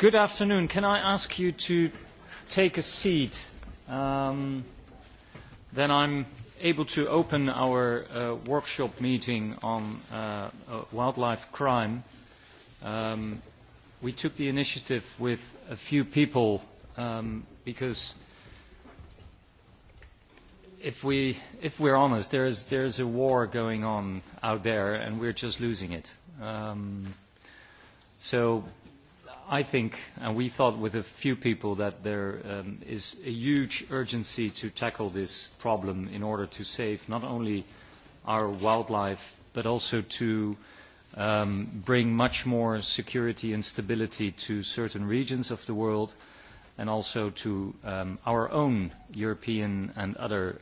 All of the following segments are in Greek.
Good afternoon. Can I ask you to take a seat? Then I'm able to open our workshop meeting on wildlife crime. We took the initiative with a few people because if we if we're honest, there is there a war going on out there and we're just losing it. So I think, and we thought with a few people, that there is a huge urgency to tackle this problem in order to save not only our wildlife, but also to bring much more security and stability to certain regions of the world and also to our own European and other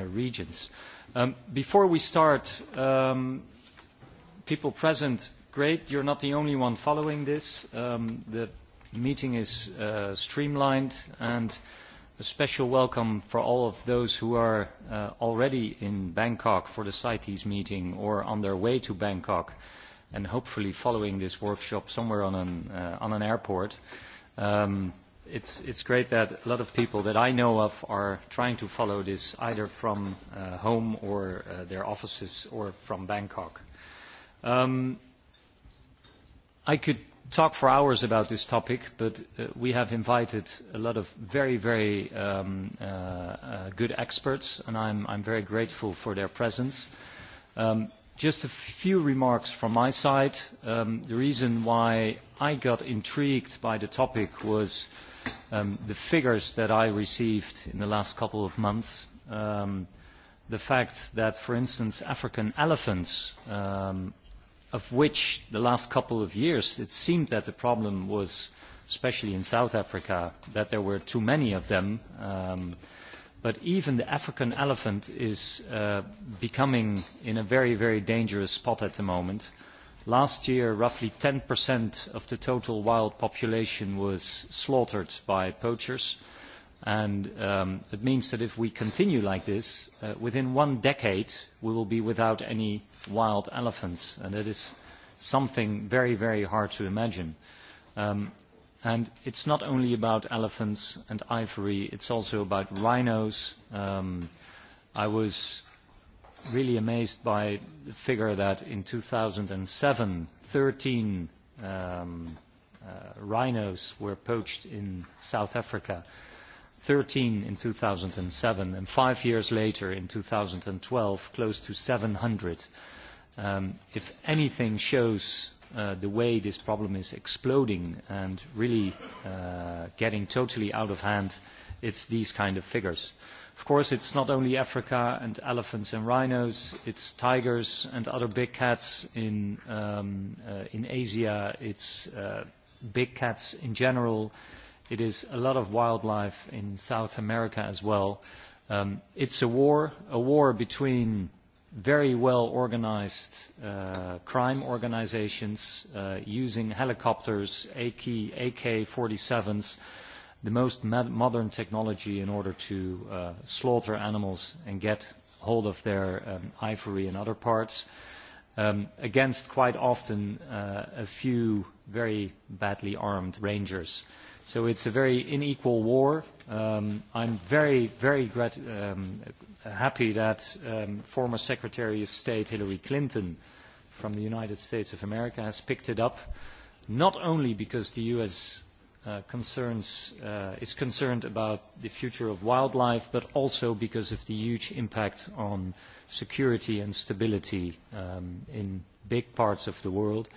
regions. Before we start, people present Great, you're not the only one following this. The meeting is streamlined and a special welcome for all of those who are already in Bangkok for the CITES meeting or on their way to Bangkok and hopefully following this workshop somewhere on an airport. it's great that a lot of people that I know of are trying to follow this either from home or their offices or from Bangkok. I could talk for hours about this topic, but we have invited a lot of very, very good experts, and I'm very grateful for their presence. Just a few remarks from my side. The reason why I got intrigued by the topic was the figures that I received in the last couple of months. The fact that, for instance, African elephants of which the last couple of years it seemed that the problem was, especially in South Africa, that there were too many of them. But even the African elephant is becoming in a very, very dangerous spot at the moment. Last year, roughly 10% of the total wild population was slaughtered by poachers And it means that if we continue like this, within one decade, we will be without any wild elephants. And it is something very, very hard to imagine. And it's not only about elephants and ivory, it's also about rhinos. I was really amazed by the figure that in 2007, 13 rhinos were poached in South Africa 13 in 2007, and five years later, in 2012, close to 700. If anything shows the way this problem is exploding and really getting totally out of hand, it's these kind of figures. Of course, it's not only Africa and elephants and rhinos, it's tigers and other big cats in Asia, it's big cats in general It is a lot of wildlife in South America as well. It's a war, a war between very well-organized crime organizations using helicopters, AK-47s, AK the most modern technology in order to slaughter animals and get hold of their ivory and other parts, against quite often a few very badly armed rangers. So it's a very unequal war. I'm very, very happy that former Secretary of State Hillary Clinton from the United States of America has picked it up, not only because the U.S. concerns is concerned about the future of wildlife, but also because of the huge impact on security and stability in big parts of the world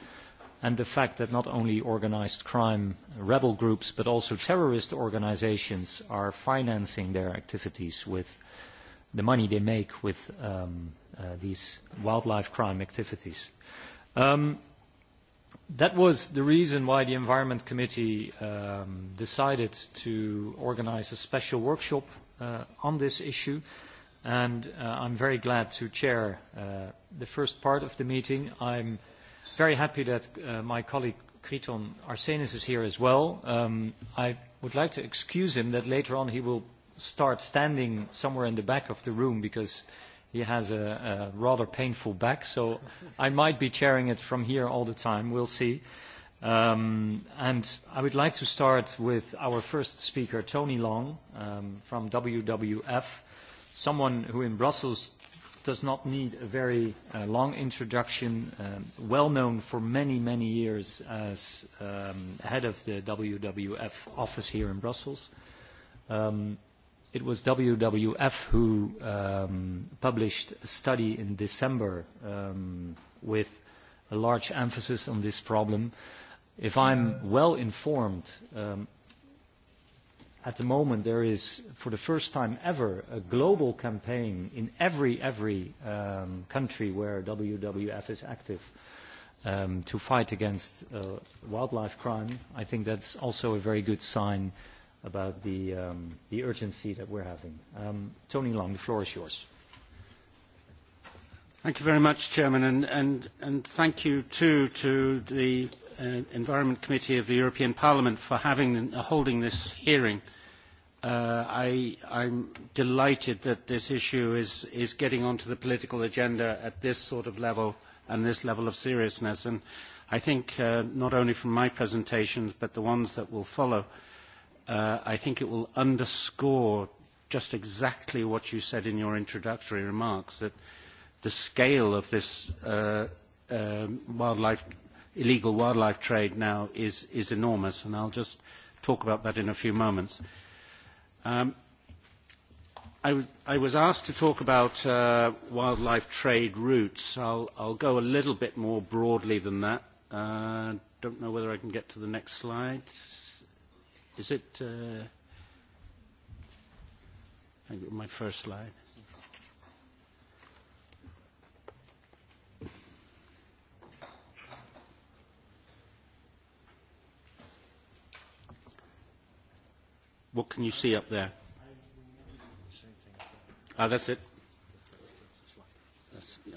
and the fact that not only organised crime rebel groups but also terrorist organisations are financing their activities with the money they make with these wildlife crime activities. That was the reason why the Environment Committee decided to organise a special workshop on this issue and I'm very glad to chair the first part of the meeting. I'm very happy that my colleague Kriton Arsenis is here as well. I would like to excuse him that later on he will start standing somewhere in the back of the room because he has a rather painful back, so I might be chairing it from here all the time. We'll see. Um And I would like to start with our first speaker, Tony Long, from WWF, someone who in Brussels does not need a very long introduction, well known for many, many years as head of the WWF office here in Brussels. It was WWF who published a study in December with a large emphasis on this problem. If I'm well informed, at the moment there is for the first time ever a global campaign in every every country where WWF is active to fight against wildlife crime. I think that's also a very good sign about the the urgency that we're having. Tony Long, the floor is yours. Thank you very much, Chairman, and and thank you too to the Environment Committee of the European Parliament for having holding this hearing. I I'm delighted that this issue is getting onto the political agenda at this sort of level and this level of seriousness. And I think not only from my presentations but the ones that will follow, I think it will underscore just exactly what you said in your introductory remarks, that the scale of this illegal wildlife trade now is enormous. And I'll just talk about that in a few moments. I was asked to talk about wildlife trade routes. I'll go a little bit more broadly than that. Don't know whether I can get to the next slide. Is it my first slide? What can you see up there? Ah, that's it.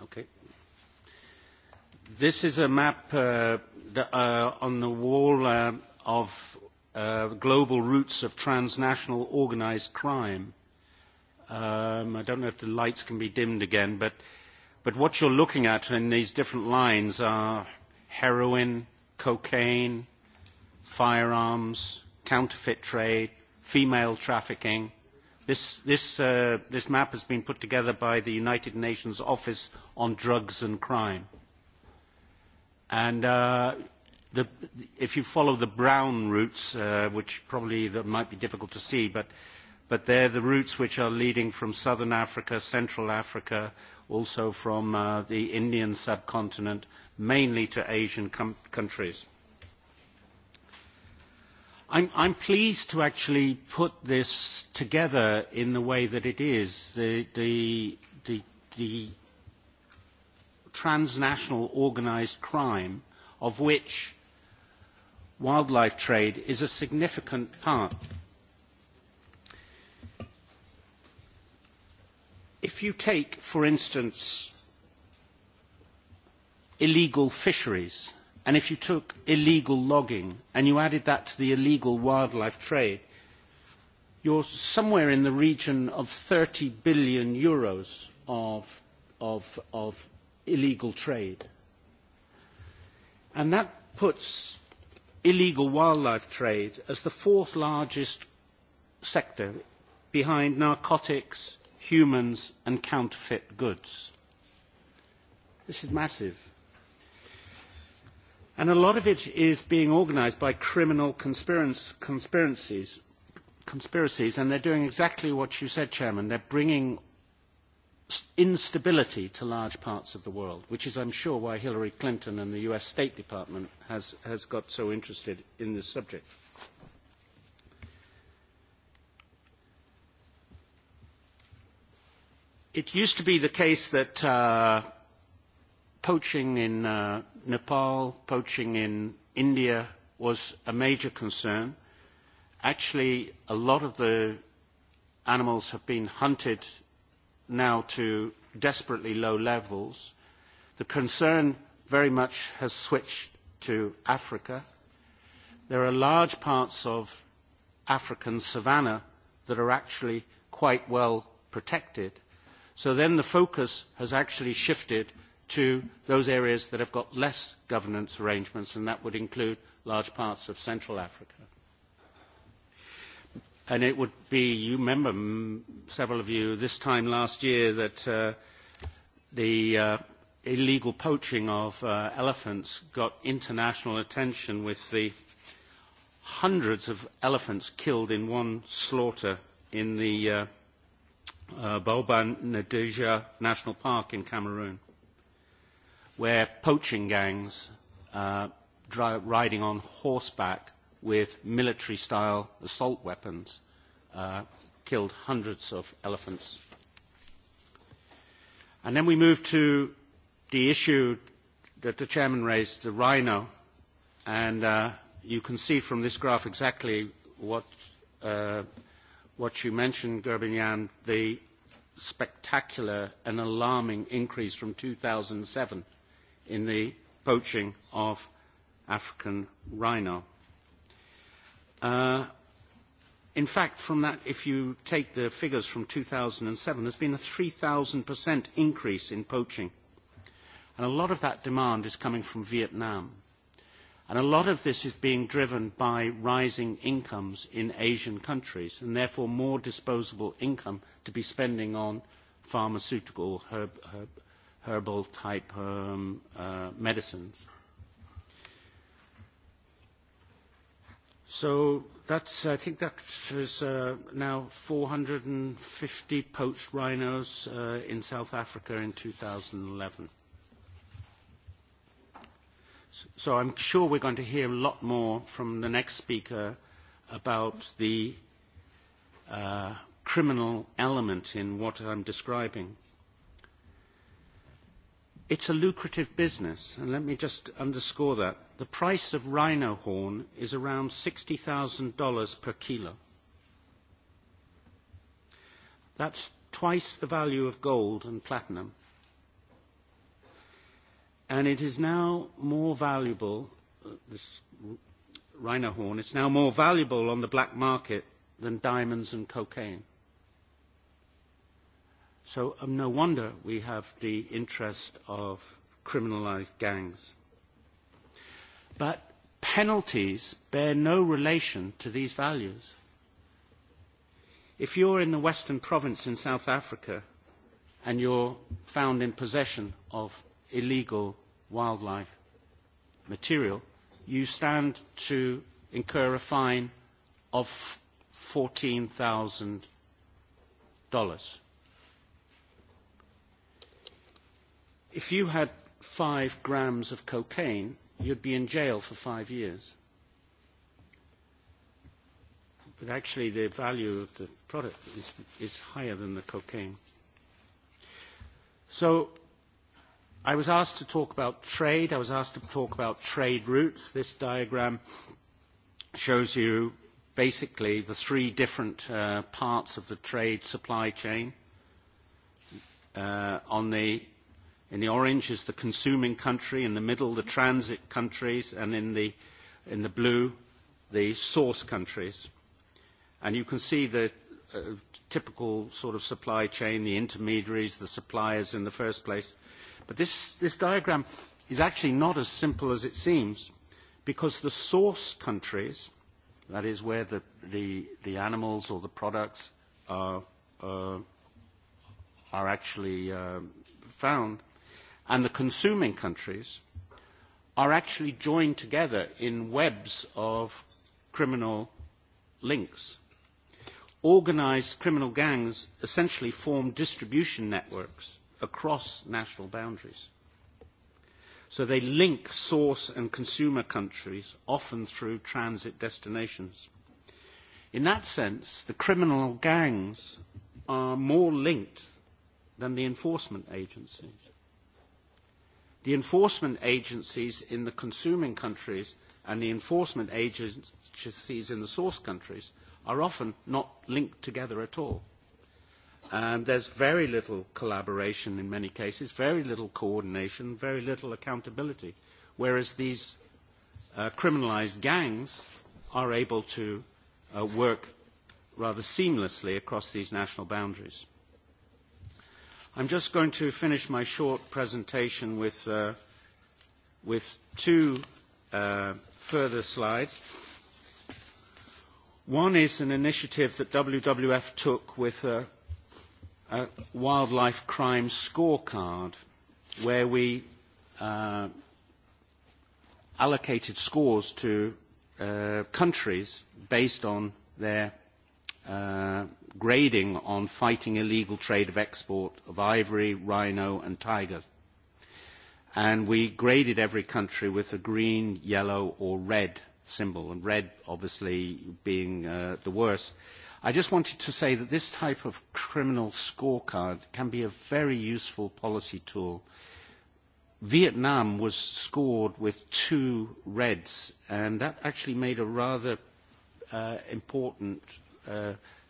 Okay. This is a map on the wall of global routes of transnational organized crime. Um I don't know if the lights can be dimmed again, but but what you're looking at in these different lines are heroin, cocaine, firearms, counterfeit trade female trafficking. This map has been put together by the United Nations Office on Drugs and Crime. And if you follow the brown routes, which probably might be difficult to see, but are the routes which are leading from southern Africa, central Africa, also from the Indian subcontinent, mainly to Asian countries. I am pleased to actually put this together in the way that it is. The transnational organised crime, of which wildlife trade is a significant part. If you take, for instance, illegal fisheries, and if you took illegal logging and you added that to the illegal wildlife trade, you're somewhere in the region of 30 billion euros of illegal trade. And that puts illegal wildlife trade as the fourth largest sector behind narcotics, humans and counterfeit goods. This is massive and a lot of it is being organised by criminal conspiracies and they're doing exactly what you said chairman They're bringing instability to large parts of the world which is i'm sure why hillary clinton and the us state department has has got so interested in this subject it used to be the case that poaching in Nepal, poaching in India was a major concern. Actually, a lot of the animals have been hunted now to desperately low levels. The concern very much has switched to Africa. There are large parts of African savanna that are actually quite well protected. So then the focus has actually shifted to those areas that have got less governance arrangements, and that would include large parts of Central Africa. And it would be, you remember, several of you, this time last year that the illegal poaching of elephants got international attention with the hundreds of elephants killed in one slaughter in the Boban Nadeja National Park in Cameroon where poaching gangs riding on horseback with military-style assault weapons killed hundreds of elephants. And then we move to the issue that the chairman raised, the rhino, and you can see from this graph exactly what you mentioned, Gerbinyan, the spectacular and alarming increase from 2007 in the poaching of African rhino. In fact, from that, if you take the figures from 2007, there's been a 3,000% increase in poaching. And a lot of that demand is coming from Vietnam. And a lot of this is being driven by rising incomes in Asian countries, and therefore more disposable income to be spending on pharmaceutical herb herbal type medicines. So that's, I think that is now 450 poached rhinos in South Africa in 2011. So I'm sure we're going to hear a lot more from the next speaker about the criminal element in what I'm describing. It's a lucrative business, and let me just underscore that. The price of rhino horn is around $60,000 per kilo. That's twice the value of gold and platinum. And it is now more valuable, this rhino horn, it's now more valuable on the black market than diamonds and cocaine. So no wonder we have the interest of criminalised gangs. But penalties bear no relation to these values. If you're in the Western Province in South Africa and you're found in possession of illegal wildlife material, you stand to incur a fine of $14,000 if you had five grams of cocaine, you'd be in jail for five years. But actually, the value of the product is higher than the cocaine. So I was asked to talk about trade. I was asked to talk about trade routes. This diagram shows you basically the three different parts of the trade supply chain. On the In the orange is the consuming country, in the middle the transit countries, and in the in the blue the source countries. And you can see the typical sort of supply chain, the intermediaries, the suppliers in the first place. But this this diagram is actually not as simple as it seems, because the source countries, that is where the the the animals or the products are are actually found and the consuming countries are actually joined together in webs of criminal links. Organised criminal gangs essentially form distribution networks across national boundaries. So they link source and consumer countries, often through transit destinations. In that sense, the criminal gangs are more linked than the enforcement agencies the enforcement agencies in the consuming countries and the enforcement agencies in the source countries are often not linked together at all. And is very little collaboration in many cases, very little coordination, very little accountability, whereas these criminalised gangs are able to work rather seamlessly across these national boundaries. I'm just going to finish my short presentation with with two further slides. One is an initiative that WWF took with a wildlife crime scorecard where we allocated scores to countries based on their grading on fighting illegal trade of export of ivory, rhino and tiger. And we graded every country with a green, yellow or red symbol, and red obviously being the worst. I just wanted to say that this type of criminal scorecard can be a very useful policy tool. Vietnam was scored with two reds, and that actually made a rather important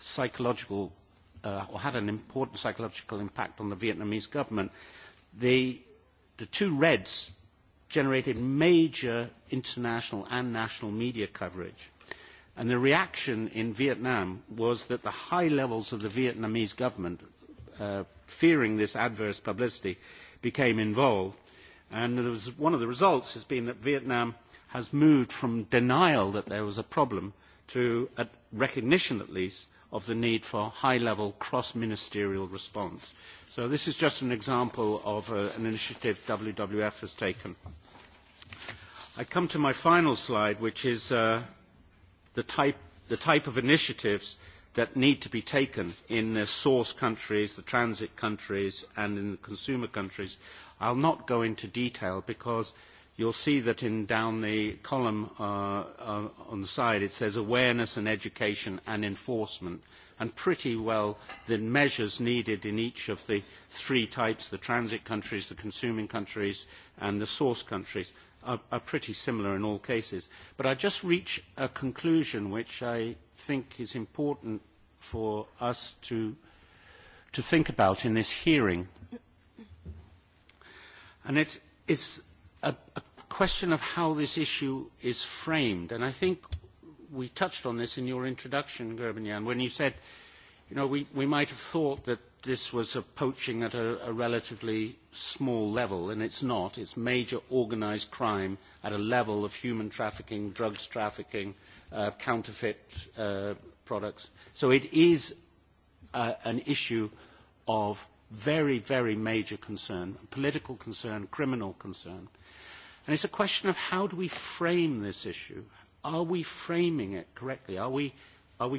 psychological or had an important psychological impact on the Vietnamese government. The two Reds generated major international and national media coverage. And the reaction in Vietnam was that the high levels of the Vietnamese government, fearing this adverse publicity, became involved. And one of the results has been that Vietnam has moved from denial that there was a problem to recognition, at least, of the need for high-level cross-ministerial response. So this is just an example of an initiative WWF has taken. I come to my final slide, which is the type of initiatives that need to be taken in the source countries, the transit countries, and in the consumer countries. I'll not go into detail because you'll see that in down the column on the side it says awareness and education and enforcement and pretty well the measures needed in each of the three types the transit countries the consuming countries and the source countries are pretty similar in all cases but i just reach a conclusion which i think is important for us to to think about in this hearing and it is a question of how this issue is framed, and I think we touched on this in your introduction, Jan, when you said, you know, we might have thought that this was a poaching at a relatively small level, and it's not. It's major organised crime at a level of human trafficking, drugs trafficking, counterfeit products. So it is an issue of very, very major concern, political concern, criminal concern. And it's a question of how do we frame this issue? Are we framing it correctly? Are we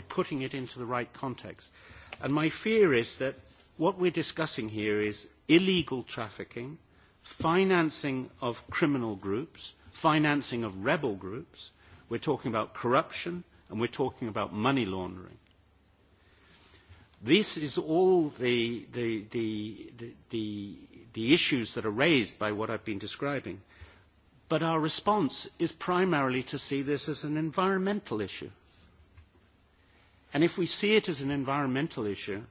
putting it into the right context? And my fear is that what we're discussing here is illegal trafficking, financing of criminal groups, financing of rebel groups. We're talking about corruption and we're talking about money laundering. This is all the issues that are raised by what I've been describing but our response is primarily to see this as an environmental issue. And if we see it as an environmental issue,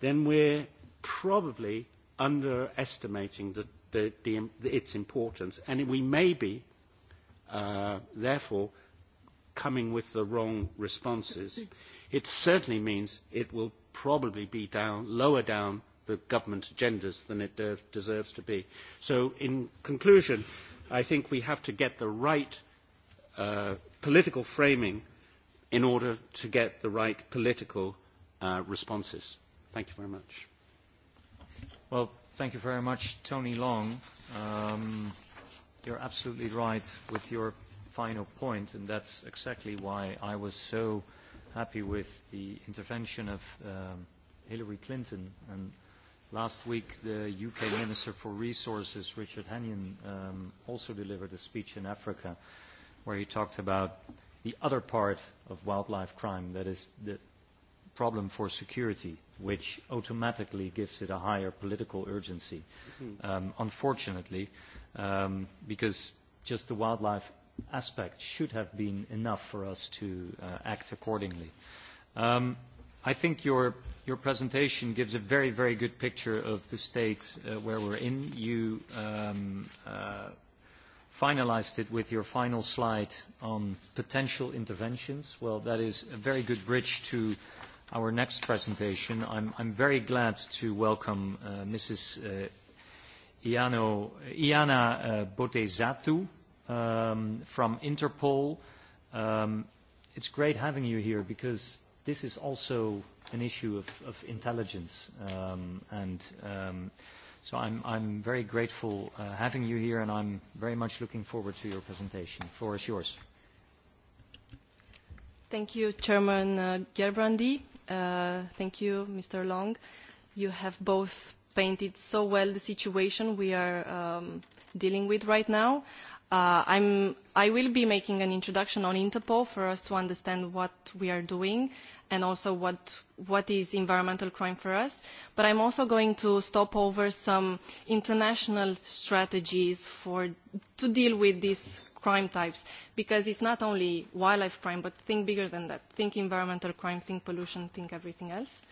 then we're probably underestimating its importance, and we may be, therefore, coming with the wrong responses. It certainly means it will probably be lower down the government agendas than it deserves to be. So, in conclusion, I think we have to get the right political framing in order to get the right political responses. Thank you very much. Well, thank you very much, Tony Long. You're absolutely right with your final point, and that's exactly why I was so happy with the intervention of Hillary Clinton and Last week, the UK Minister for Resources, Richard Hennion, also delivered a speech in Africa where he talked about the other part of wildlife crime, that is the problem for security, which automatically gives it a higher political urgency, unfortunately, because just the wildlife aspect should have been enough for us to act accordingly. I think your Your presentation gives a very, very good picture of the state where we're in. You finalized it with your final slide on potential interventions. Well, that is a very good bridge to our next presentation. I'm very glad to welcome Mrs. Iana Botezatu from Interpol. It's great having you here because this is also an issue of intelligence. And so I'm very grateful having you here, and I'm very much looking forward to your presentation. The floor is yours. Thank you, Chairman Gerbrandy. Thank you, Mr. Long. You have both painted so well the situation we are dealing with right now. I will be making an introduction on Interpol for us to understand what we are doing and also what is environmental crime for us. But I'm also going to stop over some international strategies to deal with these crime types, because it's not only wildlife crime, but think bigger than that. Think environmental crime, think pollution, think everything else.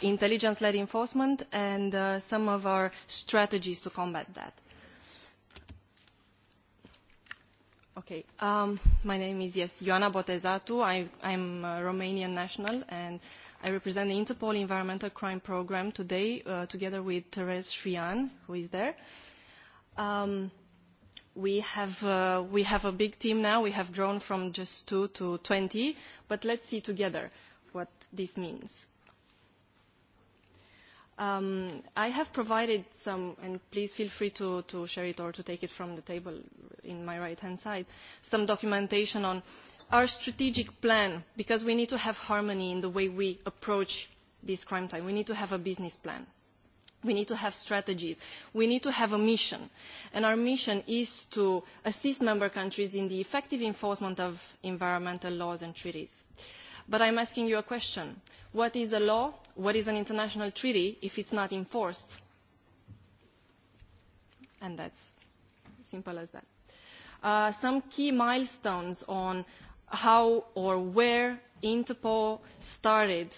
Intelligence-led enforcement and some of our strategies to combat that. Okay. My name is, yes, Ioana Botezatu. I'm a Romanian national, and I represent the Interpol Environmental Crime Program today, together with Therese Shrian, who is there. We have we have a big team now. We have grown from just two to 20, but let's see together what this means. I have provided some, and please feel free to share it or to take it from the table in my right-hand side, some documentation on our strategic plan, because we need to have harmony in the way we approach this crime time. We need to have a business plan. We need to have strategies. We need to have a mission. And our mission is to assist member countries in the effective enforcement of environmental laws and treaties. But I'm asking you a question. What is a law? What is an international treaty if it's not enforced? And that's simple as that. Some key milestones on how or where Interpol started.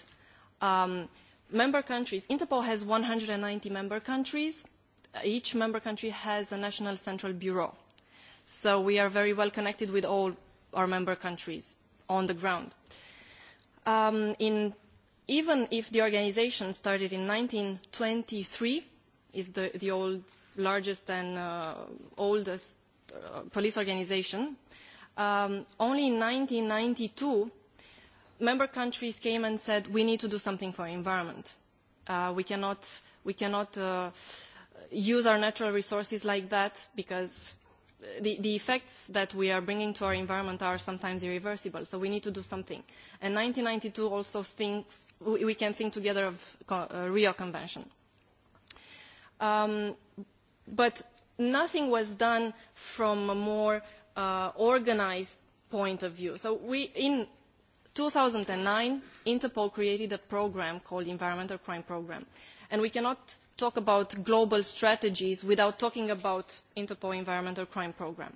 Member countries. Interpol has 190 member countries. Each member country has a national central bureau. So we are very well connected with all our member countries on the ground. Even if the organisation started in 1923, is the old largest and oldest police organisation, only in 1992 member countries came and said we need to do something for the environment. We cannot use our natural resources like that because the effects that we are bringing to our environment are sometimes irreversible, so we need to do something. And 1992 also thinks, we can think together of Rio Convention. But nothing was done from a more organized point of view. So we, in 2009, Interpol created a program called Environmental Crime Program. And we cannot talk about global strategies without talking about Interpol environmental crime program.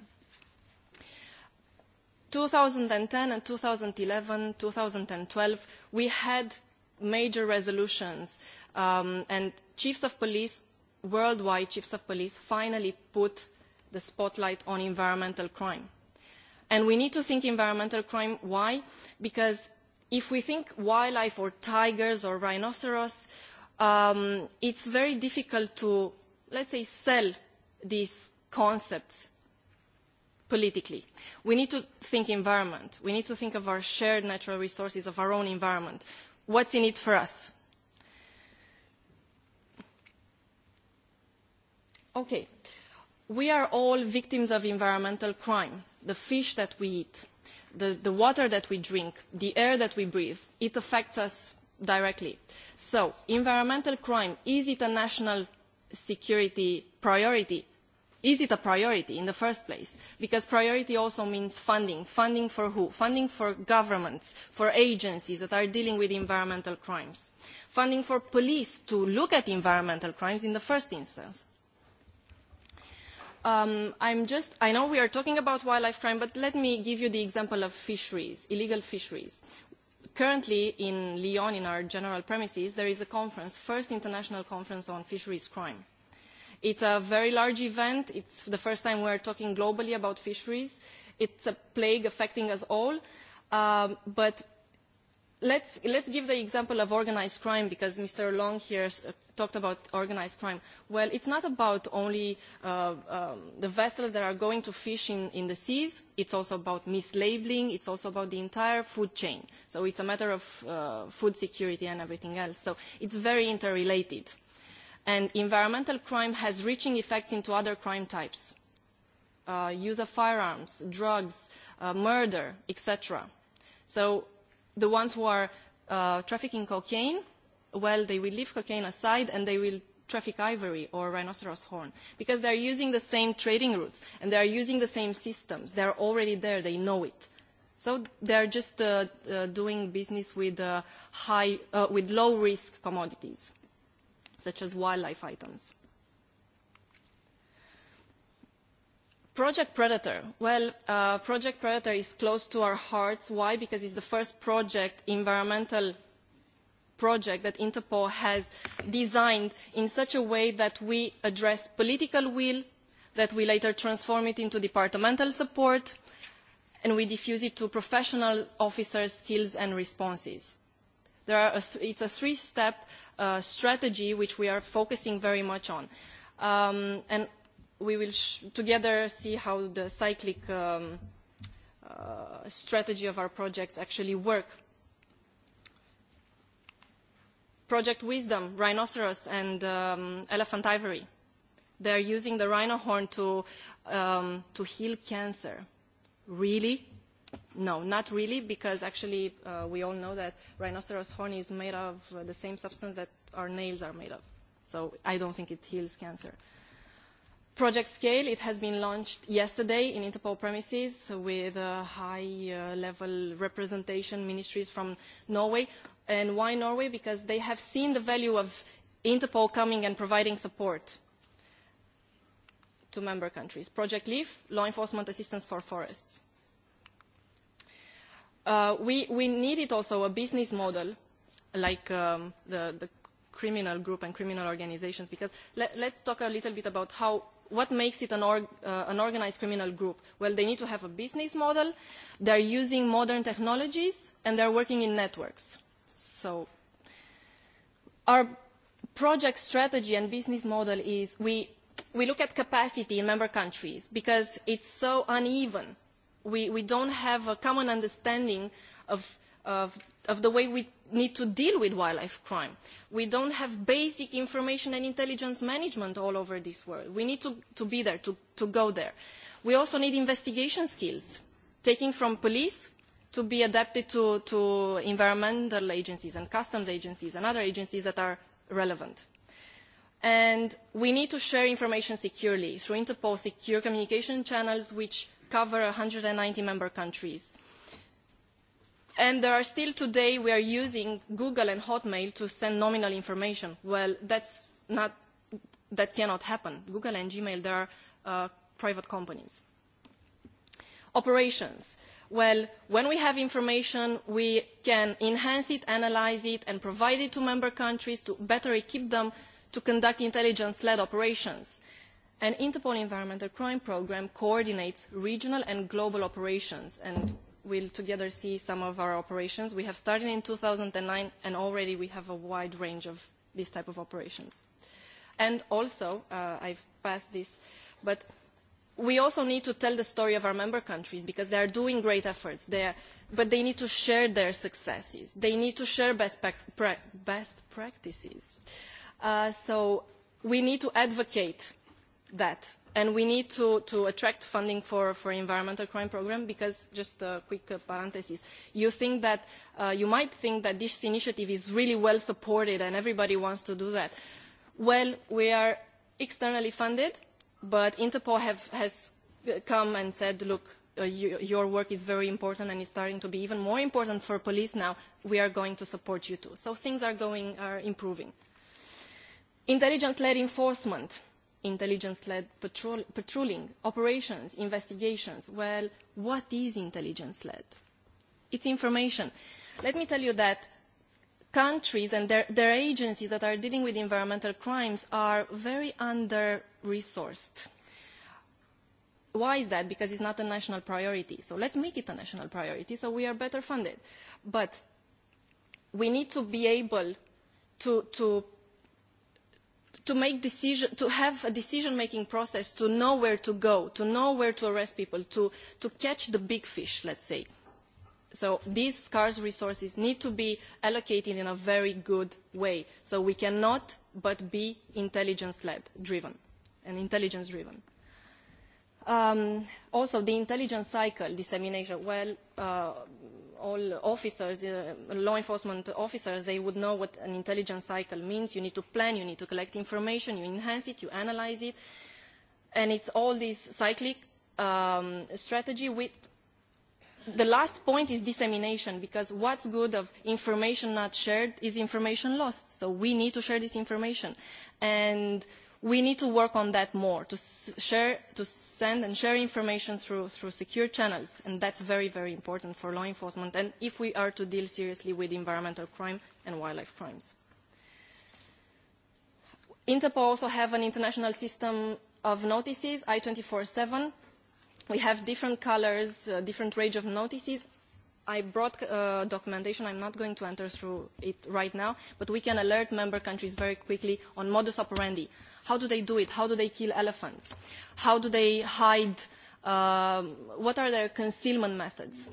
2010 and 2011, 2012, we had major resolutions and chiefs of police, worldwide chiefs of police, finally put the spotlight on environmental crime. And we need to think environmental crime. Why? Because if we think wildlife or tigers or rhinoceros, it's very difficult to, let's say, sell these concepts politically. We need to think environment. We need to think of our shared natural resources, of our own environment. What's in it for us? Okay. We are all victims of environmental crime. The fish that we eat, the water that we drink, the air that we breathe, it affects us directly. So, environmental crime, is it a national security priority? Is it a priority in the first place? Because priority also means funding. Funding for who? Funding for governments, for agencies that are dealing with environmental crimes. Funding for police to look at environmental crimes in the first instance. just, I know we are talking about wildlife crime, but let me give you the example of fisheries, illegal fisheries. Currently, in Lyon, in our general premises, there is a conference, first international conference on fisheries crime. It's a very large event. It's the first time we are talking globally about fisheries. It's a plague affecting us all, but Let's give the example of organised crime, because Mr. Long here talked about organised crime. Well, it's not about only the vessels that are going to fish in the seas. It's also about mislabeling. It's also about the entire food chain. So it's a matter of food security and everything else. So it's very interrelated. And environmental crime has reaching effects into other crime types. Use of firearms, drugs, murder, etc. So the ones who are trafficking cocaine, well, they will leave cocaine aside and they will traffic ivory or rhinoceros horn because they are using the same trading routes and they are using the same systems. They are already there. They know it. So they are just doing business with high, with low-risk commodities, such as wildlife items. Project Predator. Well, Project Predator is close to our hearts. Why? Because it's the first project, environmental project that Interpol has designed in such a way that we address political will, that we later transform it into departmental support, and we diffuse it to professional officers' skills and responses. It's a three-step strategy which we are focusing very much on we will together see how the cyclic strategy of our projects actually work. Project Wisdom, Rhinoceros and Elephant Ivory. They are using the rhino horn to heal cancer. Really? No, not really, because actually we all know that rhinoceros horn is made of the same substance that our nails are made of. So I don't think it heals cancer. Project Scale, it has been launched yesterday in Interpol premises with high-level representation ministries from Norway. And why Norway? Because they have seen the value of Interpol coming and providing support to member countries. Project LEAF, Law Enforcement Assistance for Forests. We needed also a business model like the criminal group and criminal organizations because let's talk a little bit about how what makes it an organized criminal group? Well, they need to have a business model, they're using modern technologies, and they're working in networks. So our project strategy and business model is we look at capacity in member countries because it's so uneven. We don't have a common understanding of of the way we need to deal with wildlife crime. We don't have basic information and intelligence management all over this world. We need to be there, to go there. We also need investigation skills, taking from police to be adapted to environmental agencies and customs agencies and other agencies that are relevant. And we need to share information securely through Interpol secure communication channels which cover 190 member countries and there are still today we are using google and hotmail to send nominal information well that's not that cannot happen google and gmail they are private companies operations well when we have information we can enhance it analyze it and provide it to member countries to better equip them to conduct intelligence led operations and interpol environmental crime programme coordinates regional and global operations and will together see some of our operations. We have started in 2009 and already we have a wide range of these type of operations. And also, I've passed this, but we also need to tell the story of our member countries because they are doing great efforts, but they need to share their successes. They need to share best practices. So we need to advocate that And we need to attract funding for environmental crime program because, just a quick parenthesis, you think that you might think that this initiative is really well supported and everybody wants to do that. Well, we are externally funded, but Interpol has come and said, look, your work is very important and is starting to be even more important for police now. We are going to support you too. So things are going, are improving. Intelligence-led enforcement intelligence-led patrolling, operations, investigations. Well, what is intelligence-led? It's information. Let me tell you that countries and their agencies that are dealing with environmental crimes are very under-resourced. Why is that? Because it's not a national priority. So let's make it a national priority so we are better funded. But we need to be able to to have a decision making process to know where to go to know where to arrest people to to catch the big fish let's say so these scarce resources need to be allocated in a very good way so we cannot but be intelligence led driven and intelligence driven also the intelligence cycle dissemination well all officers, law enforcement officers, they would know what an intelligence cycle means. You need to plan, you need to collect information, you enhance it, you analyze it. And it's all this cyclic strategy with the last point is dissemination because what's good of information not shared is information lost so we need to share this information and we need to work on that more to share to send and share information through through secure channels and that's very very important for law enforcement and if we are to deal seriously with environmental crime and wildlife crimes interpol also have an international system of notices i 24/7 we have different colors different range of notices I brought documentation. I'm not going to enter through it right now, but we can alert member countries very quickly on modus operandi. How do they do it? How do they kill elephants? How do they hide? What are their concealment methods?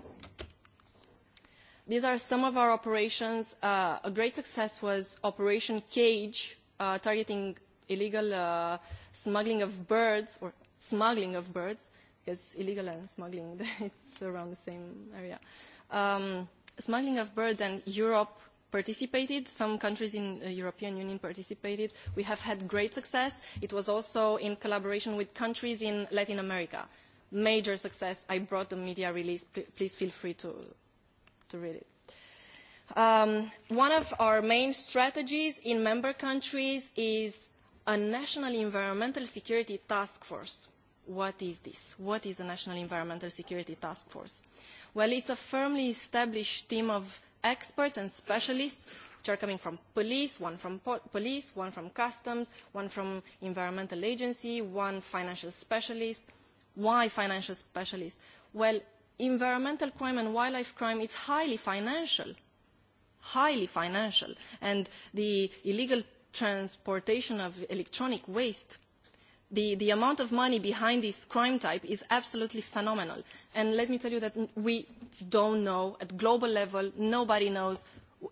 These are some of our operations. A great success was Operation Cage, targeting illegal smuggling of birds or smuggling of birds, because illegal and smuggling it's around the same area smuggling of birds and Europe participated. Some countries in the European Union participated. We have had great success. It was also in collaboration with countries in Latin America. Major success. I brought the media release. Please feel free to read it. One of our main strategies in member countries is a national environmental security task force. What is this? What is a national environmental security task force? Well, it's a firmly established team of experts and specialists which are coming from police, one from police, one from customs, one from environmental agency, one financial specialist. Why financial specialist? Well, environmental crime and wildlife crime is highly financial, highly financial. And the illegal transportation of electronic waste The amount of money behind this crime type is absolutely phenomenal. And let me tell you that we don't know at global level, nobody knows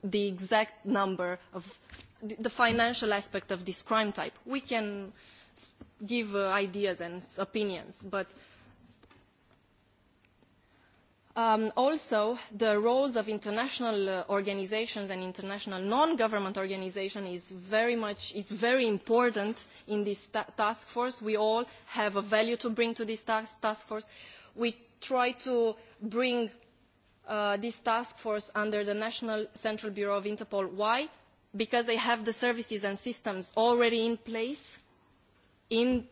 the exact number of the financial aspect of this crime type. We can give ideas and opinions, but Also, the roles of international organisations and international non-government organisations is very much, it's very important in this task force. We all have a value to bring to this task force. We try to bring this task force under the National Central Bureau of Interpol. Why? Because they have the services and systems already in place in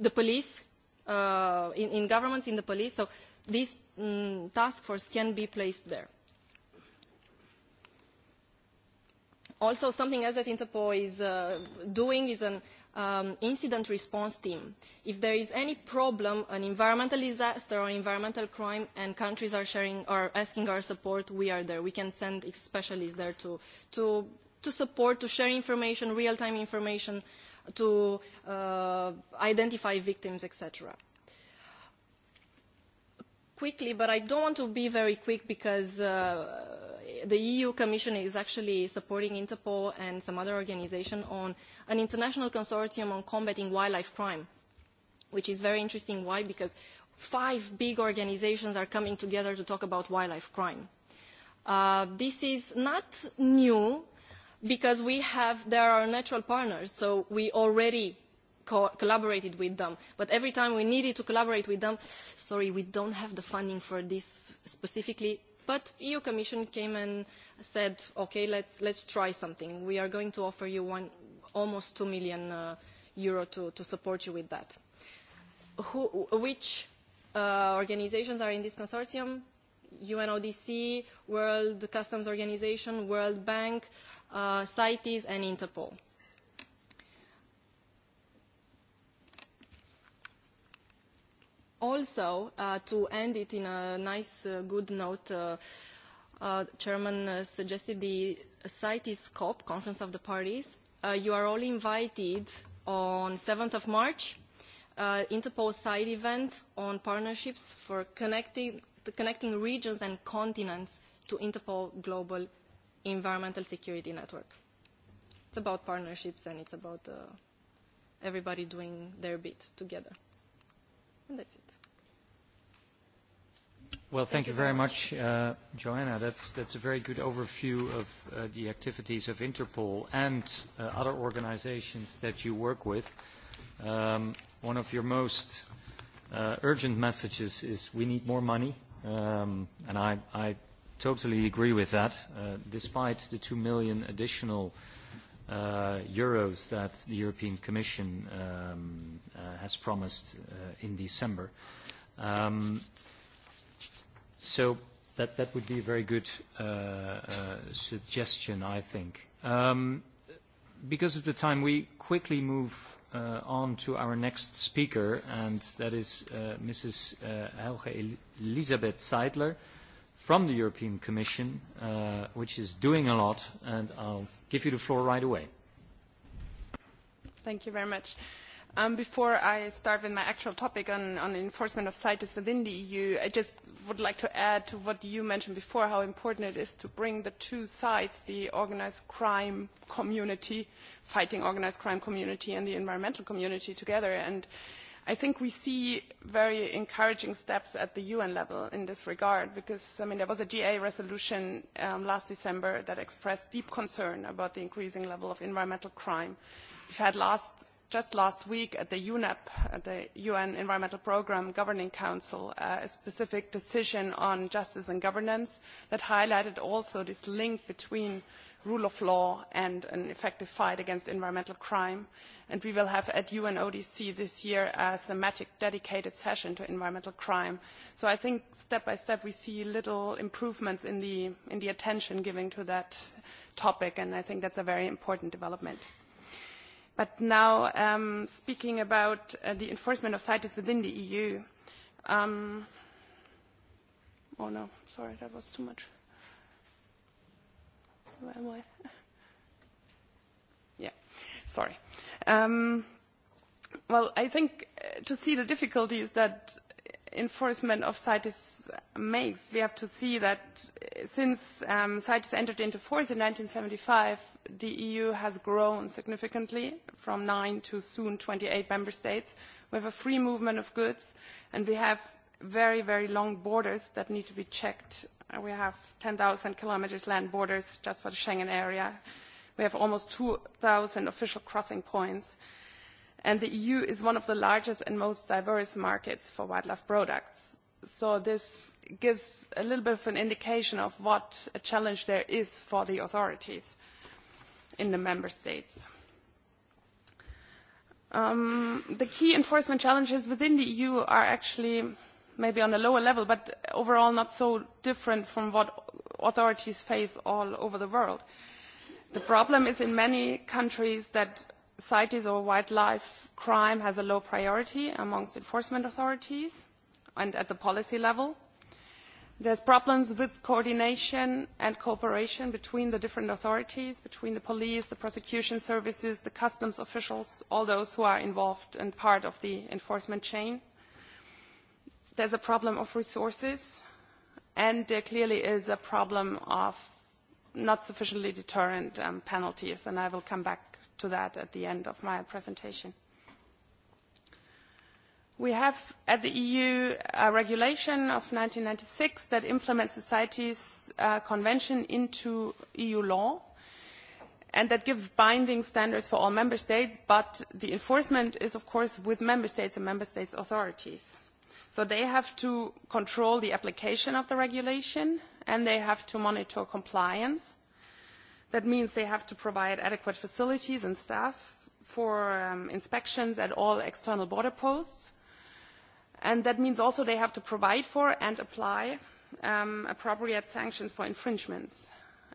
the police, in governments, in the police. So this task force can be placed there. Also, something else that Interpol is doing is an incident response team. If there is any problem, an environmental disaster or environmental crime, and countries are sharing or asking our support, we are there. We can send specialists there to to support, to share information, real-time information, to identify victims, etc quickly, but I don't want to be very quick because the EU Commission is actually supporting Interpol and some other organisations on an international consortium on combating wildlife crime, which is very interesting. Why? Because five big organisations are coming together to talk about wildlife crime. This is not new because we have, there are natural partners, so we already collaborated with them. But every time we needed to collaborate with them, sorry, we don't have the funding for this specifically. But EU Commission came and said, okay, let's let's try something. We are going to offer you almost 2 million euro to support you with that. Which organizations are in this consortium? UNODC, World Customs Organization, World Bank, CITES, and Interpol. also to end it in a nice good note chairman suggested the cites cop conference of the parties you are all invited on 7th of march interpol side event on partnerships for connecting connecting regions and continents to interpol global environmental security network it's about partnerships and it's about everybody doing their bit together And that's it. Well, thank you very much, Joanna. That's that's a very good overview of the activities of Interpol and other organisations that you work with. Um One of your most urgent messages is we need more money, Um and I totally agree with that. Despite the 2 million additional euros that the European Commission has promised in December. So that would be a very good suggestion, I think. Because of the time, we quickly move on to our next speaker, and that is Mrs. Helge Elisabeth Seidler from the European Commission, which is doing a lot, and I'll give you the floor right away. Thank you very much. Before I start with my actual topic on enforcement of CITES within the EU, I just would like to add to what you mentioned before, how important it is to bring the two sides, the organised crime community, fighting organised crime community and the environmental community together. And I think we see very encouraging steps at the UN level in this regard, because there was a GA resolution last December that expressed deep concern about the increasing level of environmental crime. We had just last week at the UNEP, the UN Environmental Programme Governing Council, a specific decision on justice and governance that highlighted also this link between rule of law and an effective fight against environmental crime. And we will have at UNODC this year a thematic dedicated session to environmental crime. So I think step by step we see little improvements in the attention given to that topic, and I think that's a very important development. But now speaking about the enforcement of CITES within the EU. Oh no, sorry, that was too much where am I? Yeah, sorry. Well, I think to see the difficulties that enforcement of CITES makes, we have to see that since CITES entered into force in 1975, the EU has grown significantly from nine to soon 28 member states. We have a free movement of goods, and we have very, very long borders that need to be checked We have 10,000 kilometers land borders just for the Schengen area. We have almost 2,000 official crossing points. And the EU is one of the largest and most diverse markets for wildlife products. So this gives a little bit of an indication of what a challenge there is for the authorities in the member states. The key enforcement challenges within the EU are actually maybe on a lower level, but overall not so different from what authorities face all over the world. The problem is in many countries that CITES or wildlife crime has a low priority amongst enforcement authorities and at the policy level. There's problems with coordination and cooperation between the different authorities, between the police, the prosecution services, the customs officials, all those who are involved and part of the enforcement chain There's a problem of resources, and there clearly is a problem of not sufficiently deterrent penalties, and I will come back to that at the end of my presentation. We have at the EU a regulation of 1996 that implements the Convention into EU law and that gives binding standards for all member states, but the enforcement is, of course, with member states and member states' authorities. So they have to control the application of the regulation and they have to monitor compliance. That means they have to provide adequate facilities and staff for inspections at all external border posts. And that means also they have to provide for and apply appropriate sanctions for infringements.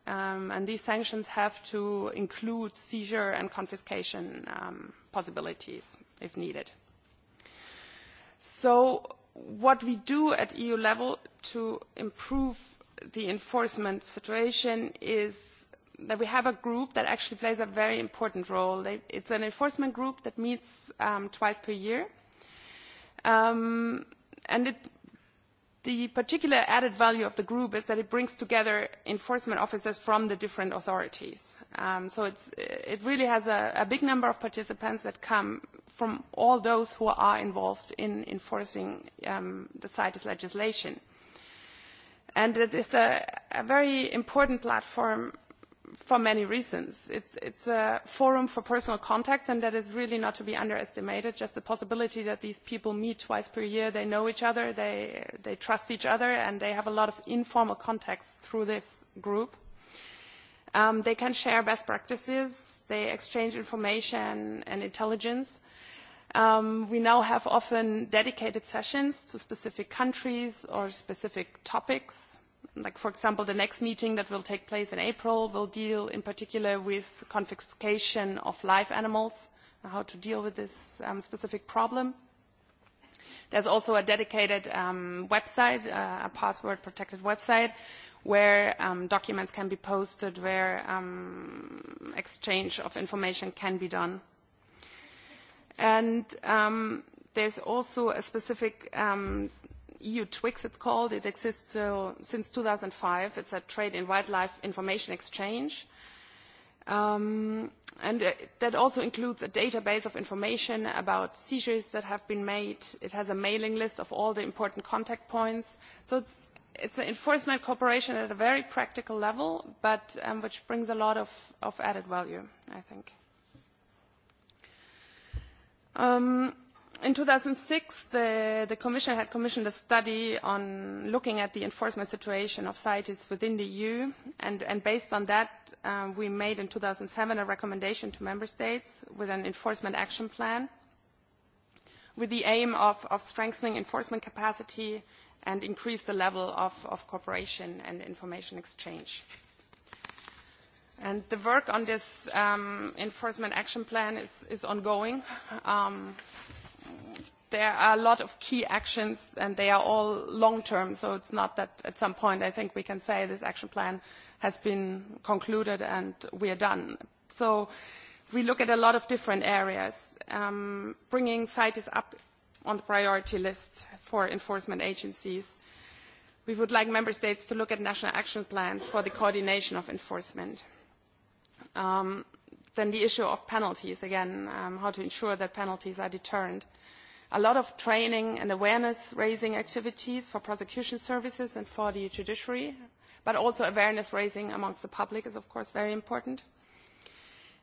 And these sanctions have to include seizure and confiscation possibilities if needed. So what we do at EU level to improve the enforcement situation is that we have a group that actually plays a very important role. It's an enforcement group that meets twice per year. And the particular added value of the group is that it brings together enforcement officers from the different authorities. So it really has a big number of participants that come from all those who are involved in enforcing the CITES legislation. And it is a very important platform for many reasons. It's a forum for personal contacts, and that is really not to be underestimated, just the possibility that these people meet twice per year, they know each other, they trust each other, and they have a lot of informal contacts through this group. They can share best practices, they exchange information and intelligence, We now have often dedicated sessions to specific countries or specific topics. Like, for example, the next meeting that will take place in April will deal in particular with confiscation of live animals and how to deal with this specific problem. There's also a dedicated website, a password-protected website, where documents can be posted, where exchange of information can be done. And there's also a specific EU TWIX, it's called. It exists since 2005. It's a trade in wildlife information exchange. And that also includes a database of information about seizures that have been made. It has a mailing list of all the important contact points. So it's it's an enforcement cooperation at a very practical level, but which brings a lot of added value, I think. In 2006, the Commission had commissioned a study on looking at the enforcement situation of CITES within the EU, and based on that, we made in 2007 a recommendation to member states with an enforcement action plan, with the aim of strengthening enforcement capacity and increase the level of cooperation and information exchange. And the work on this enforcement action plan is ongoing. There are a lot of key actions, and they are all long-term, so it's not that at some point I think we can say this action plan has been concluded and we are done. So we look at a lot of different areas. Bringing CITES up on the priority list for enforcement agencies. We would like member states to look at national action plans for the coordination of enforcement. Then the issue of penalties, again, how to ensure that penalties are deterrent. A lot of training and awareness-raising activities for prosecution services and for the judiciary, but also awareness-raising amongst the public is, of course, very important.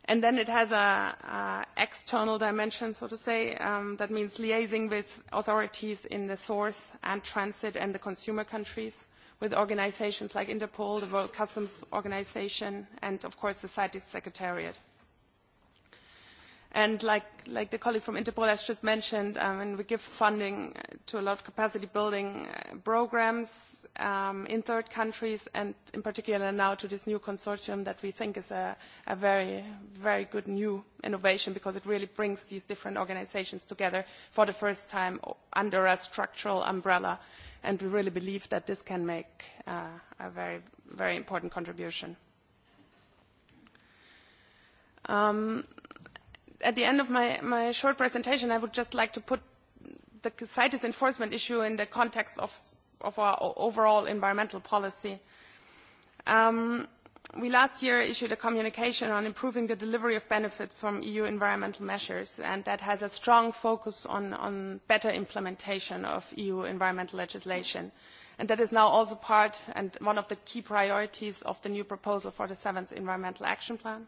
And then it has an external dimension, so to say. That means liaising with authorities in the source and transit and the consumer countries with organisations like Interpol, the World Customs Organisation and of course the CITES Secretariat. And like the colleague from Interpol has just mentioned, we give funding to a lot of capacity building programs in third countries and in particular now to this new consortium that we think is a very, very good new innovation because it really brings these different organizations together for the first time under a structural umbrella and we really believe that this can make a very, very important contribution. At the end of my short presentation, I would just like to put the CITES enforcement issue in the context of our overall environmental policy. We last year issued a communication on improving the delivery of benefits from EU environmental measures, and that has a strong focus on better implementation of EU environmental legislation. And that is now also part and one of the key priorities of the new proposal for the seventh Environmental Action Plan.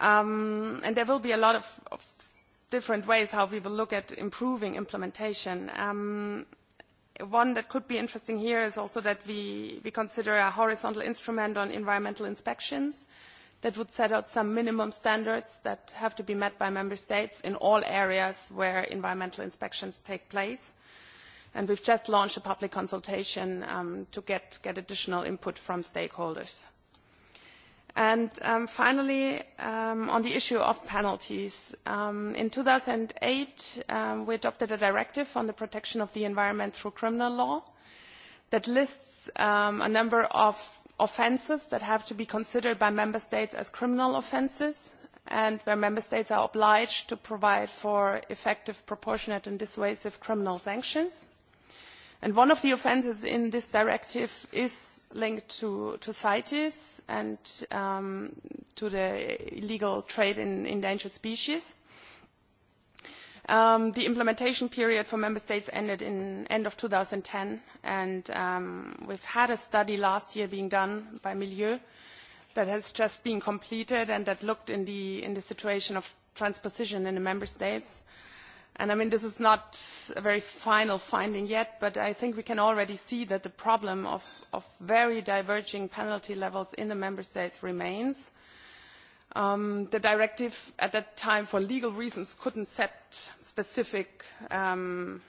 And there will be a lot of different ways how we will look at improving implementation. One that could be interesting here is also that we consider a horizontal instrument on environmental inspections that would set out some minimum standards that have to be met by member states in all areas where environmental inspections take place. And we've just launched a public consultation to get additional input from stakeholders. And finally, on the issue of penalties. In 2008, we adopted a directive on the protection of the environment through criminal law that lists a number of offences that have to be considered by member states as criminal offences and where member states are obliged to provide for effective, proportionate and dissuasive criminal sanctions one of the offences in this directive is linked to CITES and to the illegal trade in endangered species. The implementation period for member states ended in end of 2010, and we've had a study last year being done by Milieu that has just been completed and that looked in the situation of transposition in the member states this is not a very final finding yet, but I think we can already see that the problem of very diverging penalty levels in the member states remains. The directive at that time, for legal reasons, couldn't set specific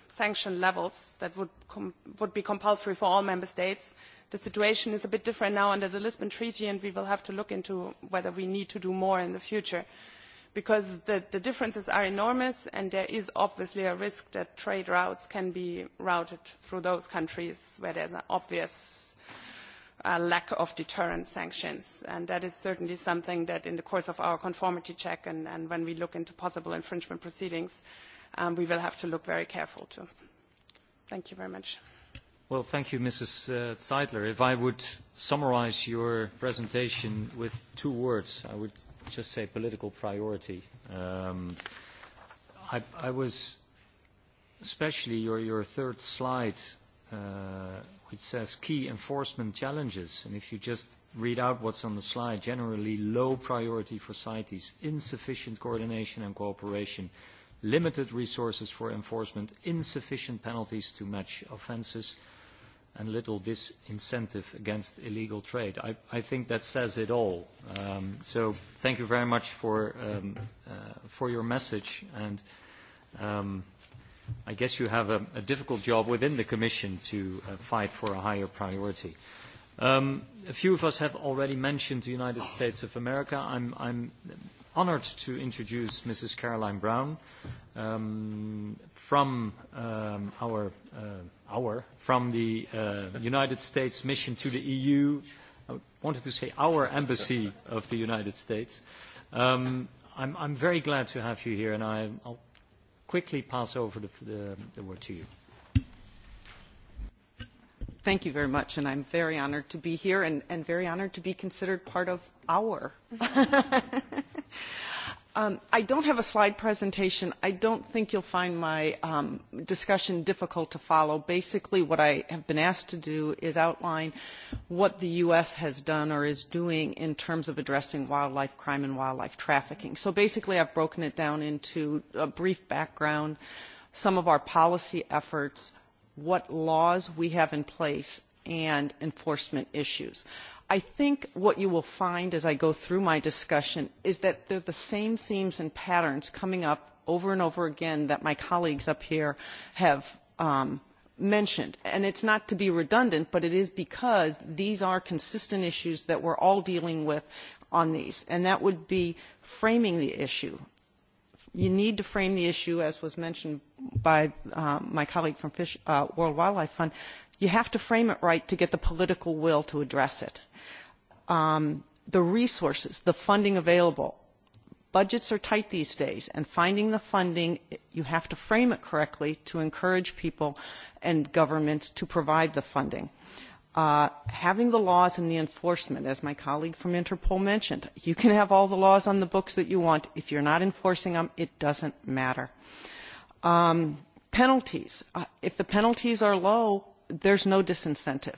sanction levels that would be compulsory for all member states. The situation is a bit different now under the Lisbon Treaty, and we will have to look into whether we need to do more in the future because the differences are enormous and there is obviously a risk that trade routes can be routed through those countries where there is an obvious lack of deterrent sanctions. And that is certainly something that in the course of our conformity check and when we look into possible infringement proceedings, we will have to look very careful to. Thank you very much. Well, thank you, Mrs. Zeidler. If I would summarize your presentation with two words, I would just say political priority. I was especially your third slide, which says key enforcement challenges. And if you just read out what's on the slide, generally low priority for CITES, insufficient coordination and cooperation, limited resources for enforcement, insufficient penalties to match offences and little disincentive against illegal trade. I think that says it all. So thank you very much for for your message. And I guess you have a difficult job within the Commission to fight for a higher priority. A few of us have already mentioned the United States of America. I'm honoured to introduce Mrs. Caroline Brown from our our from the United States mission to the EU. I wanted to say our embassy of the United States. I'm I'm very glad to have you here, and I'll quickly pass over the word to you. Thank you very much, and I'm very honored to be here and very honored to be considered part of our I don't have a slide presentation. I don't think you'll find my discussion difficult to follow. Basically, what I have been asked to do is outline what the U.S. has done or is doing in terms of addressing wildlife crime and wildlife trafficking. So basically, I've broken it down into a brief background, some of our policy efforts, what laws we have in place, and enforcement issues. I think what you will find as I go through my discussion is that there are the same themes and patterns coming up over and over again that my colleagues up here have mentioned. And it's not to be redundant, but it is because these are consistent issues that we're all dealing with on these. And that would be framing the issue. You need to frame the issue, as was mentioned by my colleague from World Wildlife Fund, You have to frame it right to get the political will to address it. The resources, the funding available. Budgets are tight these days, and finding the funding, you have to frame it correctly to encourage people and governments to provide the funding. Having the laws and the enforcement, as my colleague from Interpol mentioned, you can have all the laws on the books that you want. If you're not enforcing them, it doesn't matter. Penalties. If the penalties are low, there's no disincentive.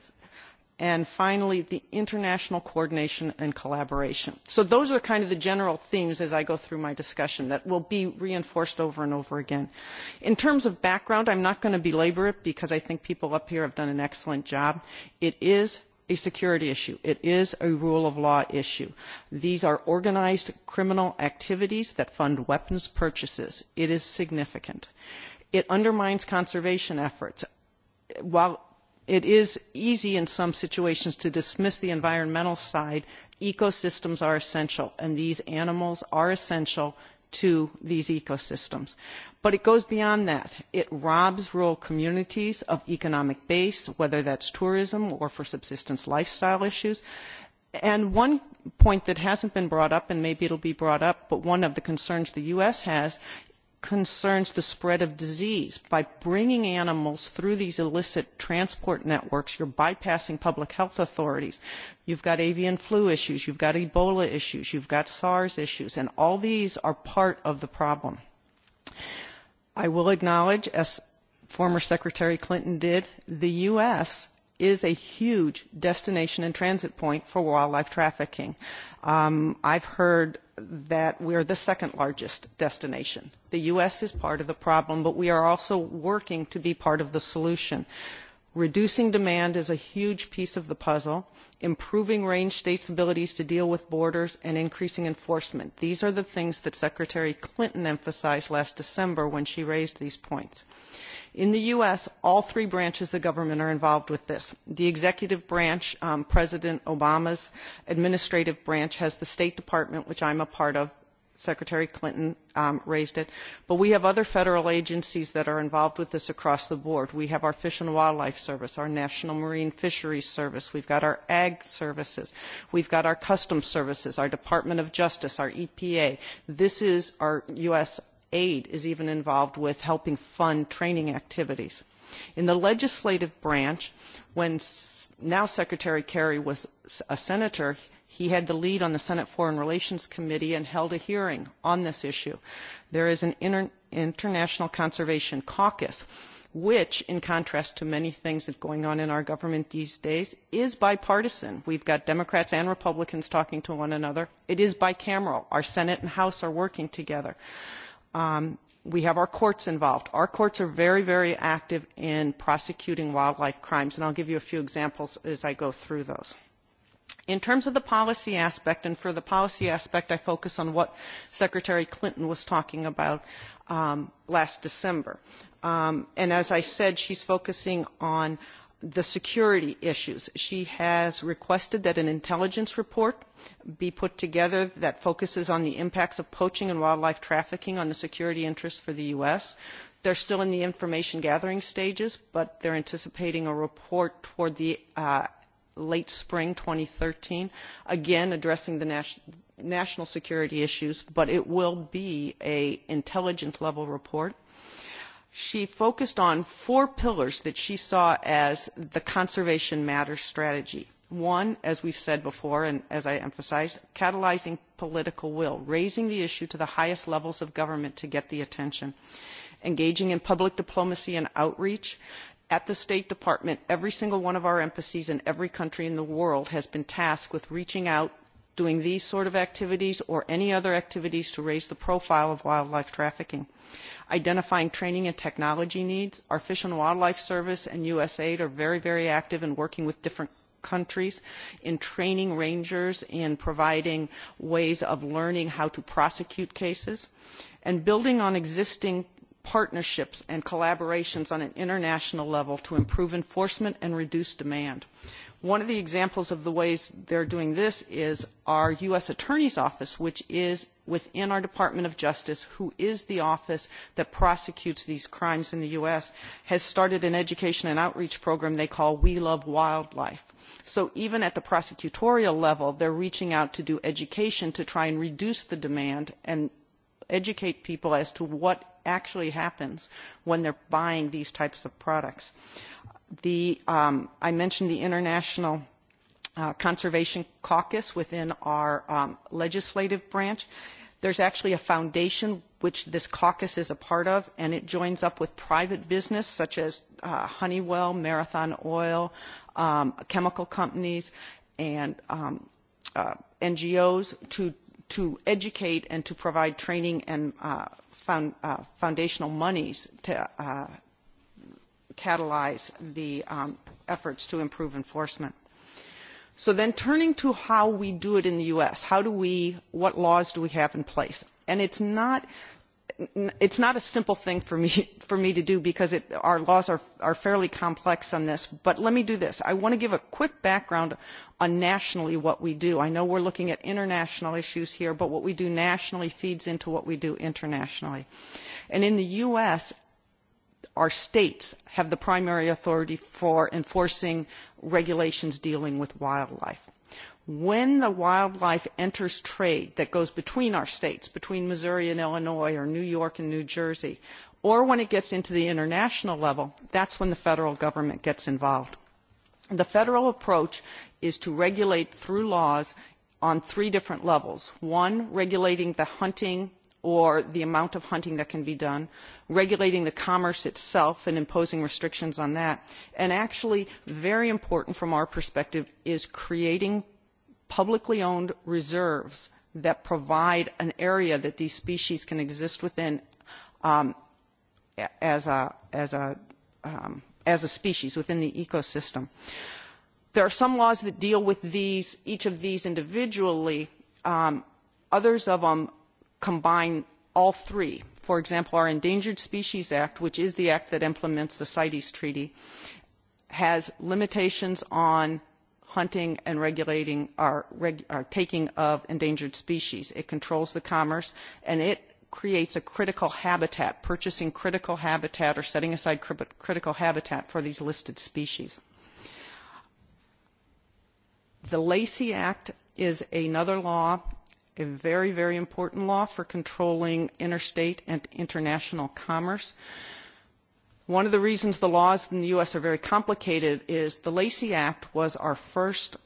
And finally, the international coordination and collaboration. So those are kind of the general themes as I go through my discussion that will be reinforced over and over again. In terms of background, I'm not going to belabor it because I think people up here have done an excellent job. It is a security issue. It is a rule of law issue. These are organized criminal activities that fund weapons purchases. It is significant. It undermines conservation efforts while it is easy in some situations to dismiss the environmental side, ecosystems are essential, and these animals are essential to these ecosystems. But it goes beyond that. It robs rural communities of economic base, whether that's tourism or for subsistence lifestyle issues. And one point that hasn't been brought up, and maybe it'll be brought up, but one of the concerns the U.S. has concerns the spread of disease. By bringing animals through these illicit transport networks, you're bypassing public health authorities. You've got avian flu issues, you've got Ebola issues, you've got SARS issues, and all these are part of the problem. I will acknowledge, as former Secretary Clinton did, the U.S. is a huge destination and transit point for wildlife trafficking. I've heard that we're the second largest destination The U.S. is part of the problem, but we are also working to be part of the solution. Reducing demand is a huge piece of the puzzle, improving range states' abilities to deal with borders, and increasing enforcement. These are the things that Secretary Clinton emphasized last December when she raised these points. In the U.S., all three branches of government are involved with this. The executive branch, President Obama's administrative branch, has the State Department, which I'm a part of, Secretary Clinton raised it. But we have other federal agencies that are involved with this across the board. We have our Fish and Wildlife Service, our National Marine Fisheries Service. We've got our Ag Services. We've got our Customs Services, our Department of Justice, our EPA. This is our U.S. aid is even involved with helping fund training activities. In the legislative branch, when now Secretary Kerry was a senator, He had the lead on the Senate Foreign Relations Committee and held a hearing on this issue. There is an International Conservation Caucus, which, in contrast to many things that are going on in our government these days, is bipartisan. We've got Democrats and Republicans talking to one another. It is bicameral. Our Senate and House are working together. We have our courts involved. Our courts are very, very active in prosecuting wildlife crimes, and I'll give you a few examples as I go through those. In terms of the policy aspect, and for the policy aspect I focus on what Secretary Clinton was talking about last December. And as I said, she's focusing on the security issues. She has requested that an intelligence report be put together that focuses on the impacts of poaching and wildlife trafficking on the security interests for the U.S. They're still in the information gathering stages, but they're anticipating a report toward the late spring 2013, again addressing the national security issues, but it will be an intelligent level report. She focused on four pillars that she saw as the conservation matter strategy. One, as we've said before and as I emphasized, catalyzing political will, raising the issue to the highest levels of government to get the attention, engaging in public diplomacy and outreach, at the State Department, every single one of our embassies in every country in the world has been tasked with reaching out, doing these sort of activities or any other activities to raise the profile of wildlife trafficking, identifying training and technology needs. Our Fish and Wildlife Service and USAID are very, very active in working with different countries in training rangers in providing ways of learning how to prosecute cases and building on existing partnerships and collaborations on an international level to improve enforcement and reduce demand. One of the examples of the ways they're doing this is our U.S. Attorney's Office, which is within our Department of Justice, who is the office that prosecutes these crimes in the U.S., has started an education and outreach program they call We Love Wildlife. So even at the prosecutorial level, they're reaching out to do education to try and reduce the demand and educate people as to what actually happens when they're buying these types of products. The, I mentioned the International Conservation Caucus within our legislative branch. There's actually a foundation which this caucus is a part of, and it joins up with private business such as Honeywell, Marathon Oil, chemical companies, and NGOs to educate and to provide training and foundational monies to catalyze the efforts to improve enforcement. So then turning to how we do it in the U.S., how do we, what laws do we have in place? And it's not, it's not a simple thing for me for me to do because our laws are are fairly complex on this but let me do this i want to give a quick background on nationally what we do i know we're looking at international issues here but what we do nationally feeds into what we do internationally and in the us our states have the primary authority for enforcing regulations dealing with wildlife when the wildlife enters trade that goes between our states, between Missouri and Illinois or New York and New Jersey, or when it gets into the international level, that's when the federal government gets involved. The federal approach is to regulate through laws on three different levels. One, regulating the hunting or the amount of hunting that can be done, regulating the commerce itself and imposing restrictions on that. And actually, very important from our perspective, is creating publicly owned reserves that provide an area that these species can exist within as a species within the ecosystem. There are some laws that deal with these, each of these individually. Others of them combine all three. For example, our Endangered Species Act, which is the act that implements the CITES Treaty, has limitations on hunting and regulating our taking of endangered species. It controls the commerce, and it creates a critical habitat, purchasing critical habitat or setting aside critical habitat for these listed species. The Lacey Act is another law, a very, very important law for controlling interstate and international commerce. One of the reasons the laws in the U.S. are very complicated is the Lacey Act was our first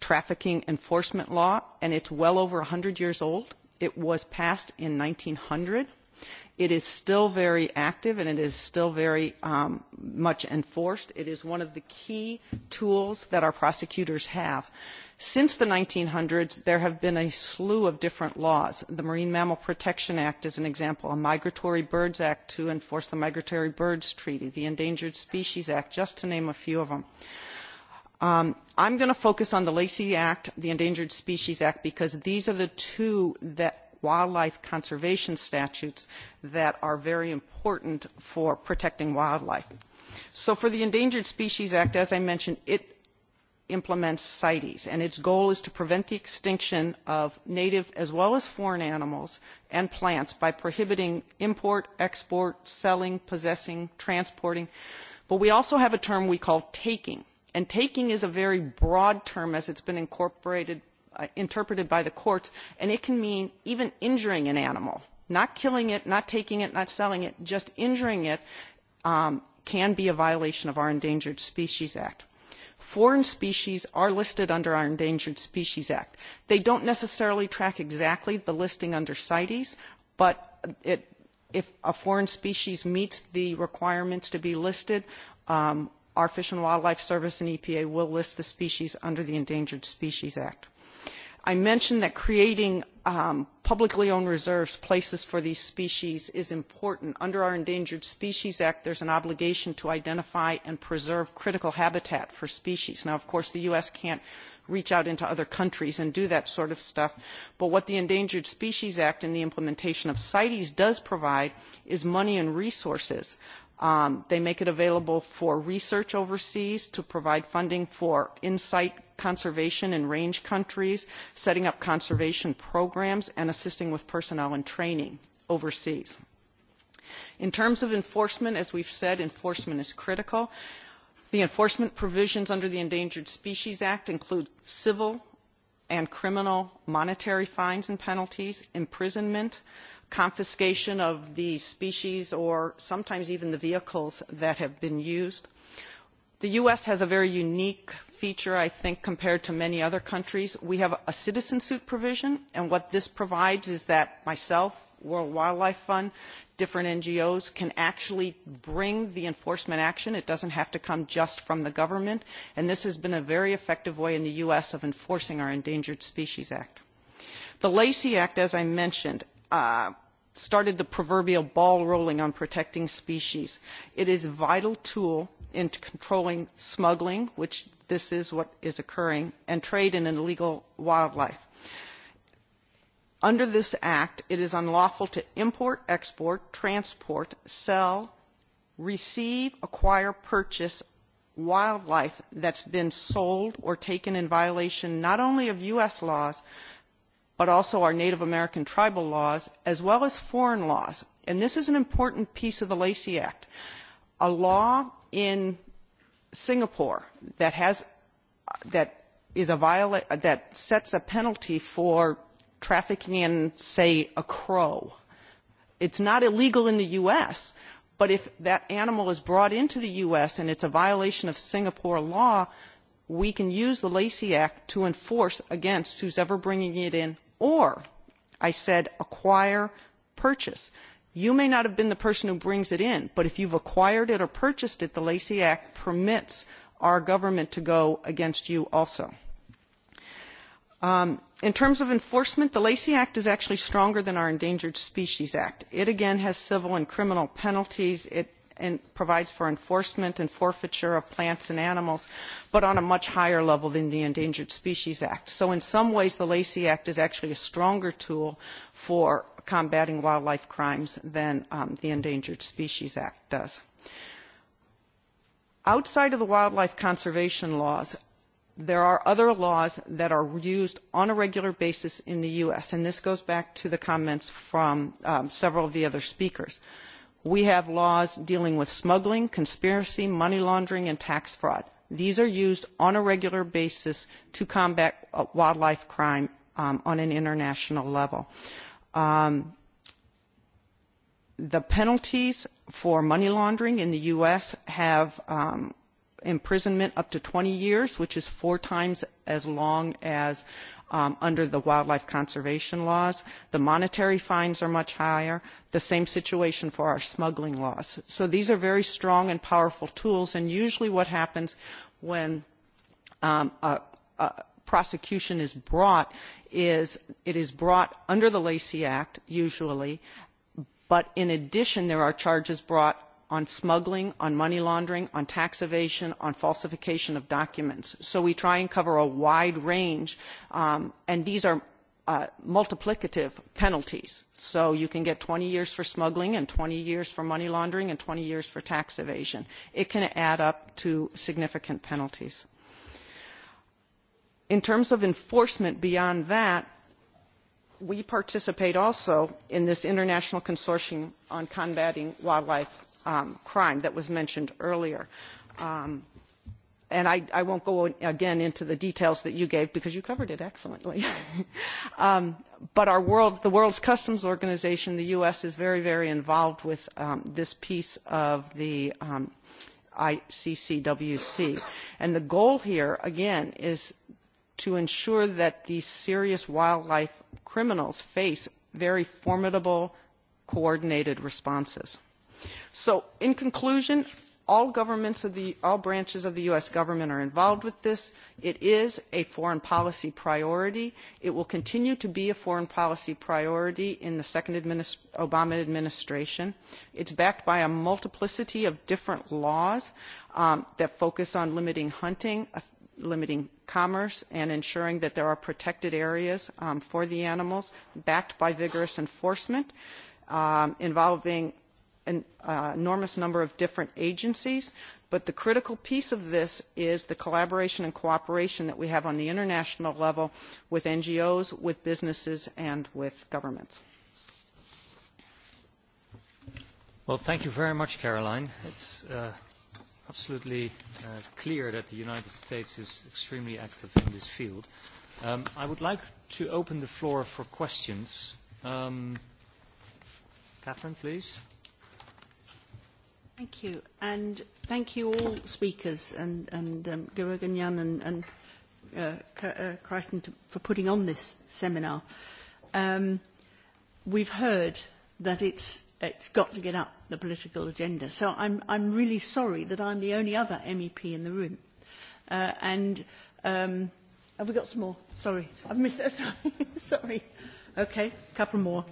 trafficking enforcement law, and it's well over 100 years old. It was passed in 1900. It is still very active, and it is still very much enforced. It is one of the key tools that our prosecutors have Since the 1900s, there have been a slew of different laws. The Marine Mammal Protection Act is an example, a Migratory Birds Act to enforce the Migratory Birds Treaty, the Endangered Species Act, just to name a few of them. I'm going to focus on the Lacey Act, the Endangered Species Act, because these are the two wildlife conservation statutes that are very important for protecting wildlife. So for the Endangered Species Act, as I mentioned, it implements CITES, and its goal is to prevent the extinction of native as well as foreign animals and plants by prohibiting import, export, selling, possessing, transporting. But we also have a term we call taking, and taking is a very broad term as it's been incorporated, interpreted by the courts, and it can mean even injuring an animal. Not killing it, not taking it, not selling it, just injuring it can be a violation of our Endangered Species Act foreign species are listed under our endangered species act they don't necessarily track exactly the listing under cites but if a foreign species meets the requirements to be listed our fish and wildlife service and epa will list the species under the endangered species act I mentioned that creating publicly owned reserves, places for these species, is important. Under our Endangered Species Act, there's an obligation to identify and preserve critical habitat for species. Now, of course, the U.S. can't reach out into other countries and do that sort of stuff, but what the Endangered Species Act and the implementation of CITES does provide is money and resources They make it available for research overseas to provide funding for insight conservation in range countries, setting up conservation programs, and assisting with personnel and training overseas. In terms of enforcement, as we've said, enforcement is critical. The enforcement provisions under the Endangered Species Act include civil and criminal monetary fines and penalties, imprisonment, confiscation of the species or sometimes even the vehicles that have been used. The U.S. has a very unique feature, I think, compared to many other countries. We have a citizen suit provision, and what this provides is that myself, World Wildlife Fund, different NGOs can actually bring the enforcement action. It doesn't have to come just from the government, and this has been a very effective way in the U.S. of enforcing our Endangered Species Act. The Lacey Act, as I mentioned, started the proverbial ball rolling on protecting species. It is a vital tool in controlling smuggling, which this is what is occurring, and trade in illegal wildlife. Under this Act, it is unlawful to import, export, transport, sell, receive, acquire, purchase wildlife that's been sold or taken in violation not only of U.S. laws, but also our Native American tribal laws, as well as foreign laws. And this is an important piece of the Lacey Act. A law in Singapore that has that is a that sets a penalty for trafficking in, say, a crow. It's not illegal in the U.S., but if that animal is brought into the U.S. and it's a violation of Singapore law, we can use the Lacey Act to enforce against who's ever bringing it in or i said acquire purchase you may not have been the person who brings it in but if you've acquired it or purchased it the lacey act permits our government to go against you also in terms of enforcement the lacey act is actually stronger than our endangered species act it again has civil and criminal penalties it and provides for enforcement and forfeiture of plants and animals, but on a much higher level than the Endangered Species Act. So in some ways, the Lacey Act is actually a stronger tool for combating wildlife crimes than the Endangered Species Act does. Outside of the wildlife conservation laws, there are other laws that are used on a regular basis in the U.S., and this goes back to the comments from several of the other speakers. We have laws dealing with smuggling, conspiracy, money laundering, and tax fraud. These are used on a regular basis to combat wildlife crime on an international level. The penalties for money laundering in the U.S. have imprisonment up to 20 years, which is four times as long as under the wildlife conservation laws. The monetary fines are much higher. The same situation for our smuggling laws. So these are very strong and powerful tools, and usually what happens when a prosecution is brought is it is brought under the Lacey Act, usually, but in addition there are charges brought on smuggling, on money laundering, on tax evasion, on falsification of documents. So we try and cover a wide range, and these are multiplicative penalties. So you can get 20 years for smuggling and 20 years for money laundering and 20 years for tax evasion. It can add up to significant penalties. In terms of enforcement beyond that, we participate also in this international consortium on combating wildlife crime that was mentioned earlier. And I won't go again into the details that you gave because you covered it excellently. But our world, the World's Customs Organization, the U.S. is very, very involved with this piece of the ICCWC. And the goal here, again, is to ensure that these serious wildlife criminals face very formidable coordinated responses. So in conclusion, all governments of the all branches of the U.S. government are involved with this. It is a foreign policy priority. It will continue to be a foreign policy priority in the second Obama administration. It's backed by a multiplicity of different laws that focus on limiting hunting, limiting commerce, and ensuring that there are protected areas for the animals, backed by vigorous enforcement involving an enormous number of different agencies but the critical piece of this is the collaboration and cooperation that we have on the international level with ngos with businesses and with governments. well thank you very much caroline. it's absolutely clear that the united states is extremely active in this field. i would like to open the floor for questions. catherine please. Thank you. And thank you all speakers and, and um, and, and uh, Crichton for putting on this seminar. Um, we've heard that it's, it's got to get up the political agenda. So I'm, I'm really sorry that I'm the only other MEP in the room. Uh, and um, have we got some more? Sorry, I've missed that. Sorry. Okay, a couple more.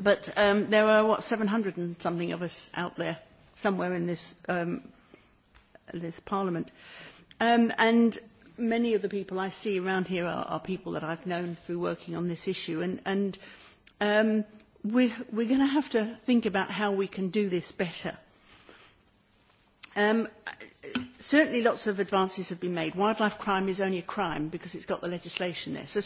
But um, there are, what, 700 and something of us out there somewhere in this this Parliament. And many of the people I see around here are people that I've known through working on this issue. And we're going to have to think about how we can do this better. Certainly lots of advances have been made. Wildlife crime is only a crime because it's got the legislation there. So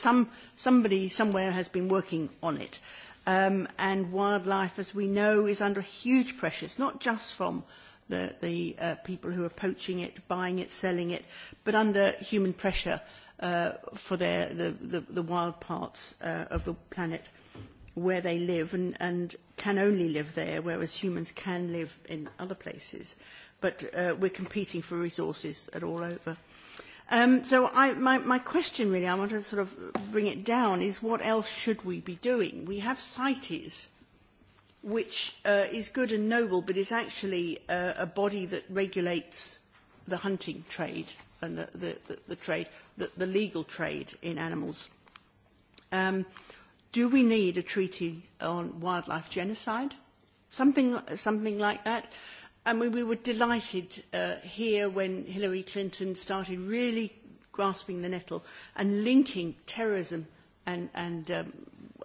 somebody somewhere has been working on it and wildlife, as we know, is under huge pressures, not just from the the people who are poaching it, buying it, selling it, but under human pressure for their the the wild parts of the planet where they live and and can only live there, whereas humans can live in other places. But we're competing for resources at all over. So my question really, I want to sort of bring it down, is what else should we be doing? We have CITES, which is good and noble, but is actually a body that regulates the hunting trade and the trade, the legal trade in animals. Do we need a treaty on wildlife genocide? Something like that And we were delighted here when Hillary Clinton started really grasping the nettle and linking terrorism and, and,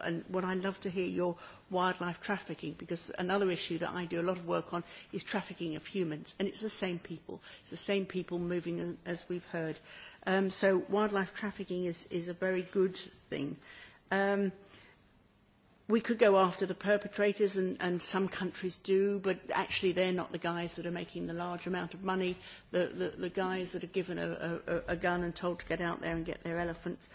and what I love to hear, your wildlife trafficking, because another issue that I do a lot of work on is trafficking of humans, and it's the same people. It's the same people moving, as we've heard. Um, so wildlife trafficking is, is a very good thing. Um, we could go after the perpetrators, and some countries do, but actually they're not the guys that are making the large amount of money. The guys that are given a gun and told to get out there and get their elephants,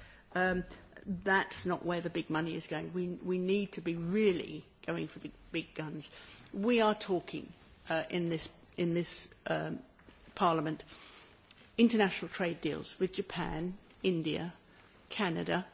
that's not where the big money is going. We need to be really going for the big guns. We are talking in this Parliament international trade deals with Japan, India, Canada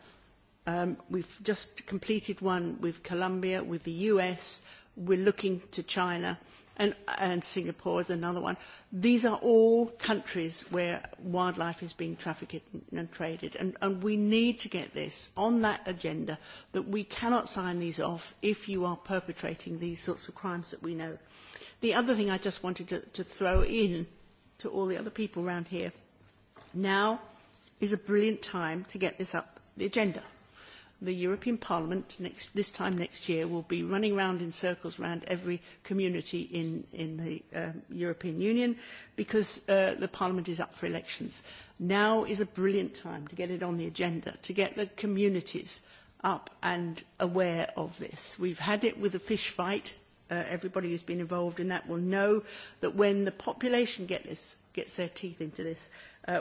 We've just completed one with Colombia, with the US. We're looking to China and Singapore is another one. These are all countries where wildlife is being trafficked and traded. And we need to get this on that agenda that we cannot sign these off if you are perpetrating these sorts of crimes that we know. The other thing I just wanted to throw in to all the other people around here, now is a brilliant time to get this up the agenda the European Parliament this time next year will be running round in circles around every community in the European Union because the Parliament is up for elections. Now is a brilliant time to get it on the agenda, to get the communities up and aware of this. We've had it with the fish fight. Everybody who's been involved in that will know that when the population gets their teeth into this,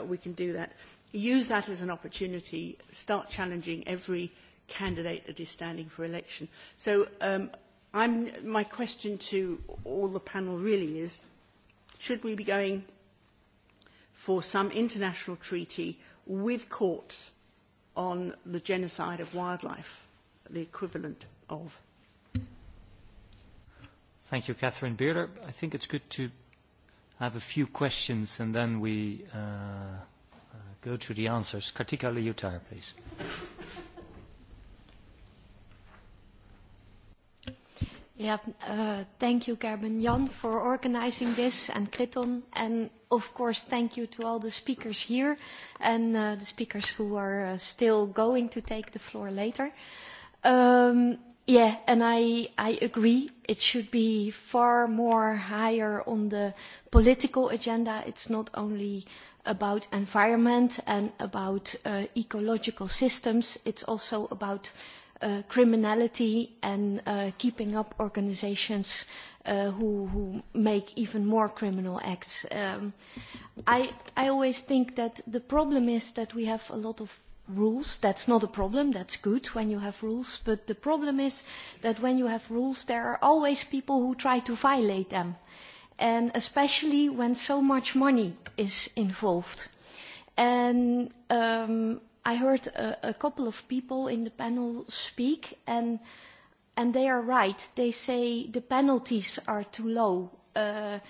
we can do that. Use that as an opportunity. Start challenging every candidate that is standing for election. So my question to all the panel really is, should we be going for some international treaty with courts on the genocide of wildlife, the equivalent of? Thank you, Catherine Bearder. I think it's good to have a few questions and then we go to the answers. Kartika please. Yeah, thank you, Gerben Jan, for organizing this, and Kriton, and of course, thank you to all the speakers here and the speakers who are still going to take the floor later. Yeah, and I agree, it should be far more higher on the political agenda. It's not only about environment and about ecological systems, it's also about criminality and keeping up organisations who make even more criminal acts. I always think that the problem is that we have a lot of rules. That's not a problem. That's good when you have rules. But the problem is that when you have rules, there are always people who try to violate them. And especially when so much money is involved. And I heard a couple of people in the panel speak, and they are right. They say the penalties are too low. The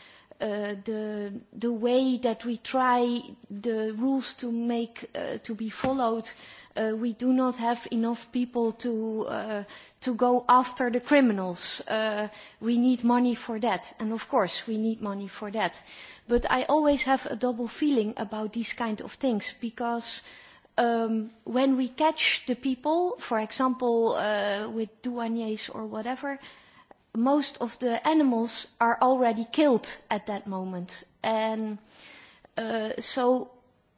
way that we try the rules to make to be followed, we do not have enough people to go after the criminals. We need money for that, and of course we need money for that. But I always have a double feeling about these kind of things because when we catch the people, for example, with douaniers or whatever, most of the animals are already killed at that moment. And so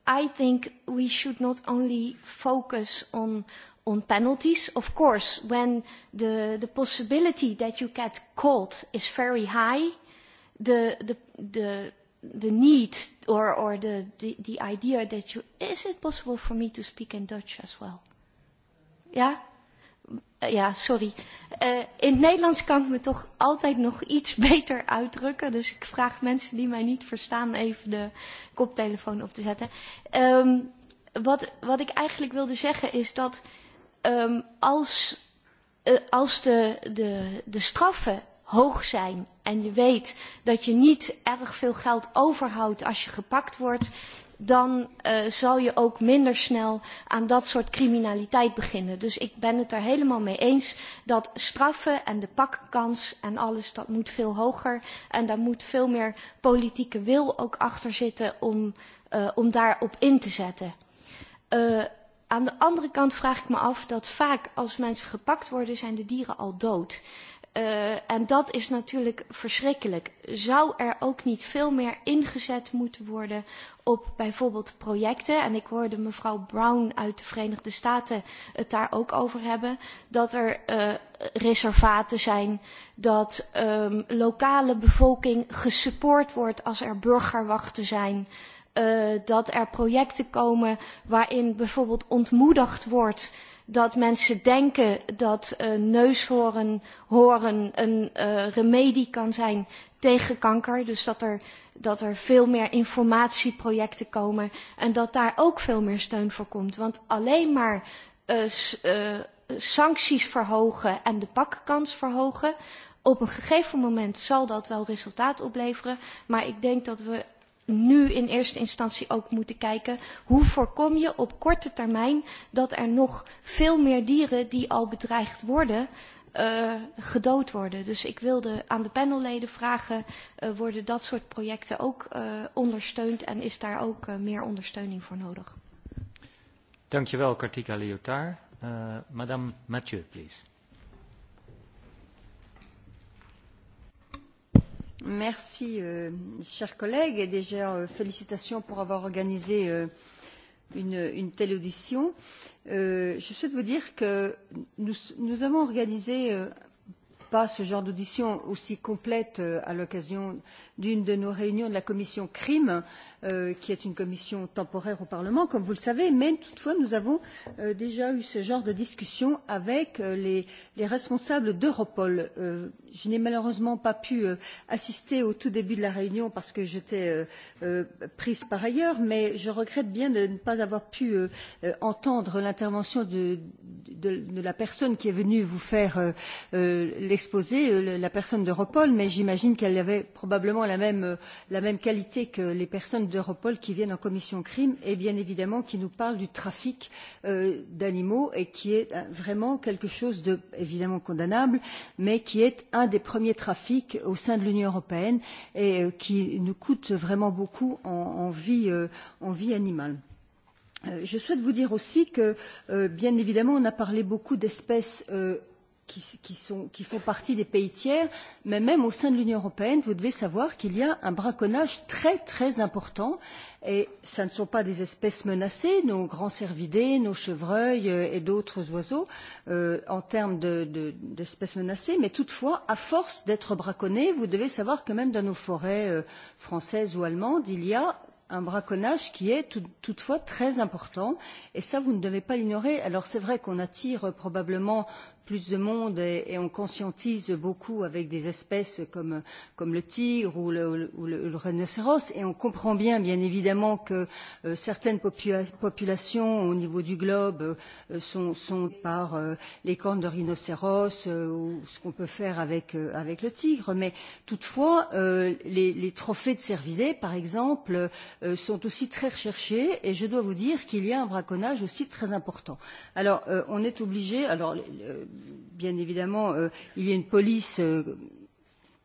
I think we should not only focus on penalties. Of course, when the possibility that you get caught is very high, the the need or or the the idea that you is it possible for me to speak in Dutch as well? Ja? Ja, sorry. In het Nederlands kan ik me toch altijd nog iets beter uitdrukken. Dus ik vraag mensen die mij niet verstaan even de koptelefoon op te zetten. Wat ik eigenlijk wilde zeggen is dat als de straffen hoog zijn en je weet dat je niet erg veel geld overhoudt als je gepakt wordt, dan zal je ook minder snel aan dat soort criminaliteit beginnen. Dus ik ben het er helemaal mee eens dat straffen en de pakkans en alles, dat moet veel hoger. En daar moet veel meer politieke wil ook achter zitten om daarop in te zetten. Aan de andere kant vraag ik me af dat vaak als mensen gepakt worden zijn de dieren al dood en dat is natuurlijk verschrikkelijk. Zou er ook niet veel meer ingezet moeten worden op bijvoorbeeld projecten? En ik hoorde mevrouw Brown uit de Verenigde Staten het daar ook over hebben. Dat er reservaten zijn, dat lokale bevolking gesupport wordt als er burgerwachten zijn. Dat er projecten komen waarin bijvoorbeeld ontmoedigd wordt dat mensen denken dat neushoorn horen een remedie kan zijn tegen kanker. Dus dat er, dat er veel meer informatieprojecten komen en dat daar ook veel meer steun voor komt. Want alleen maar sancties verhogen en de pakkans verhogen, op een gegeven moment zal dat wel resultaat opleveren. Maar ik denk dat we nu in eerste instantie ook moeten kijken hoe voorkom je op korte termijn dat er nog veel meer dieren die al bedreigd worden gedood worden. Dus ik wilde aan de panelleden vragen, worden dat soort projecten ook ondersteund en is daar ook meer ondersteuning voor nodig? Dankjewel, Kartika Madame Mathieu, please. Merci, chers collègues, et déjà félicitations pour avoir organisé une telle audition. Je souhaite vous dire que nous avons organisé pas ce genre d'audition aussi complète à l'occasion d'une de nos réunions de la commission crime qui est une commission temporaire au parlement comme vous le savez mais toutefois nous avons déjà eu ce genre de discussion avec les responsables d'europol. je n'ai malheureusement pas pu assister au tout début de la réunion parce que j'étais prise par ailleurs mais je regrette bien de ne pas avoir pu entendre l'intervention de la personne qui est venue vous faire l'exposé exposé la personne d'Europol, mais j'imagine qu'elle avait probablement la même qualité que les personnes d'Europol qui viennent en commission crime et bien évidemment qui nous parlent du trafic d'animaux et qui est vraiment quelque chose de évidemment condamnable, mais qui est un des premiers trafics au sein de l'Union européenne et qui nous coûte vraiment beaucoup en vie animale. Je souhaite vous dire aussi que, bien évidemment, on a parlé beaucoup d'espèces qui font partie des pays tiers, mais même au sein de l'Union européenne, vous devez savoir qu'il y a un braconnage très très important et ce ne sont pas des espèces menacées, nos grands cervidés, nos chevreuils et d'autres oiseaux en termes d'espèces menacées, mais toutefois, à force d'être braconnés, vous devez savoir que même dans nos forêts françaises ou allemandes, il y a un braconnage qui est toutefois très important et ça vous ne devez pas l'ignorer. Alors c'est vrai qu'on attire probablement plus de monde et on conscientise beaucoup avec des espèces comme le tigre ou le rhinocéros et on comprend bien bien évidemment que certaines populations au niveau du globe sont par les cornes de rhinocéros ou ce qu'on peut faire avec le tigre mais toutefois les trophées de cervidés par exemple sont aussi très recherchés et je dois vous dire qu'il y a un braconnage aussi très important. Alors on est obligé alors bien évidemment, il y a une police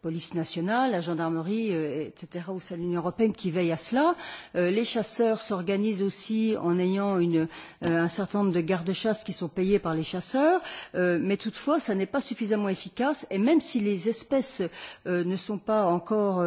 police nationale, la gendarmerie, etc., au sein de l'Union européenne qui veille à cela. Les chasseurs s'organisent aussi en ayant un certain nombre de gardes-chasse qui sont payés par les chasseurs, mais toutefois, ça n'est pas suffisamment efficace. Et même si les espèces ne sont pas encore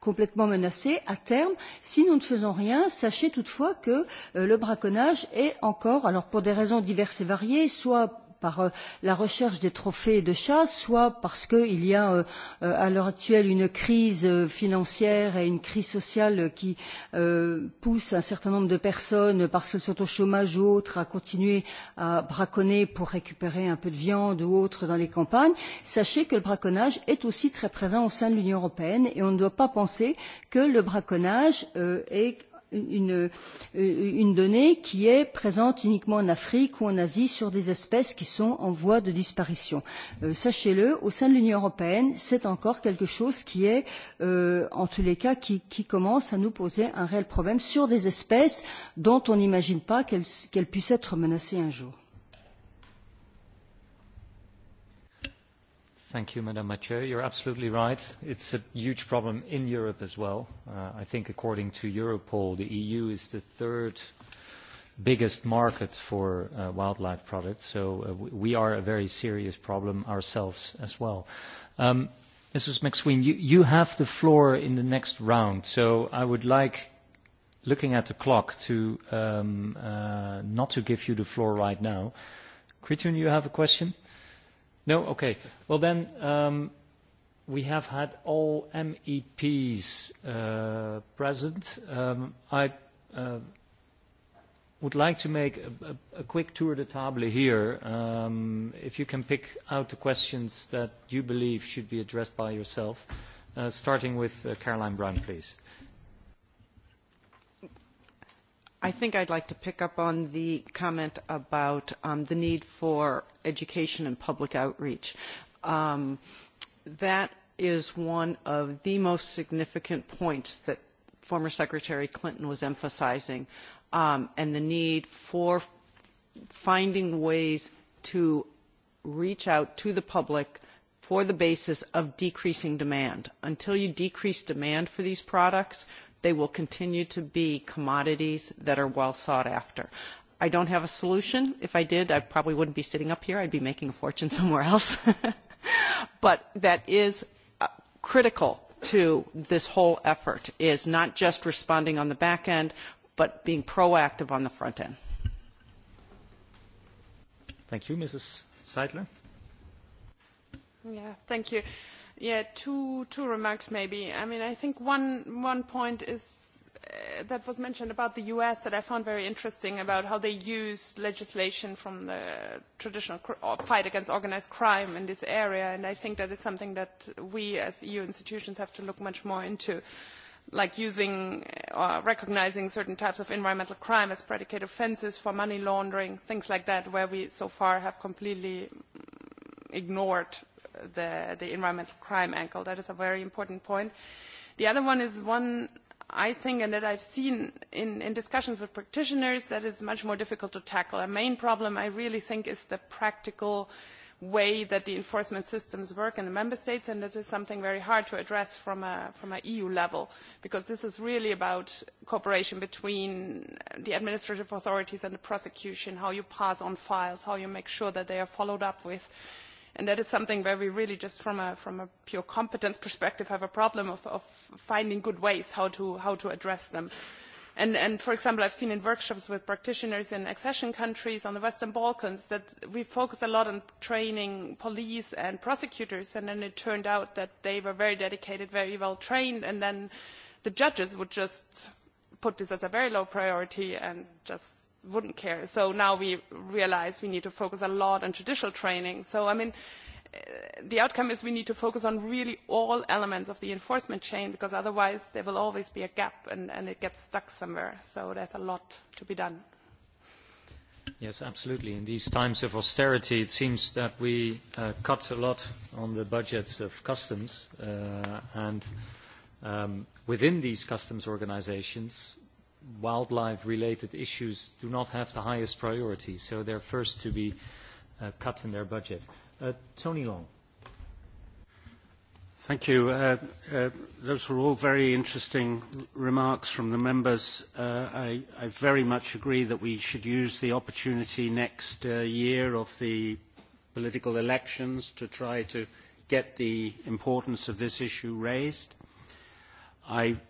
complètement menacées, à terme, si nous ne faisons rien, sachez toutefois que le braconnage est encore, alors pour des raisons diverses et variées, soit par la recherche des trophées de chasse, soit parce qu'il y a à l'heure actuelle une crise financière et une crise sociale qui pousse un certain nombre de personnes, parce qu'elles sont au chômage ou autres, à continuer à braconner pour récupérer un peu de viande ou autre dans les campagnes. Sachez que le braconnage est aussi très présent au sein de l'Union européenne et on ne doit pas penser que le braconnage est une donnée qui est présente uniquement en Afrique ou en Asie sur des espèces qui sont en voie de disparition. Sachez-le, au sein de l'Union européenne, c'est encore quelque chose qui est, en tous les cas, qui commence à nous poser un réel problème sur des espèces dont on n'imagine pas qu'elles puissent être menacées un jour. Thank you, Madame Mathieu. You're absolutely right. It's a huge problem in Europe as well. I think according to Europol, the EU is the third biggest market for wildlife products, so we are a very serious problem ourselves as well. Mrs. McSween, you have the floor in the next round, so I would like, looking at the clock, to not to give you the floor right now. Kriton, you have a question? No? Okay. Well, then, we have had all MEPs present. I would like to make a quick tour de table here. If you can pick out the questions that you believe should be addressed by yourself, starting with Caroline Brown, please. I think I'd like to pick up on the comment about the need for education and public outreach. That is one of the most significant points that former Secretary Clinton was emphasizing, and the need for finding ways to reach out to the public for the basis of decreasing demand. Until you decrease demand for these products, They will continue to be commodities that are well sought after. I don't have a solution. If I did, I probably wouldn't be sitting up here. I'd be making a fortune somewhere else. But that is critical to this whole effort, is not just responding on the back end, but being proactive on the front end. Thank you. Mrs. Seidler. Yeah, thank you. Yeah, two remarks maybe. I mean, I think one one point is that was mentioned about the U.S. that I found very interesting about how they use legislation from the traditional fight against organized crime in this area, and I think that is something that we as EU institutions have to look much more into, like using or recognizing certain types of environmental crime as predicate offenses for money laundering, things like that, where we so far have completely ignored the the environmental crime angle. That is a very important point. The other one is one I think and that I've seen in in discussions with practitioners that is much more difficult to tackle. A main problem I really think is the practical way that the enforcement systems work in the member states and that is something very hard to address from an eu level because this is really about cooperation between the administrative authorities and the prosecution how you pass on files how you make sure that they are followed up with and that is something where we really just from a from a pure competence perspective have a problem of finding good ways how to how to address them and for example i've seen in workshops with practitioners in accession countries on the western balkans that we focused a lot on training police and prosecutors and then it turned out that they were very dedicated very well trained and then the judges would just put this as a very low priority and just wouldn't care. So now we realize we need to focus a lot on judicial training. So, I mean, the outcome is we need to focus on really all elements of the enforcement chain because otherwise there will always be a gap and, and it gets stuck somewhere. So there's a lot to be done. Yes, absolutely. In these times of austerity, it seems that we cut a lot on the budgets of customs and within these customs organizations, wildlife-related issues do not have the highest priority, so they're first to be cut in their budget. Tony Long. Thank you. Those were all very interesting remarks from the members. I very much agree that we should use the opportunity next year of the political elections to try to get the importance of this issue raised. I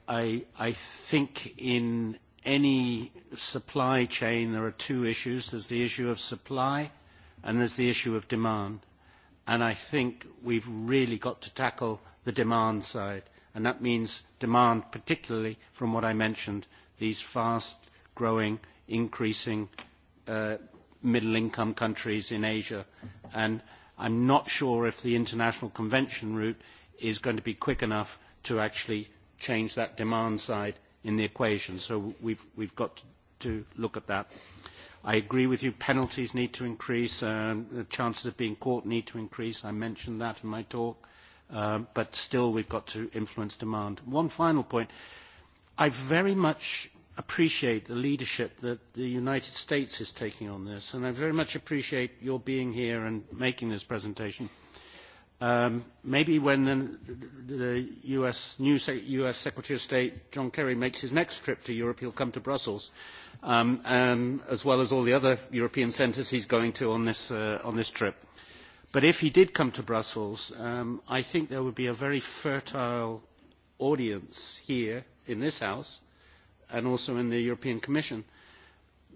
think in any supply chain, there are two issues. There's the issue of supply and there's the issue of demand. And I think we've really got to tackle the demand side. And that means demand, particularly from what I mentioned, these fast-growing, increasing middle-income countries in Asia. And I'm not sure if the international convention route is going to be quick enough to actually change that demand side in the equation. So we've got to look at that. I agree with you. Penalties need to increase. The chances of being caught need to increase. I mentioned that in my talk. But still, we've got to influence demand. One final point. I very much appreciate the leadership that the United States is taking on this, and I very much appreciate your being here and making this presentation. Maybe when the U.S. new U.S. Secretary of State John Kerry makes his next trip to Europe, he'll come to Brussels, as well as all the other European centres he's going to on this trip. But if he did come to Brussels, I think there would be a very fertile audience here in this House and also in the European Commission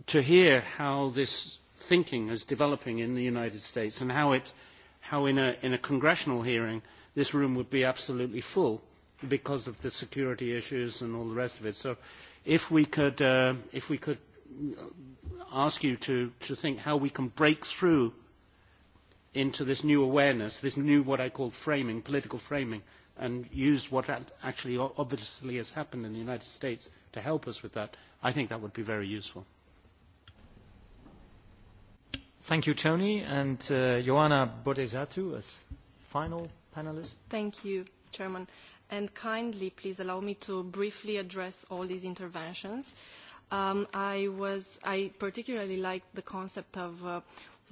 to hear how this thinking is developing in the United States and how it how in a congressional hearing this room would be absolutely full because of the security issues and all the rest of it. So if we could if we could ask you to to think how we can break through into this new awareness, this new what I call framing, political framing, and use what actually obviously has happened in the United States to help us with that, I think that would be very useful. Thank you, Tony. And Joanna Bodezatu as final panelist. Thank you, Chairman. And kindly, please allow me to briefly address all these interventions. I was, I particularly like the concept of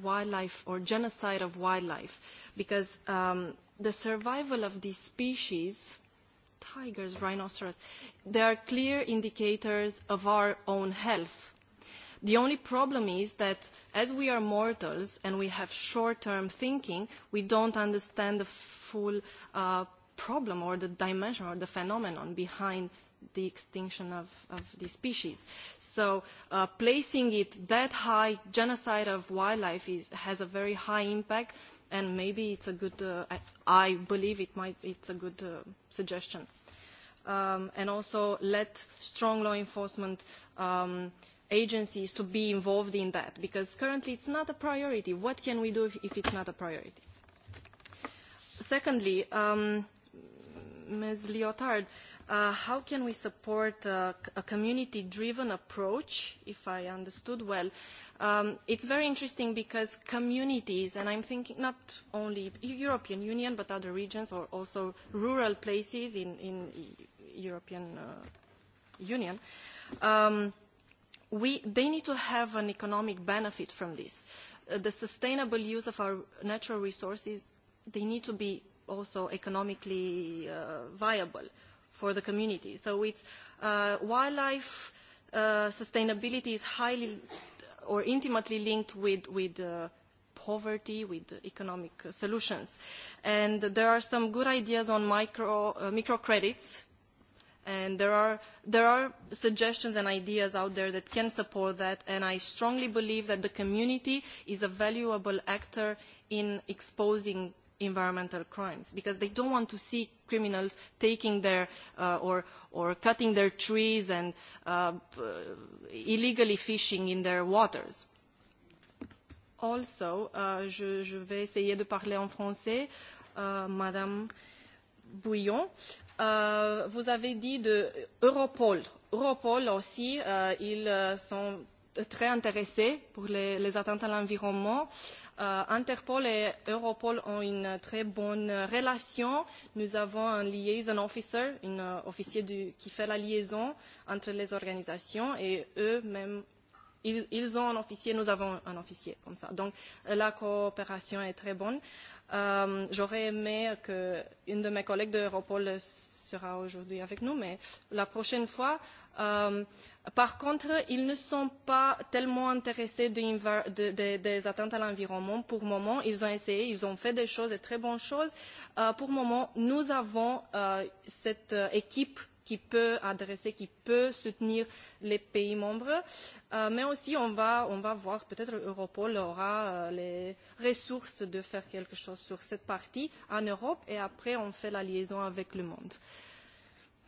wildlife or genocide of wildlife because the survival of these species, tigers, rhinoceros, they are clear indicators of our own health The only problem is that as we are mortals and we have short-term thinking, we don't understand the full problem or the dimension or the phenomenon behind the extinction of the species. So placing it that high, genocide of wildlife has a very high impact, and maybe it's a good, I believe it might, it's a good suggestion. And also let strong law enforcement agencies to be involved in that, because currently it's not a priority. What can we do if it's not a priority? Secondly, Ms. Liotard, how can we support a community-driven approach, if I understood well? It's very interesting because communities, and I'm thinking not only European Union, but other regions or also rural places in European Union, they need to have an economic benefit from this. The sustainable use of our natural resources, they need to be also economically viable for the community. So it's wildlife sustainability is highly or intimately linked with poverty, with economic solutions. And there are some good ideas on micro microcredits and there are suggestions and ideas out there that can support that and i strongly believe that the community is a valuable actor in exposing environmental crimes because they don't want to see criminals taking their or cutting their trees and illegally fishing in their waters also je je vais essayer de parler en français madame bouillon Vous avez dit de Europol. Europol aussi, ils sont très intéressés pour les attentats à l'environnement. Interpol et Europol ont une très bonne relation. Nous avons un liaison officer, un officier qui fait la liaison entre les organisations et eux-mêmes Ils ont un officier, nous avons un officier comme ça. Donc la coopération est très bonne. J'aurais aimé une de mes collègues de Europol sera aujourd'hui avec nous, mais la prochaine fois. Par contre, ils ne sont pas tellement intéressés des atteintes à l'environnement. Pour le moment, ils ont essayé, ils ont fait des choses, des très bonnes choses. Pour le moment, nous avons cette équipe qui peut adresser, qui peut soutenir les pays membres. Mais aussi, on va voir, peut-être Europol aura les ressources de faire quelque chose sur cette partie en Europe et après, on fait la liaison avec le monde.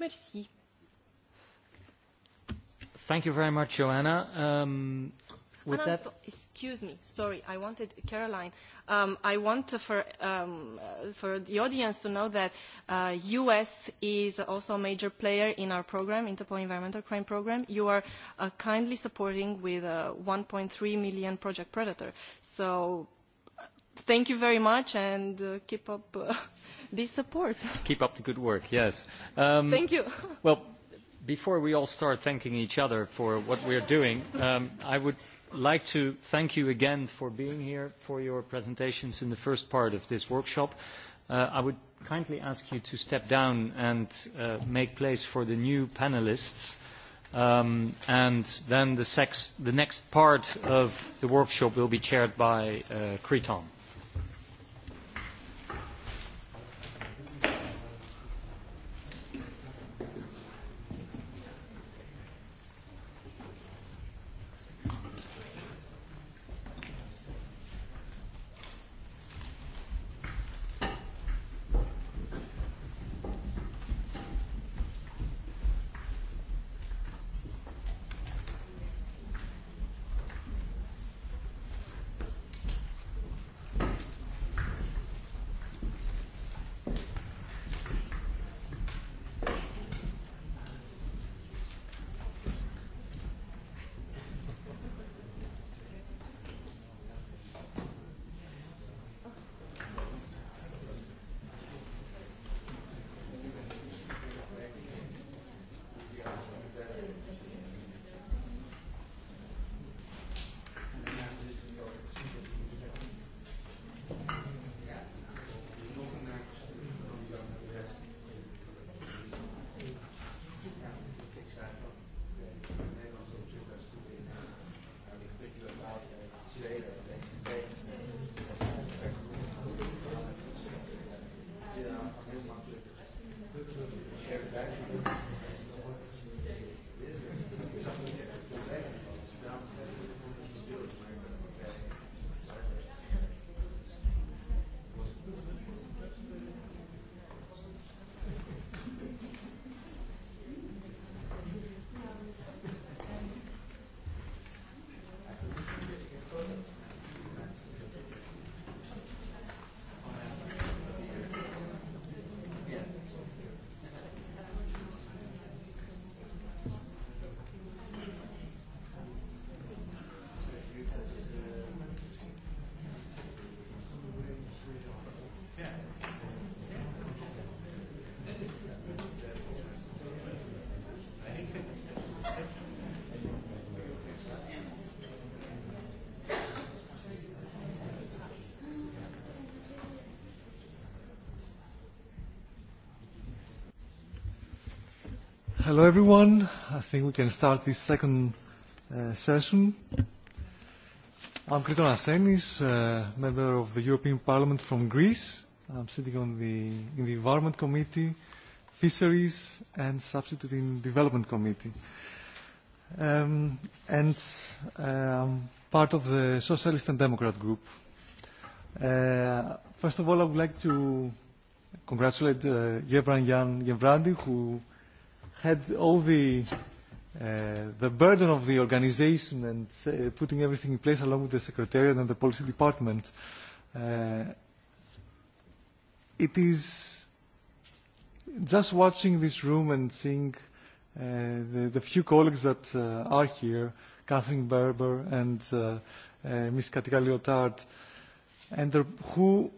Merci. Thank you very much, Joanna. Excuse me, sorry, I wanted Caroline. I want for for the audience to know that U.S. is also a major player in our program, Interpol Environmental Crime Program. You are kindly supporting with 1.3 million Project Predator. So, thank you very much and keep up this support. Keep up the good work. Yes. Thank you. Well, before we all start thanking each other for what we are doing, I would like to thank you again for being here, for your presentations in the first part of this workshop. I would kindly ask you to step down and make place for the new panelists. And then the next part of the workshop will be chaired by Creton. Hello everyone. I think we can start this second session. I'm Kriton Asenis, member of the European Parliament from Greece. I'm sitting on the in the Environment Committee, Fisheries and Substitute in Development Committee. Um and I'm part of the Socialist and Democrat group. First of all I would like to congratulate Gebran Jan Gebrandi who had all the the burden of the organisation and putting everything in place along with the secretariat and the policy department. It is just watching this room and seeing the few colleagues that are here, Catherine Berber and Ms. Katika Lyotard, and who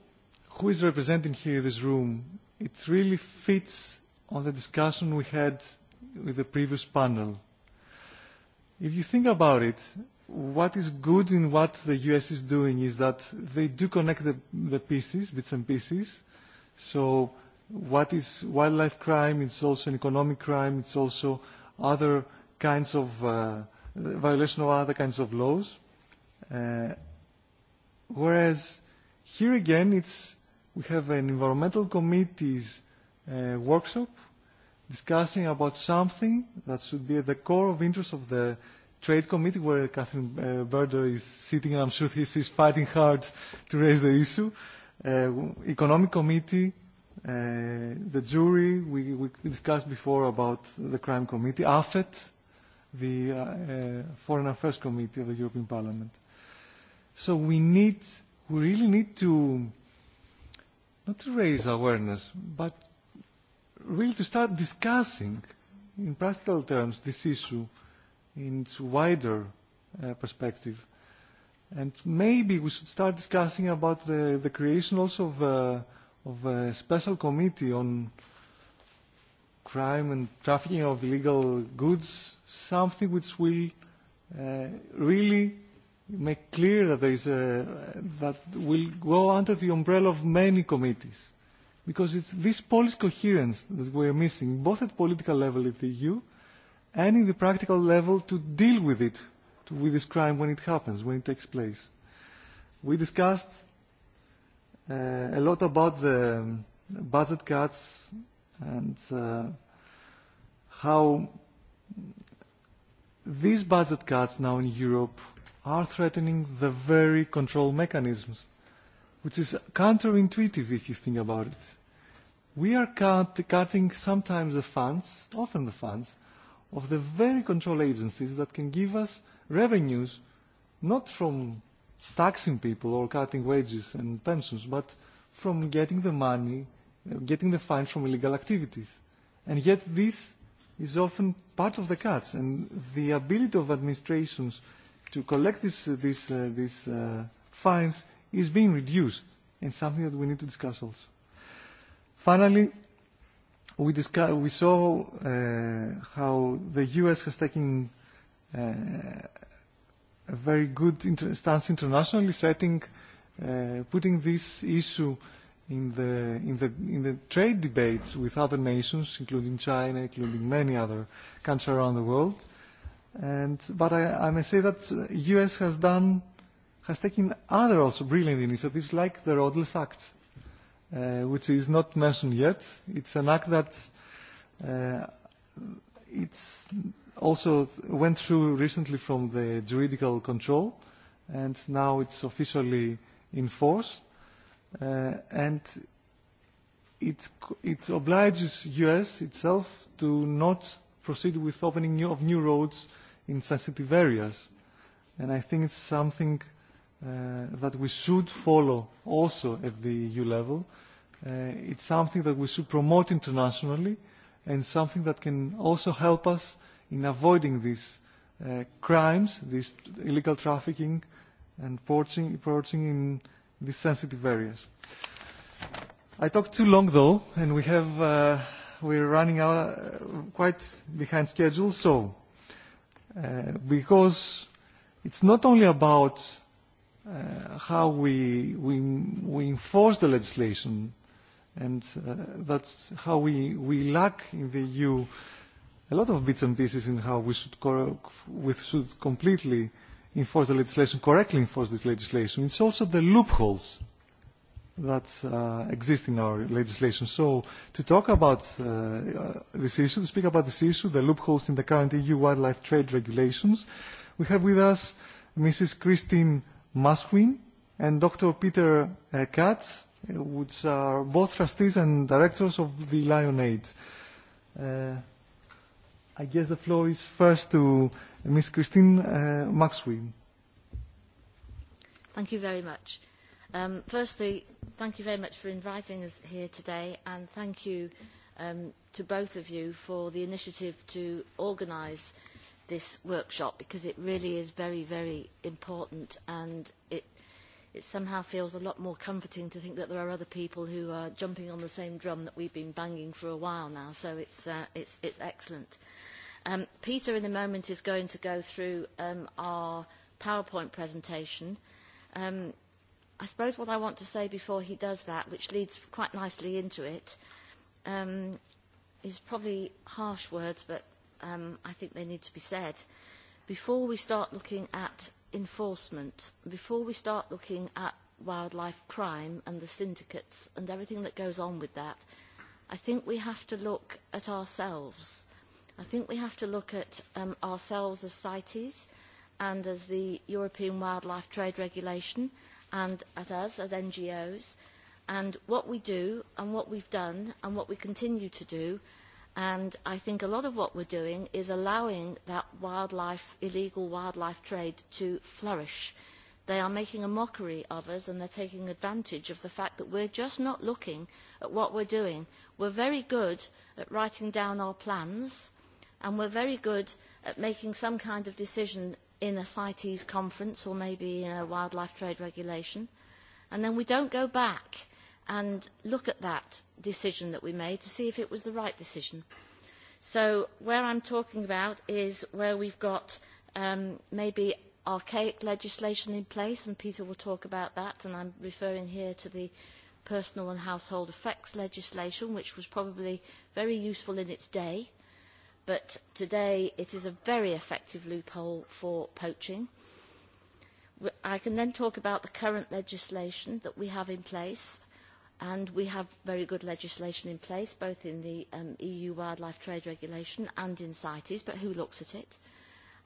who is representing here this room, it really fits on the discussion we had with the previous panel. If you think about it, what is good in what the US is doing is that they do connect the pieces, bits and pieces. So what is wildlife crime, it's also an economic crime, it's also other kinds of violation of other kinds of laws. Whereas here again, it's we have an environmental committees workshop discussing about something that should be at the core of interest of the Trade Committee, where Catherine Berger is sitting, and I'm sure is fighting hard to raise the issue. Economic Committee, the jury, we, we discussed before about the Crime Committee, AFET, the Foreign Affairs Committee of the European Parliament. So we need, we really need to, not to raise awareness, but really to start discussing in practical terms this issue in its wider perspective. And maybe we should start discussing about the, the creation also of, of a special committee on crime and trafficking of illegal goods, something which will really make clear that there is a, that will go under the umbrella of many committees because it's this policy coherence that we are missing, both at political level of the EU and in the practical level to deal with it, with this crime when it happens, when it takes place. We discussed a lot about the budget cuts and how these budget cuts now in Europe are threatening the very control mechanisms which is counterintuitive if you think about it. We are cutting sometimes the funds, often the funds, of the very control agencies that can give us revenues, not from taxing people or cutting wages and pensions, but from getting the money, getting the fines from illegal activities. And yet this is often part of the cuts, and the ability of administrations to collect these fines is being reduced and something that we need to discuss also. Finally, we we saw how the US has taken a very good stance internationally, setting putting this issue in the in the in the trade debates with other nations, including China, including many other countries around the world. And but I I may say that the US has done has taken other also brilliant initiatives like the Roadless Act, which is not mentioned yet. It's an act that it's also went through recently from the juridical control, and now it's officially in force. And it it obliges U.S. itself to not proceed with opening of new roads in sensitive areas. And I think it's something that we should follow also at the EU level. It's something that we should promote internationally and something that can also help us in avoiding these crimes, this illegal trafficking and poaching in these sensitive areas. I talked too long though, and we have we're running out quite behind schedule. So, because it's not only about how we enforce the legislation and that's how we lack in the EU a lot of bits and pieces in how we should we should completely enforce the legislation, correctly enforce this legislation. It's also the loopholes that exist in our legislation. So to talk about this issue, to speak about this issue, the loopholes in the current EU wildlife trade regulations, we have with us Mrs. Christine Maswin and Dr. Peter Katz, which are both trustees and directors of the Lion Aid. I guess the floor is first to Ms. Christine Maxwin. Thank you very much. Um, firstly, thank you very much for inviting us here today and thank you um, to both of you for the initiative to organise this workshop because it really is very, very important and it it somehow feels a lot more comforting to think that there are other people who are jumping on the same drum that we've been banging for a while now. So it's it's it's excellent. Peter in a moment is going to go through our PowerPoint presentation. I suppose what I want to say before he does that, which leads quite nicely into it, is probably harsh words, but I think they need to be said. Before we start looking at enforcement, before we start looking at wildlife crime and the syndicates and everything that goes on with that, I think we have to look at ourselves. I think we have to look at ourselves as CITES and as the European Wildlife Trade Regulation and at us as NGOs and what we do and what we've done and what we continue to do And I think a lot of what we're doing is allowing that wildlife, illegal wildlife trade to flourish. They are making a mockery of us and they're taking advantage of the fact that we're just not looking at what we're doing. We're very good at writing down our plans and we're very good at making some kind of decision in a CITES conference or maybe in a wildlife trade regulation. And then we don't go back and look at that decision that we made to see if it was the right decision. So where I'm talking about is where we've got maybe archaic legislation in place, and Peter will talk about that, and I'm referring here to the personal and household effects legislation, which was probably very useful in its day, but today it is a very effective loophole for poaching. I can then talk about the current legislation that we have in place and we have very good legislation in place, both in the EU wildlife trade regulation and in CITES, but who looks at it?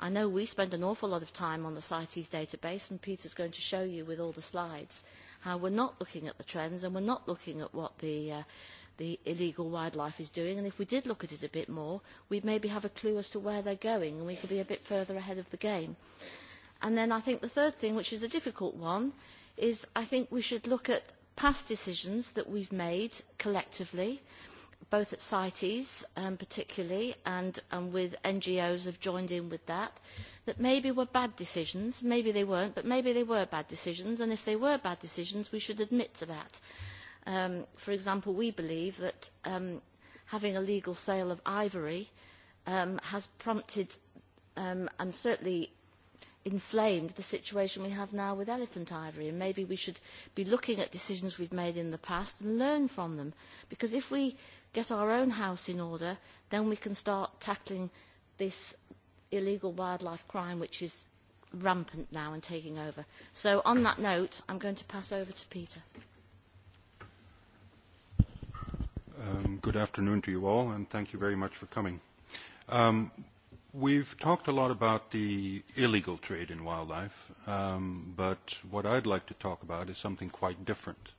I know we spend an awful lot of time on the CITES database, and Peter is going to show you with all the slides how we're not looking at the trends and we're not looking at what the illegal wildlife is doing, and if we did look at it a bit more, we'd maybe have a clue as to where they're going, and we could be a bit further ahead of the game. And then I think the third thing, which is a difficult one, is I think we should look at past decisions that we've made collectively, both at CITES particularly and with NGOs have joined in with that, that maybe were bad decisions, maybe they weren't, but maybe they were bad decisions, and if they were bad decisions, we should admit to that. For example, we believe that having a legal sale of ivory has prompted and certainly inflamed the situation we have now with elephant ivory and maybe we should be looking at decisions we've made in the past and learn from them because if we get our own house in order then we can start tackling this illegal wildlife crime which is rampant now and taking over. So on that note I'm going to pass over to Peter. Good afternoon to you all and thank you very much for coming. We've talked a lot about the illegal trade in wildlife, but what I'd like to talk about is something quite different,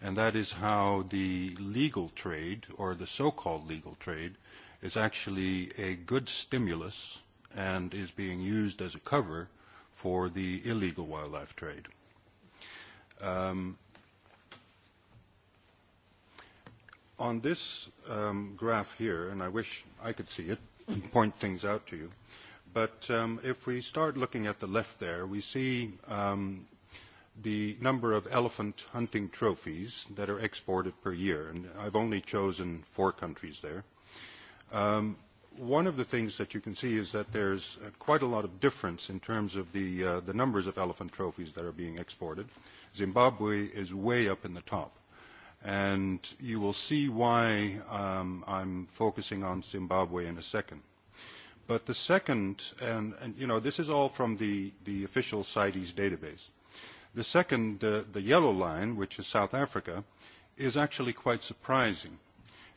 and that is how the legal trade, or the so-called legal trade, is actually a good stimulus and is being used as a cover for the illegal wildlife trade. On this graph here, and I wish I could see it, point things out to you. But if we start looking at the left there, we see the number of elephant hunting trophies that are exported per year, and I've only chosen four countries there. One of the things that you can see is that there's quite a lot of difference in terms of the the numbers of elephant trophies that are being exported. Zimbabwe is way up in the top and you will see why I'm focusing on Zimbabwe in a second. But the second, and you know this is all from the the official CITES database. The second, the yellow line, which is South Africa, is actually quite surprising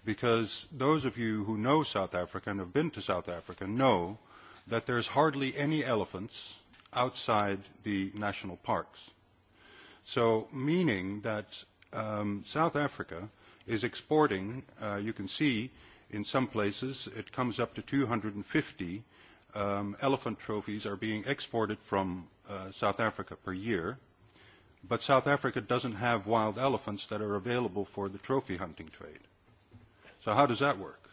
because those of you who know South Africa and have been to South Africa know that there's hardly any elephants outside the national parks. So meaning that Um South Africa is exporting, you can see in some places it comes up to 250 elephant trophies are being exported from South Africa per year. But South Africa doesn't have wild elephants that are available for the trophy hunting trade. So how does that work?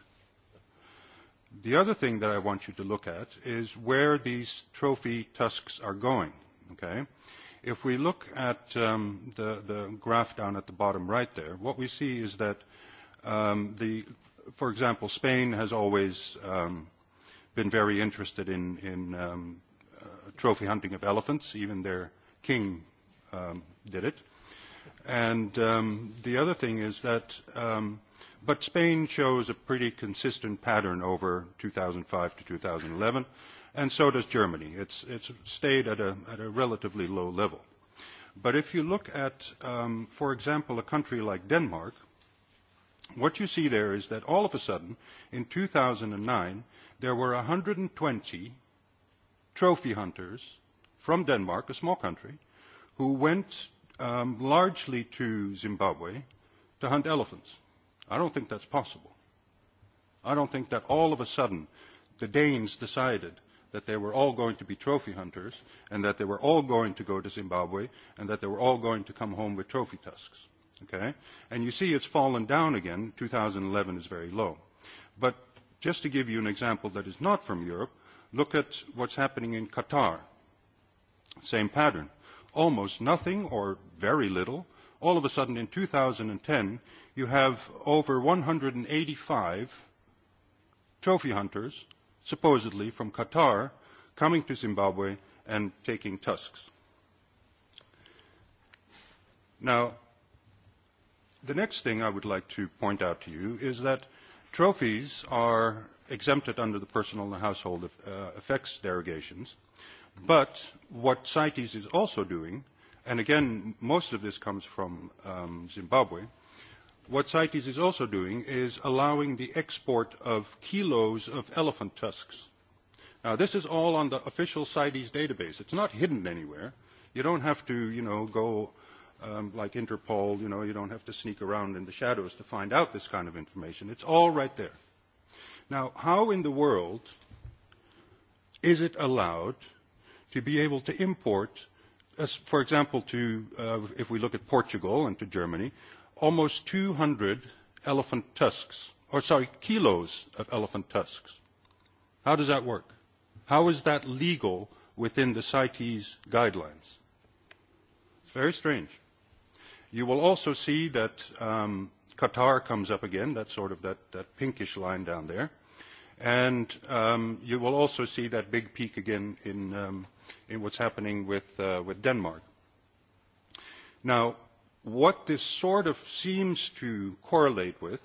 The other thing that I want you to look at is where these trophy tusks are going. Okay, If we look at the graph down at the bottom right there, what we see is that, for example, Spain has always been very interested in trophy hunting of elephants. Even their king did it. And the other thing is that, but Spain shows a pretty consistent pattern over 2005 to 2011 and so does Germany. It's stayed at a relatively low level. But if you look at, for example, a country like Denmark, what you see there is that all of a sudden, in 2009, there were 120 trophy hunters from Denmark, a small country, who went largely to Zimbabwe to hunt elephants. I don't think that's possible. I don't think that all of a sudden the Danes decided that they were all going to be trophy hunters and that they were all going to go to Zimbabwe and that they were all going to come home with trophy tusks. Okay? And you see it's fallen down again. 2011 is very low. But just to give you an example that is not from Europe, look at what's happening in Qatar. Same pattern. Almost nothing or very little. All of a sudden in 2010, you have over 185 trophy hunters supposedly from Qatar, coming to Zimbabwe and taking tusks. Now, the next thing I would like to point out to you is that trophies are exempted under the personal and household effects derogations, but what CITES is also doing, and again, most of this comes from Zimbabwe, What CITES is also doing is allowing the export of kilos of elephant tusks. Now, this is all on the official CITES database. It's not hidden anywhere. You don't have to, you know, go like Interpol, you know, you don't have to sneak around in the shadows to find out this kind of information. It's all right there. Now, how in the world is it allowed to be able to import, for example, to, if we look at Portugal and to Germany, almost 200 elephant tusks, or sorry, kilos of elephant tusks. How does that work? How is that legal within the CITES guidelines? It's very strange. You will also see that Qatar comes up again, that's sort of that pinkish line down there. And you will also see that big peak again in what's happening with Denmark. Now, What this sort of seems to correlate with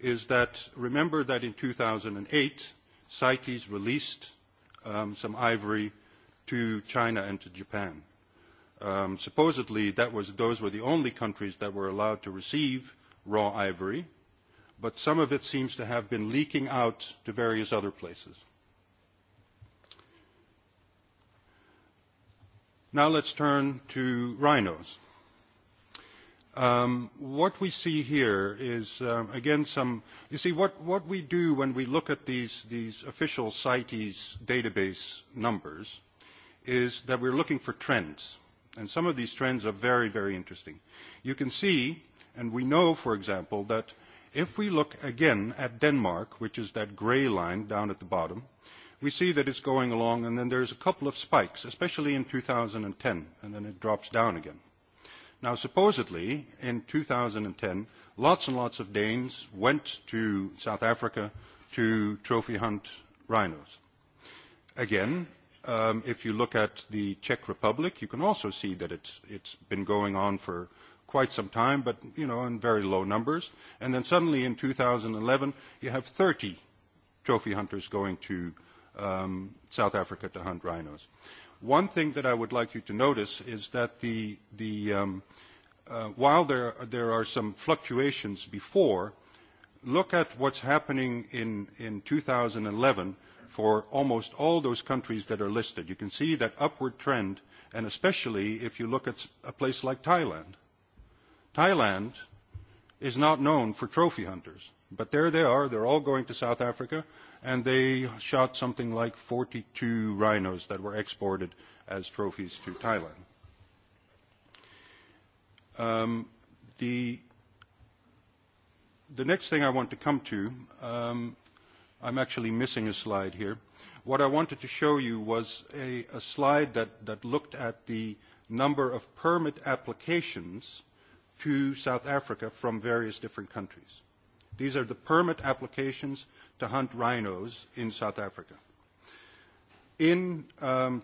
is that, remember that in 2008, CITES released some ivory to China and to Japan. Supposedly, that was those were the only countries that were allowed to receive raw ivory, but some of it seems to have been leaking out to various other places. Now let's turn to rhinos. What we see here is, again, some. You see, what we do when we look at these official CITES database numbers is that we're looking for trends. And some of these trends are very, very interesting. You can see, and we know, for example, that if we look again at Denmark, which is that gray line down at the bottom, we see that it's going along, and then there's a couple of spikes, especially in 2010, and then it drops down again. Now, supposedly, in 2010, lots and lots of Danes went to South Africa to trophy hunt rhinos. Again, if you look at the Czech Republic, you can also see that it's it's been going on for quite some time, but you know, in very low numbers. And then suddenly, in 2011, you have 30 trophy hunters going to South Africa to hunt rhinos. One thing that I would like you to notice is that the while there are some fluctuations before, look at what's happening in 2011 for almost all those countries that are listed. You can see that upward trend, and especially if you look at a place like Thailand. Thailand is not known for trophy hunters, but there they are. They're all going to South Africa and they shot something like 42 rhinos that were exported as trophies to Thailand. Um, the, the next thing I want to come to, um, I'm actually missing a slide here. What I wanted to show you was a, a slide that, that looked at the number of permit applications to South Africa from various different countries. These are the permit applications to hunt rhinos in South Africa. In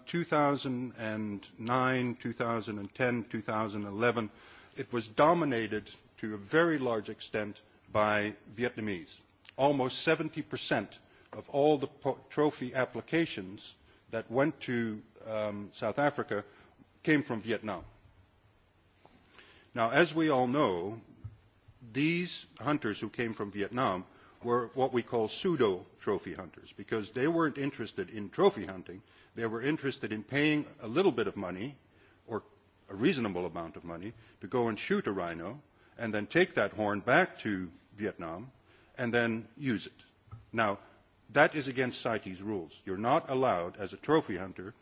2009, 2010, 2011, it was dominated to a very large extent by Vietnamese. Almost 70% of all the trophy applications that went to South Africa came from Vietnam. Now, as we all know, these hunters who came from Vietnam were what we call pseudo trophy hunters because they weren't interested in trophy hunting. They were interested in paying a little bit of money or a reasonable amount of money to go and shoot a rhino and then take that horn back to Vietnam and then use it. Now, that is against CITES rules. You're not allowed as a trophy hunter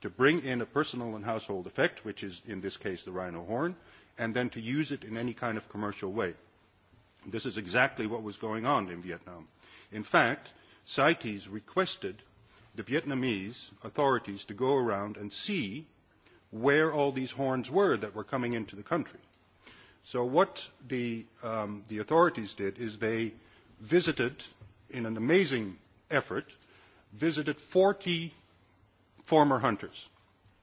to bring in a personal and household effect, which is in this case the rhino horn, and then to use it in any kind of commercial way. This is exactly what was going on in Vietnam. In fact, CITES requested the Vietnamese authorities to go around and see where all these horns were that were coming into the country. So what the authorities did is they visited, in an amazing effort, visited 40 former hunters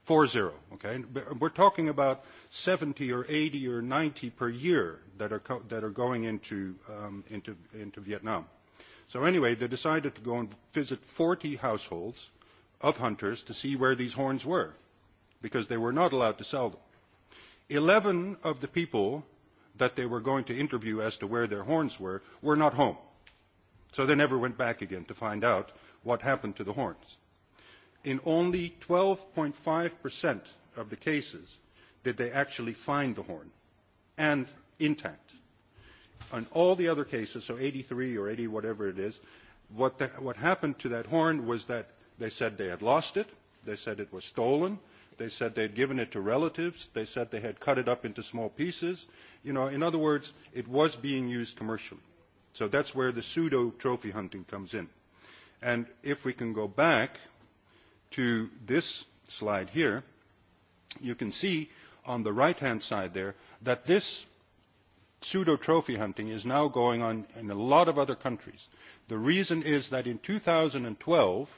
four zero. okay? We're talking about 70 or 80 or 90 per year that are that are going into into into Vietnam. So anyway, they decided to go and visit 40 households of hunters to see where these horns were, because they were not allowed to sell them. 11 of the people that they were going to interview as to where their horns were were not home. So they never went back again to find out what happened to the horns in only 12.5% of the cases did they actually find the horn and intact. On all the other cases, so 83 or 80, whatever it is, what, what happened to that horn was that they said they had lost it, they said it was stolen, they said they had given it to relatives, they said they had cut it up into small pieces. You know, in other words, it was being used commercially. So that's where the pseudo trophy hunting comes in. And if we can go back, to this slide here, you can see on the right-hand side there that this pseudo-trophy hunting is now going on in a lot of other countries. The reason is that in 2012,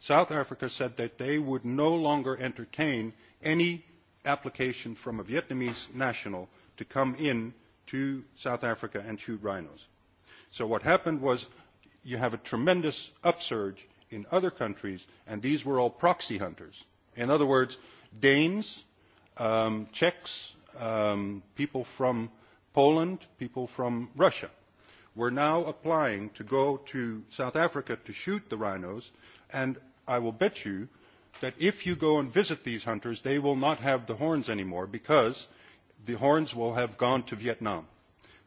South Africa said that they would no longer entertain any application from a Vietnamese national to come in to South Africa and shoot rhinos. So what happened was you have a tremendous upsurge in other countries, and these were all proxy hunters. In other words, Danes, Czechs, people from Poland, people from Russia were now applying to go to South Africa to shoot the rhinos, and I will bet you that if you go and visit these hunters, they will not have the horns anymore because the horns will have gone to Vietnam.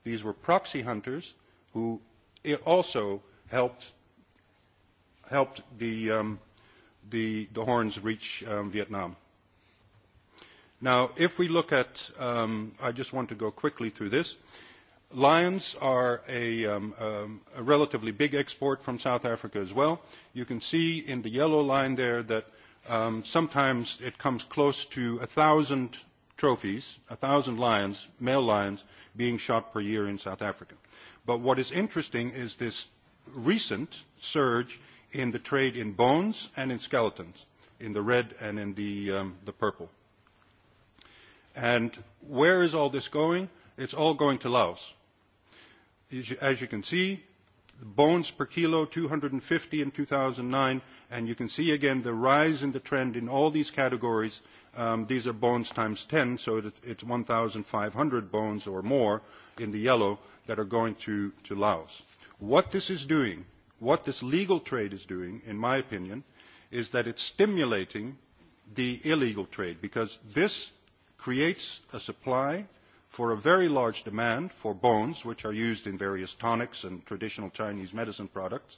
These were proxy hunters who also helped helped the the horns reach Vietnam. Now, if we look at, I just want to go quickly through this. Lions are a relatively big export from South Africa as well. You can see in the yellow line there that sometimes it comes close to 1,000 trophies, 1,000 lions, male lions, being shot per year in South Africa. But what is interesting is this recent surge in the trade in bones and in skeletons, in the red and in the purple. And where is all this going? It's all going to Laos. As you can see, bones per kilo, 250 in 2009, and you can see again the rise in the trend in all these categories. These are bones times 10, so it's 1,500 bones or more in the yellow that are going to Laos. What this is doing What this legal trade is doing, in my opinion, is that it's stimulating the illegal trade because this creates a supply for a very large demand for bones, which are used in various tonics and traditional Chinese medicine products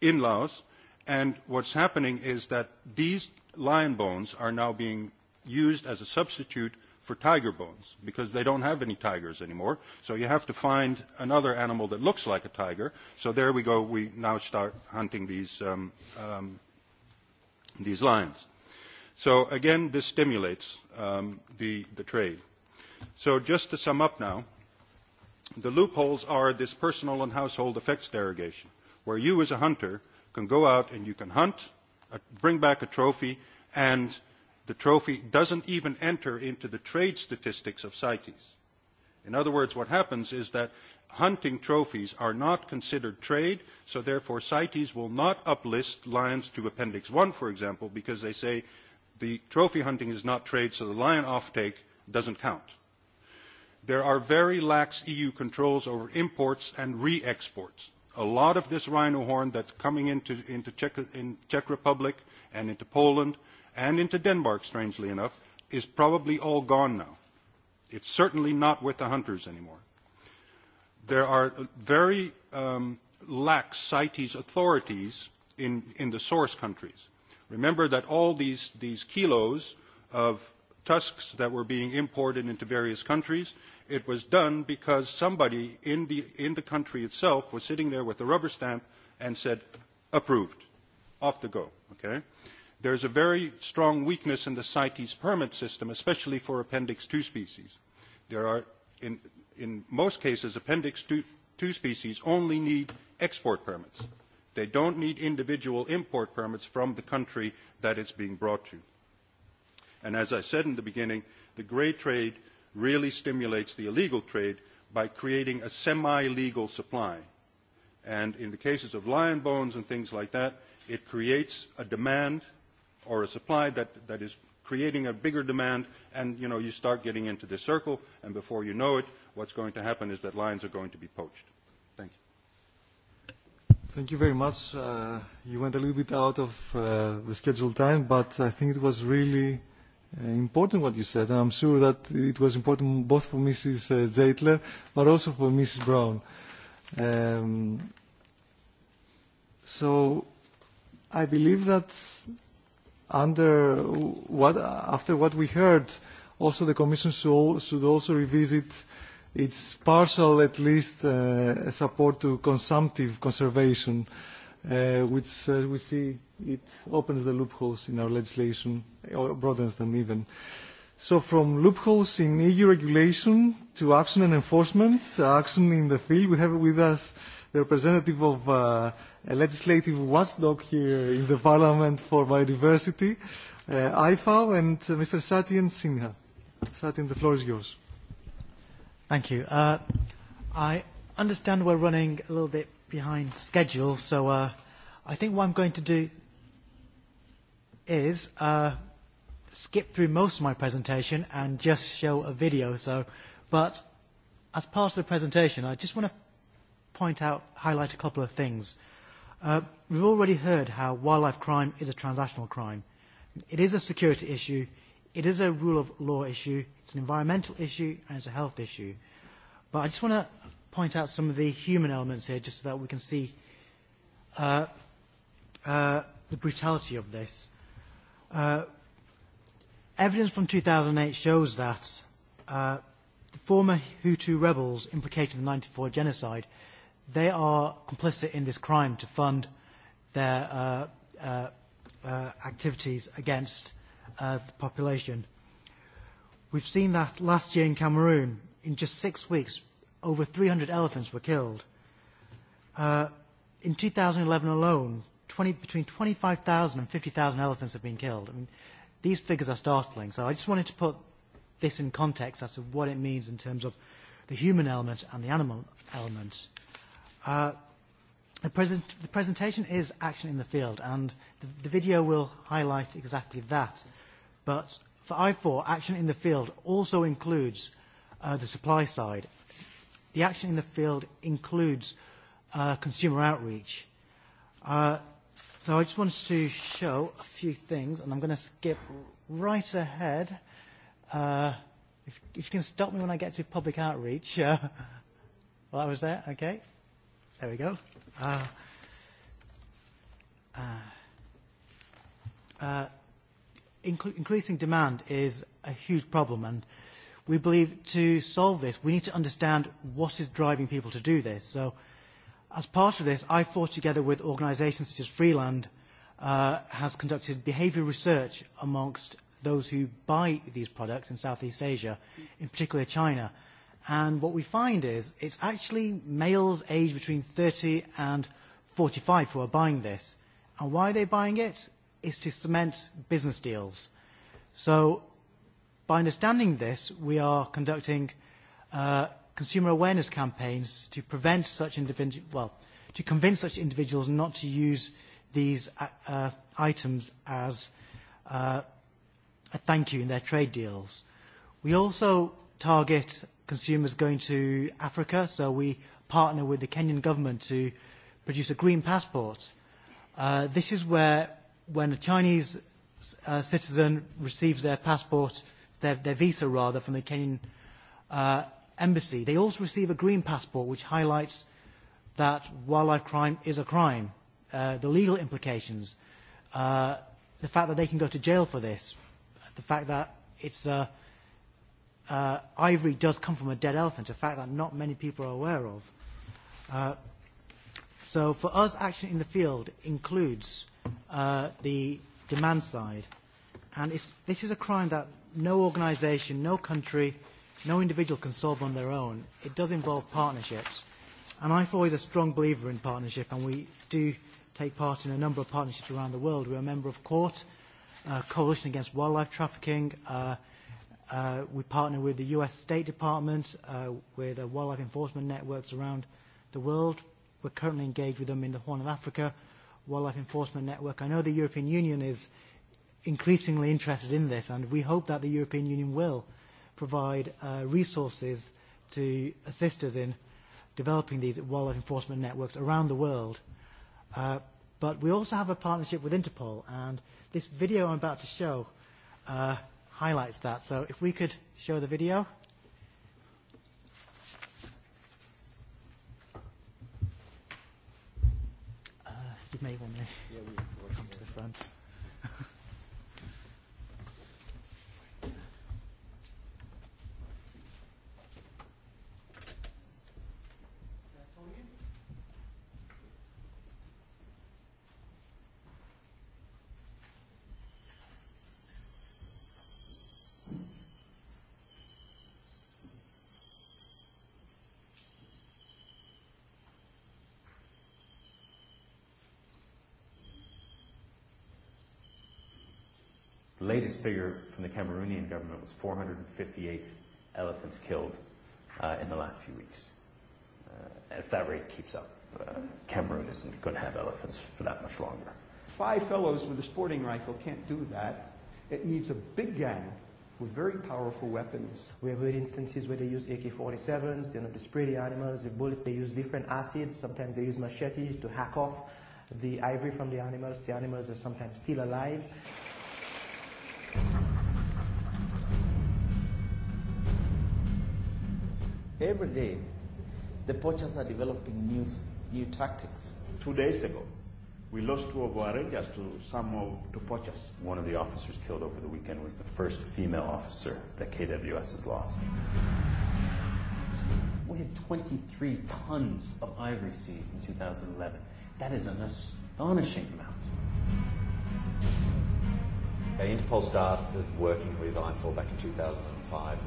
in Laos. And what's happening is that these lion bones are now being used as a substitute for tiger bones because they don't have any tigers anymore. So you have to find another animal that looks like a tiger. So there we go. We now start hunting these um these lions. So again, this stimulates the the trade. So just to sum up now, the loopholes are this personal and household effects derogation, where you as a hunter can go out and you can hunt, bring back a trophy, and the trophy doesn't even enter into the trade statistics of CITES. In other words, what happens is that hunting trophies are not considered trade, so therefore CITES will not uplist lions to Appendix 1, for example, because they say the trophy hunting is not trade, so the lion offtake doesn't count. There are very lax EU controls over imports and re-exports. A lot of this rhino horn that's coming into into in Czech Republic and into Poland and into Denmark, strangely enough, is probably all gone now. It's certainly not with the hunters anymore. There are very lax CITES authorities in in the source countries. Remember that all these these kilos of tusks that were being imported into various countries, it was done because somebody in the in the country itself was sitting there with a rubber stamp and said approved. Off the go. Okay? There is a very strong weakness in the CITES permit system, especially for Appendix 2 species. There are, in most cases, Appendix II species only need export permits. They don't need individual import permits from the country that it's being brought to. And as I said in the beginning, the gray trade really stimulates the illegal trade by creating a semi-legal supply. And in the cases of lion bones and things like that, it creates a demand – or a supply that is creating a bigger demand and you know you start getting into this circle and before you know it what's going to happen is that lines are going to be poached. Thank you. Thank you very much. You went a little bit out of the scheduled time but I think it was really important what you said and I'm sure that it was important both for Mrs. Zeitler but also for Mrs. Brown. So I believe that under what after what we heard also the commission should also revisit its partial at least support to consumptive conservation which we see it opens the loopholes in our legislation or broadens them even so from loopholes in eu regulation to action and enforcement action in the field we have with us the representative of a legislative watchdog here in the Parliament for biodiversity, IFAO, and Mr. Satyan Sinha. Satyan, the floor is yours. Thank you. Uh I understand we're running a little bit behind schedule, so uh I think what I'm going to do is uh skip through most of my presentation and just show a video. So, but as part of the presentation, I just want to point out, highlight a couple of things. We've already heard how wildlife crime is a transnational crime. It is a security issue, it is a rule of law issue, it's an environmental issue, and it's a health issue. But I just want to point out some of the human elements here, just so that we can see the brutality of this. Evidence from 2008 shows that the former Hutu rebels implicated in the 94 genocide they are complicit in this crime to fund their activities against the population. We've seen that last year in Cameroon, in just six weeks, over 300 elephants were killed. In 2011 alone, between 25,000 and 50,000 elephants have been killed. I mean, these figures are startling. So I just wanted to put this in context as to what it means in terms of the human element and the animal element. The presentation is action in the field, and the video will highlight exactly that. But for I4, action in the field also includes the supply side. The action in the field includes consumer outreach. So I just wanted to show a few things, and I'm going to skip right ahead. If you can stop me when I get to public outreach. Well, I was there, okay. There we go. Uh, uh, increasing demand is a huge problem, and we believe to solve this, we need to understand what is driving people to do this. So, as part of this, I fought together with organisations such as Freeland, uh, has conducted behaviour research amongst those who buy these products in Southeast Asia, in particular China. And what we find is it's actually males aged between 30 and 45 who are buying this. And why are they buying it? It's to cement business deals. So by understanding this, we are conducting consumer awareness campaigns to prevent such individuals, well, to convince such individuals not to use these items as a thank you in their trade deals. We also target consumers going to Africa, so we partner with the Kenyan government to produce a green passport. This is where, when a Chinese citizen receives their passport, their visa rather, from the Kenyan embassy, they also receive a green passport, which highlights that wildlife crime is a crime, the legal implications, the fact that they can go to jail for this, the fact that it's a uh ivory does come from a dead elephant, a fact that not many people are aware of. So for us, action in the field includes the demand side. And it's this is a crime that no organization, no country, no individual can solve on their own. It does involve partnerships. And I'm always a strong believer in partnership, and we do take part in a number of partnerships around the world. We're a member of COURT, Coalition Against Wildlife Trafficking, We partner with the U.S. State Department, with wildlife enforcement networks around the world. We're currently engaged with them in the Horn of Africa, wildlife enforcement network. I know the European Union is increasingly interested in this, and we hope that the European Union will provide resources to assist us in developing these wildlife enforcement networks around the world. But we also have a partnership with Interpol, and this video I'm about to show highlights that. So if we could show the video. You may want to come to the front. latest figure from the Cameroonian government was 458 elephants killed in the last few weeks. If that rate keeps up, Cameroon isn't going to have elephants for that much longer. Five fellows with a sporting rifle can't do that. It needs a big gang with very powerful weapons. We have heard instances where they use AK-47s, you know, they spray the animals The bullets, they use different acids, sometimes they use machetes to hack off the ivory from the animals. The animals are sometimes still alive. Every day, the poachers are developing new, new tactics. Two days ago, we lost two of our rangers to some of the poachers. One of the officers killed over the weekend was the first female officer that KWS has lost. We had 23 tons of ivory seized in 2011. That is an astonishing amount. Interpol started working with INFOR back in 2000.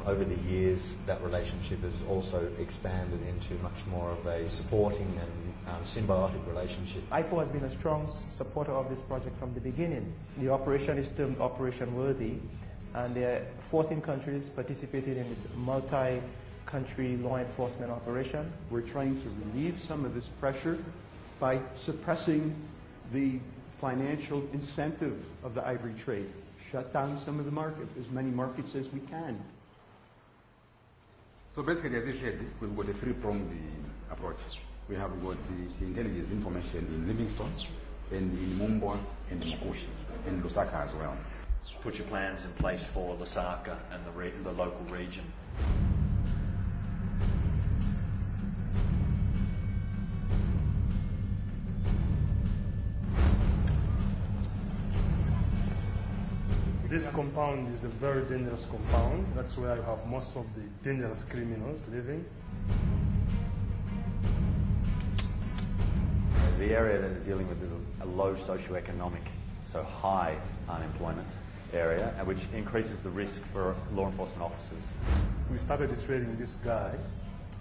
Over the years, that relationship has also expanded into much more of a supporting and um, symbiotic relationship. IFO has been a strong supporter of this project from the beginning. The operation is termed Operation Worthy, and there are 14 countries participating in this multi country law enforcement operation. We're trying to relieve some of this pressure by suppressing the financial incentive of the ivory trade shut down some of the market, as many markets as we can. So basically, as I said, we've got a three-pronged approach. We have got the intelligence information in Livingstone, and in Mumbai, and Makushi, and Lusaka as well. Put your plans in place for Lusaka and the, the local region. This compound is a very dangerous compound. That's where you have most of the dangerous criminals living. The area that they're dealing with is a low socioeconomic, so high unemployment area, and which increases the risk for law enforcement officers. We started training this guy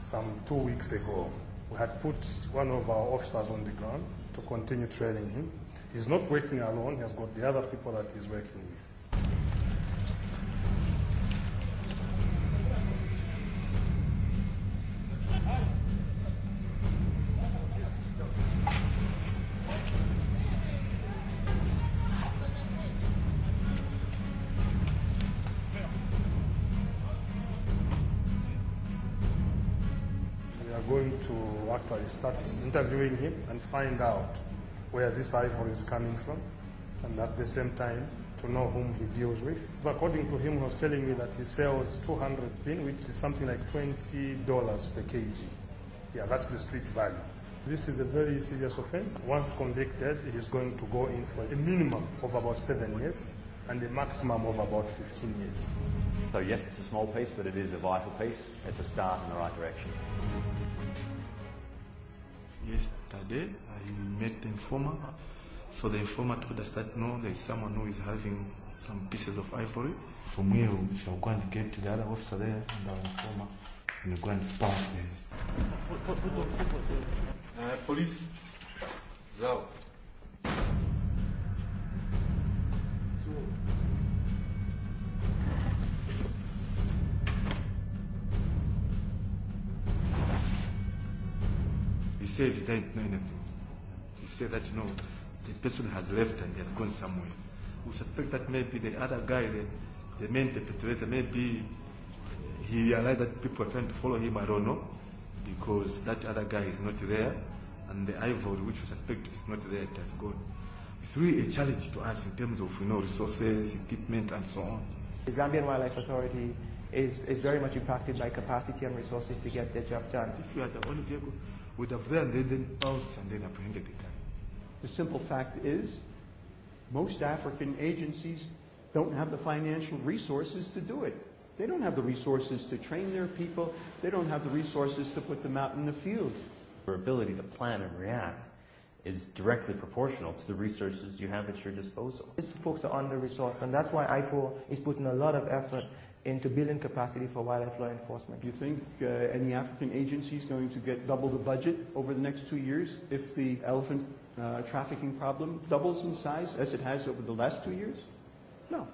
some two weeks ago. We had put one of our officers on the ground to continue training him. He's not working alone, he has got the other people that he's working with. actually start interviewing him and find out where this ivory is coming from and at the same time to know whom he deals with. So according to him, he was telling me that he sells 200 pin, which is something like $20 per kg. Yeah, that's the street value. This is a very serious offense. Once convicted, he is going to go in for a minimum of about seven years and a maximum of about 15 years. So yes, it's a small piece, but it is a vital piece. It's a start in the right direction yesterday. I met the informer. So the informer told us that no, there is someone who is having some pieces of ivory. From me, we shall go and get the other officer there and the informer and go and pass this. uh, police. Zao. says he didn't know anything. He says that, you know, the person has left and has gone somewhere. We suspect that maybe the other guy, the, the main perpetrator, maybe he realized that people are trying to follow him, I don't know, because that other guy is not there, and the ivory, which we suspect is not there, it has gone. It's really a challenge to us in terms of, you know, resources, equipment, and so on. The Zambian Wildlife Authority is, is very much impacted by capacity and resources to get their job done. If we are the only vehicle, would have then then and then apprehended The simple fact is, most African agencies don't have the financial resources to do it. They don't have the resources to train their people. They don't have the resources to put them out in the field. Your ability to plan and react is directly proportional to the resources you have at your disposal. It's folks focus on the resource, and that's why IFO is putting a lot of effort into billion capacity for wildlife law enforcement. Do you think uh, any African agency is going to get double the budget over the next two years if the elephant uh, trafficking problem doubles in size as it has over the last two years? No.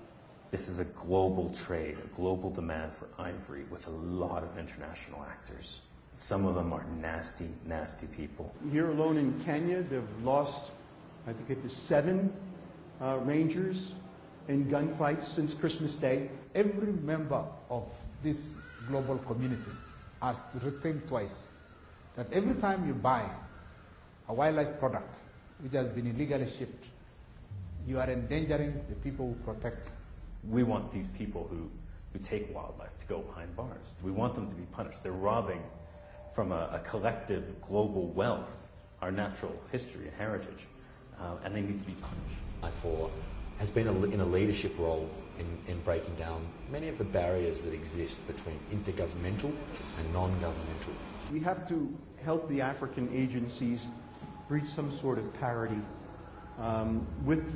This is a global trade, a global demand for ivory with a lot of international actors. Some of them are nasty, nasty people. Here alone in Kenya, they've lost, I think it was seven uh, rangers In gunfights since Christmas Day, every member of this global community has to rethink twice that every time you buy a wildlife product which has been illegally shipped, you are endangering the people who protect. We want these people who, who take wildlife to go behind bars. We want them to be punished. They're robbing from a, a collective global wealth our natural history and heritage, uh, and they need to be punished. For has been in a leadership role in, in breaking down many of the barriers that exist between intergovernmental and non-governmental. We have to help the African agencies reach some sort of parity um, with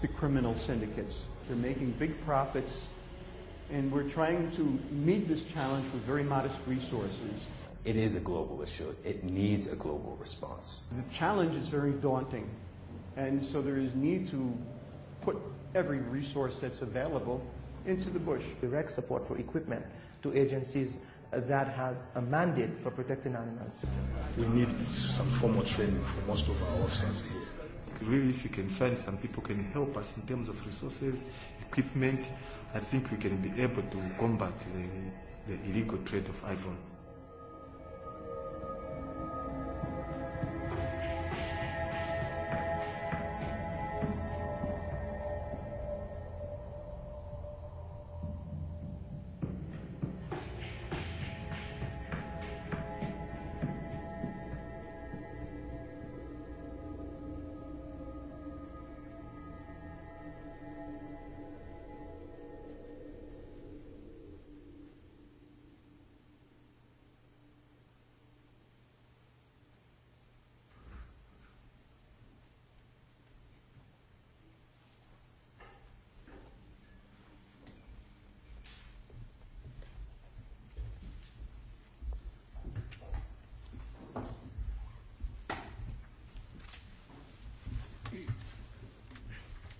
the criminal syndicates. They're making big profits, and we're trying to meet this challenge with very modest resources. It is a global issue. It needs a global response. The challenge is very daunting, and so there is need to put every resource that's available into the bush. Direct support for equipment to agencies that have a mandate for protecting animals. We need some formal training for most of our officers here. Really, if you can find some people can help us in terms of resources, equipment, I think we can be able to combat the, the illegal trade of ivory.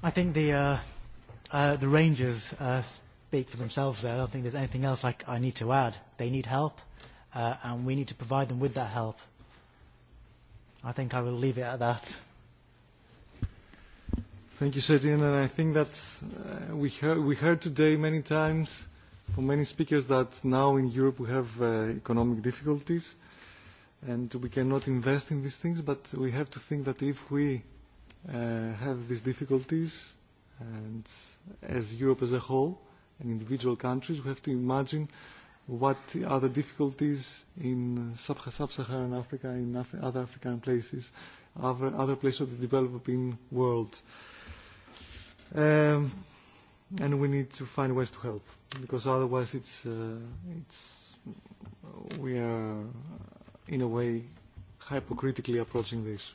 I think the the Rangers speak for themselves there. I don't think there's anything else I need to add. They need help, and we need to provide them with that help. I think I will leave it at that. Thank you, Sergin. And I think that we we heard today many times from many speakers that now in Europe we have economic difficulties and we cannot invest in these things, but we have to think that if we have these difficulties and as Europe as a whole and individual countries we have to imagine what are the difficulties in sub-Saharan Africa, in other African places, other, other places of the developing world. Um, and we need to find ways to help because otherwise it's, uh, it's we are in a way hypocritically approaching this.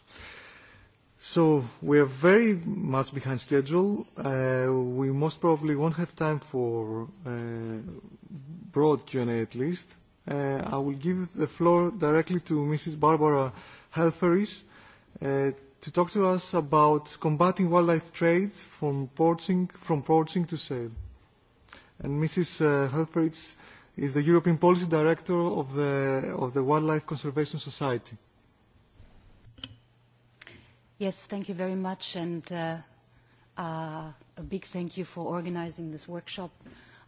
So we are very much behind schedule. We most probably won't have time for broad Q&A at least. I will give the floor directly to Mrs. Barbara Helferich to talk to us about combating wildlife trade from poaching to sale. And Mrs. Helferich is the European Policy Director of the Wildlife Conservation Society. Yes, thank you very much, and a big thank you for organizing this workshop.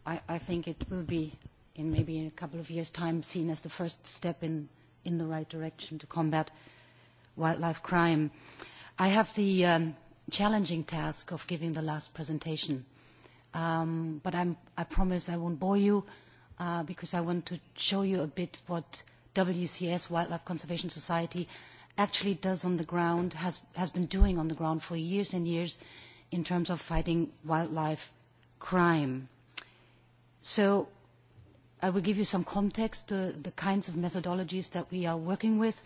I think it will be, in maybe in a couple of years' time, seen as the first step in in the right direction to combat wildlife crime. I have the challenging task of giving the last presentation, but I promise I won't bore you, because I want to show you a bit what WCS, Wildlife Conservation Society, actually does on the ground, has has been doing on the ground for years and years in terms of fighting wildlife crime. So I will give you some context, the kinds of methodologies that we are working with.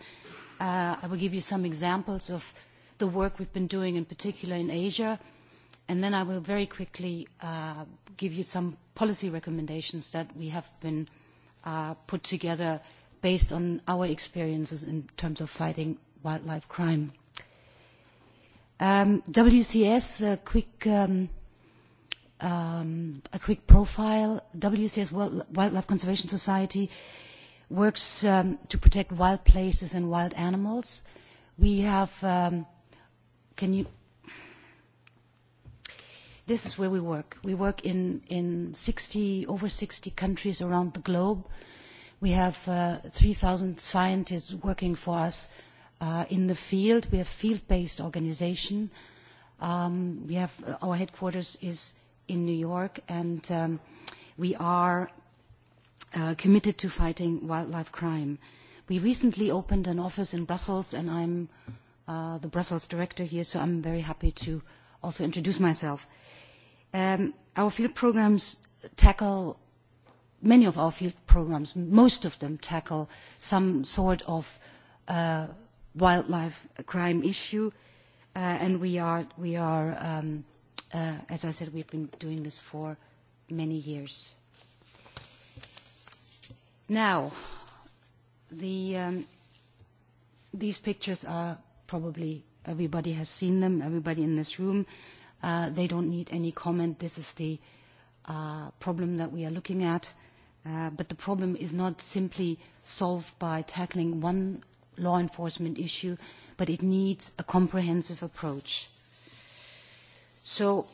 I will give you some examples of the work we've been doing, in particular in Asia, and then I will very quickly give you some policy recommendations that we have been put together based on our experiences in terms of fighting wildlife crime. WCS, a quick a quick profile. WCS Wildlife Conservation Society works to protect wild places and wild animals. We have can you this is where we work. We work in in 60 over 60 countries around the globe We have 3,000 scientists working for us in the field. We have field-based organization. We have our headquarters is in New York, and we are committed to fighting wildlife crime. We recently opened an office in Brussels, and I'm the Brussels director here, so I'm very happy to also introduce myself. Our field programs tackle many of our field programs, most of them tackle some sort of wildlife crime issue, and we are, we are, as I said, we've been doing this for many years. Now, these pictures are probably everybody has seen them, everybody in this room. They don't need any comment. This is the problem that we are looking at But the problem is not simply solved by tackling one law enforcement issue, but it needs a comprehensive approach. So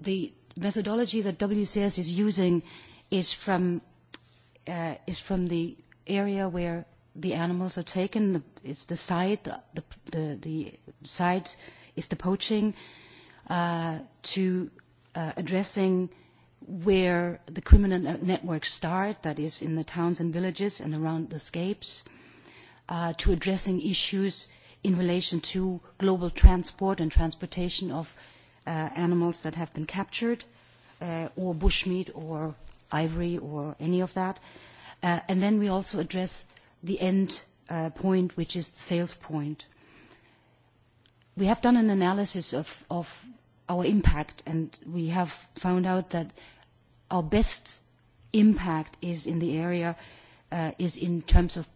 the methodology that WCS is using is from is from the area where the animals are taken. It's the site. The site is the poaching to addressing where the criminal networks start, that is in the towns and villages and around the scapes, to addressing issues in relation to global transport and transportation of animals that have been captured, or bushmeat or ivory or any of that. And then we also address the end point, which is the sales point. We have done an analysis of our impact, and we have found out that our best impact is in the area, is in terms of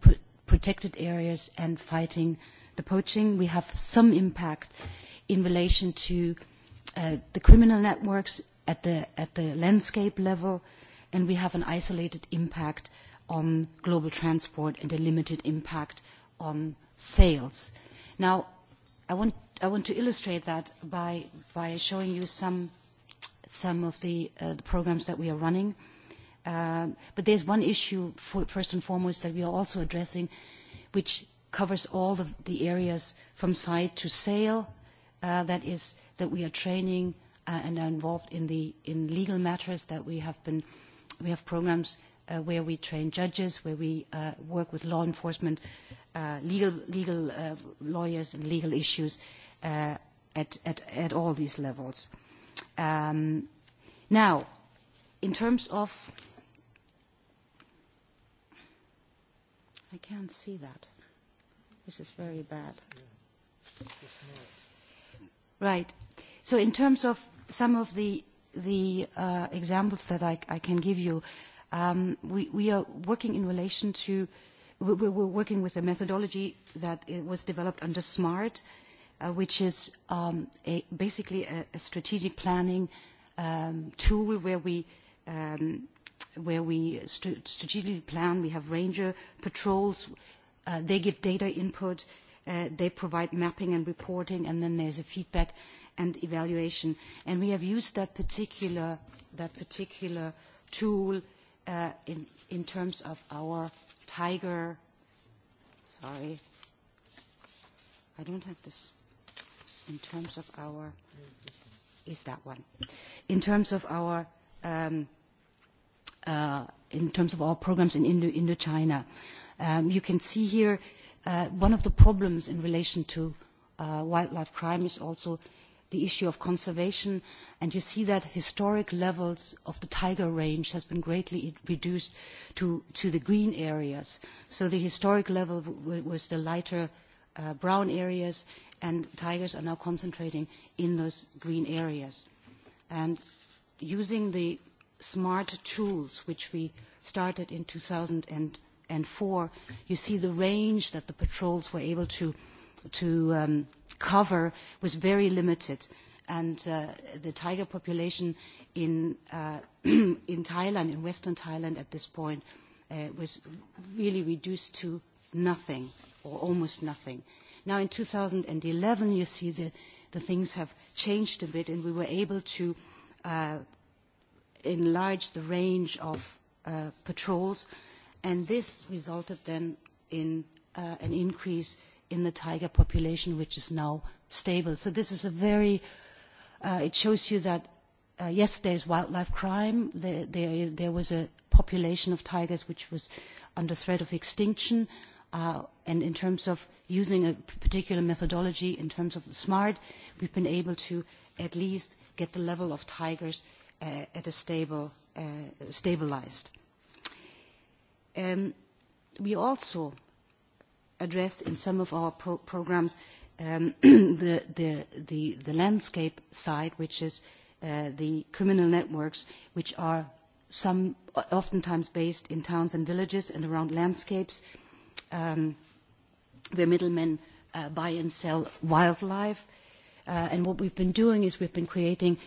protected areas and fighting the poaching. We have some impact in relation to the criminal networks at the landscape level, and we have an isolated impact on global transport and a limited impact on sales. Now, I want I want to illustrate that by showing you some of the programs that we are running. But there's one issue, first and foremost, that we are also addressing, which covers all the areas from site to sale, that is, that we are training and are involved in legal matters, that we have programs where we train judges, where we work with law enforcement, legal lawyers and legal issues at all these levels. Now, in terms of, I can't see that. This is very bad. Right. So in terms of some of the the examples that I can give you, we are working in relation to, we we're working with a methodology that was developed under SMART which is basically a strategic planning tool where we strategically plan. We have ranger patrols. They give data input. They provide mapping and reporting, and then there's a feedback and evaluation. And we have used that particular that particular tool in in terms of our tiger. Sorry, I don't have this in terms of our is that one in terms of our in terms of our programs in Indochina. You can see here one of the problems in relation to wildlife crime is also the issue of conservation, and you see that historic levels of the tiger range has been greatly reduced to the green areas. So the historic level was the lighter brown areas, and tigers are now concentrating in those green areas. And using the smart tools which we started in 2004, you see the range that the patrols were able to to cover was very limited. And the tiger population in Thailand, in western Thailand at this point, was really reduced to nothing or almost nothing. Now in 2011 you see the things have changed a bit and we were able to enlarge the range of patrols and this resulted then in an increase in the tiger population which is now stable. So this is a very, it shows you that yes there wildlife crime, there was a population of tigers which was under threat of extinction and in terms of using a particular methodology in terms of SMART, we've been able to at least get the level of tigers at a stable, stabilized. We also address in some of our programs the landscape side, which is the criminal networks, which are some oftentimes based in towns and villages and around landscapes where middlemen buy and sell wildlife. And what we've been doing is we've been creating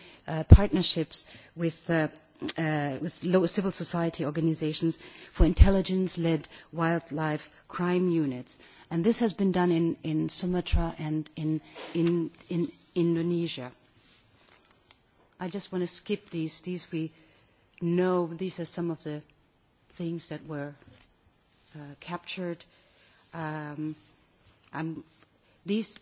partnerships with civil society organizations for intelligence-led wildlife crime units. And this has been done in Sumatra and in Indonesia. I just want to skip these. These we know. These are some of the things that were captured. This,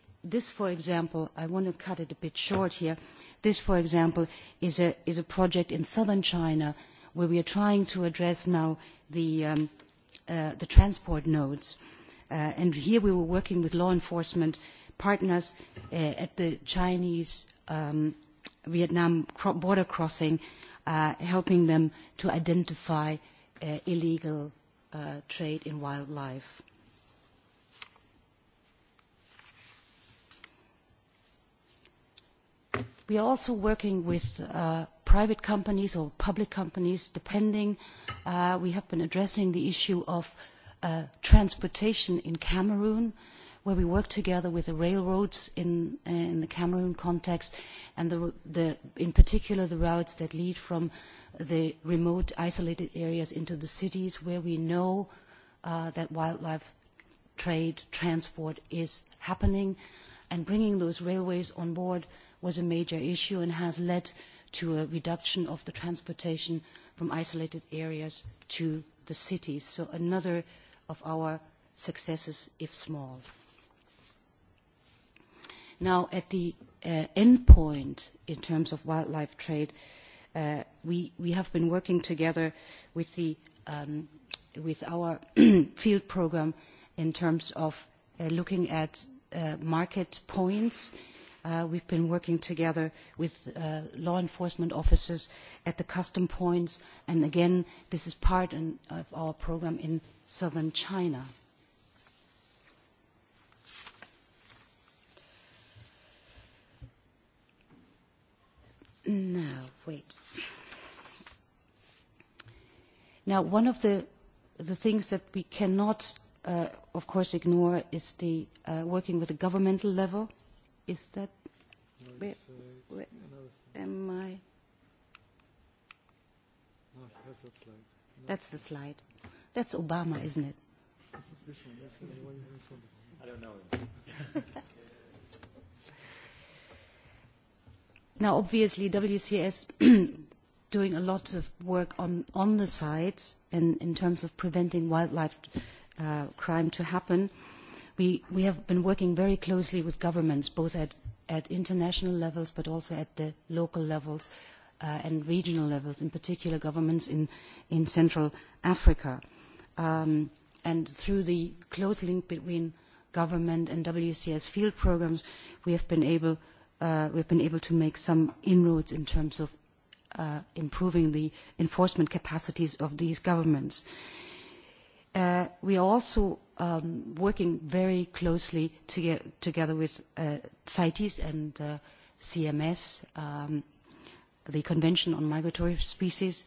for example, I want to cut it a bit short here. This, for example, is a project in southern China where we are trying to address now the transport nodes. And here we were working with law enforcement partners at the Chinese-Vietnam border crossing, helping them to identify illegal trade in wildlife. We are also working with private companies or public companies, depending. We have been addressing the issue of transportation in Cameroon, where we work together with the railroads in the Cameroon context, and in particular the routes that lead from the remote, isolated areas into the cities, where we know that wildlife trade, transport is happening, and bringing those railways on board was a major issue and has led to a reduction of the transportation from isolated areas to the cities. So another of our successes, if small. Now, at the end point in terms of wildlife trade, we we have been working together with our field program in terms of looking at market points We've been working together with law enforcement officers at the custom points, and again, this is part of our program in southern China. Now, wait. Now, one of the things that we cannot, of course, ignore is the working with the governmental level Is that where, am I? No, that's slide. That's the slide. That's Obama, isn't it? I don't know. Now, obviously, WCS doing a lot of work on on the sides and in terms of preventing wildlife crime to happen. We have been working very closely with governments, both at international levels but also at the local levels and regional levels, in particular governments in Central Africa. And through the close link between government and WCS field programs, we have been able to make some inroads in terms of improving the enforcement capacities of these governments. We are also working very closely together with CITES and CMS, the Convention on Migratory Species.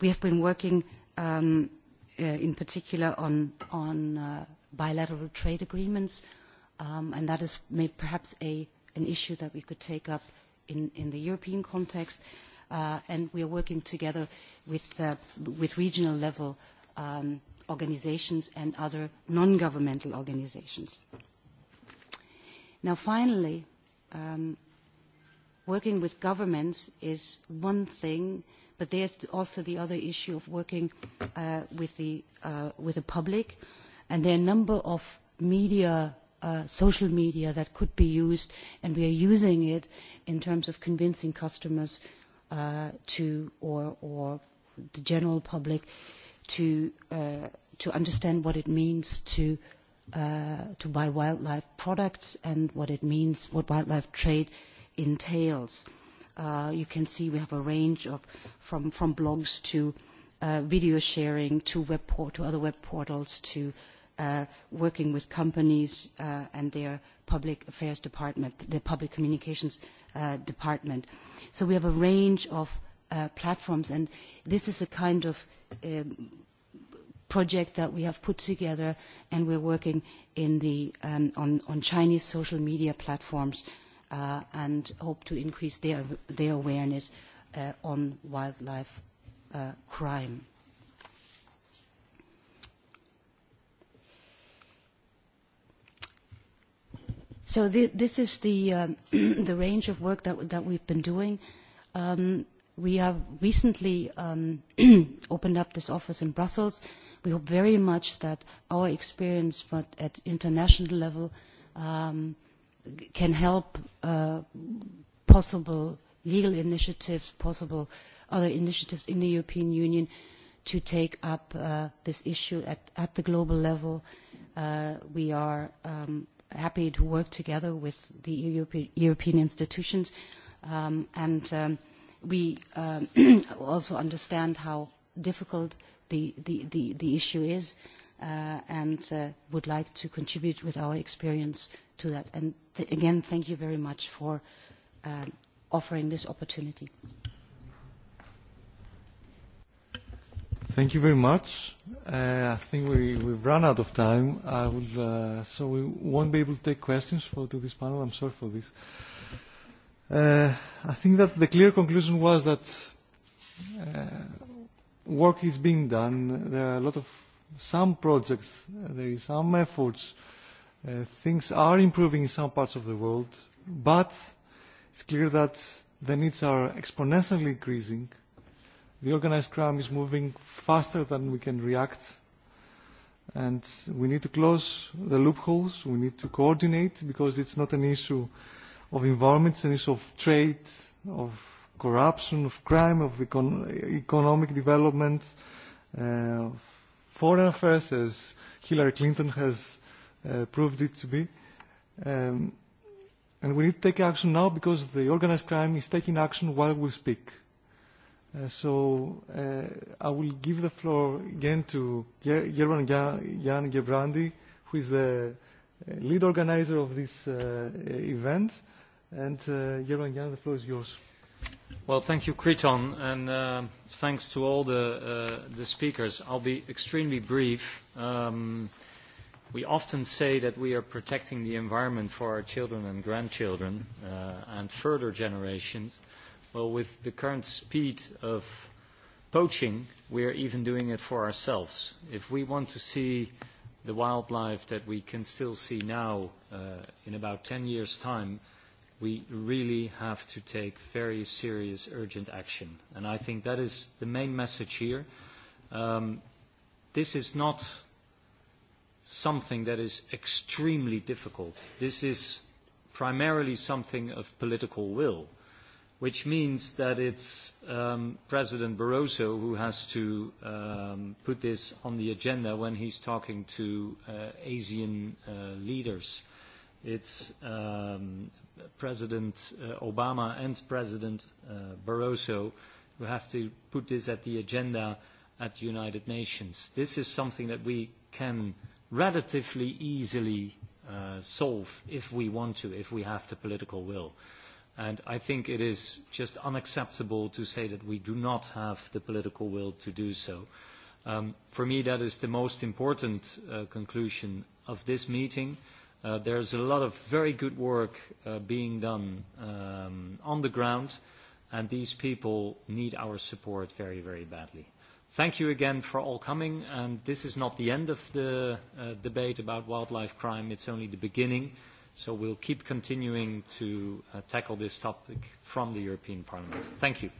We have been working in particular on bilateral trade agreements, and that is perhaps an issue that we could take up in the European context. And we are working together with regional level organizations and other non-governmental organizations. Now, finally, working with governments is one thing, but there is also the other issue of working with the public, and there are a number of media social media that could be used, and we are using it in terms of convincing customers to, or the general public, to understand what it means to to buy wildlife products and what it means what wildlife trade entails. You can see we have a range of from from blogs to video sharing to web to other web portals to working with companies and their public affairs department, their public communications department. So we have a range of platforms. And this is a kind of project that we have put together, and we're working on Chinese social media platforms and hope to increase their awareness on wildlife crime. So this is the range of work that we've been doing. We have recently opened up this office in Brussels. We hope very much that our experience at international level can help possible legal initiatives, possible other initiatives in the European Union to take up this issue at the global level. We are happy to work together with the European institutions and we also understand how difficult the issue is and would like to contribute with our experience to that. And again, thank you very much for offering this opportunity. Thank you very much. I think we we've run out of time. I will, so we won't be able to take questions for to this panel. I'm sorry for this. I think that the clear conclusion was that work is being done. There are a lot of some projects, there is some efforts. Things are improving in some parts of the world, but it's clear that the needs are exponentially increasing. The organised crime is moving faster than we can react, and we need to close the loopholes. We need to coordinate because it's not an issue of environments and issue of trade, of corruption, of crime, of economic development, of foreign affairs, as Hillary Clinton has proved it to be. And we need to take action now because the organized crime is taking action while we speak. So I will give the floor again to German Jan Gebrandi, who is the lead organizer of this event And Jeroen Jan, the floor is yours. Well, thank you, Kriton, and thanks to all the speakers. I'll be extremely brief. We often say that we are protecting the environment for our children and grandchildren and further generations. Well, with the current speed of poaching, we are even doing it for ourselves. If we want to see the wildlife that we can still see now in about 10 years' time, we really have to take very serious, urgent action. And I think that is the main message here. This is not something that is extremely difficult. This is primarily something of political will, which means that it's President Barroso who has to put this on the agenda when he's talking to Asian leaders. It's President Obama and President Barroso, who have to put this at the agenda at the United Nations. This is something that we can relatively easily solve if we want to, if we have the political will. And I think it is just unacceptable to say that we do not have the political will to do so. For me, that is the most important conclusion of this meeting. There's a lot of very good work being done on the ground, and these people need our support very, very badly. Thank you again for all coming, and this is not the end of the debate about wildlife crime. It's only the beginning, so we'll keep continuing to tackle this topic from the European Parliament. Thank you.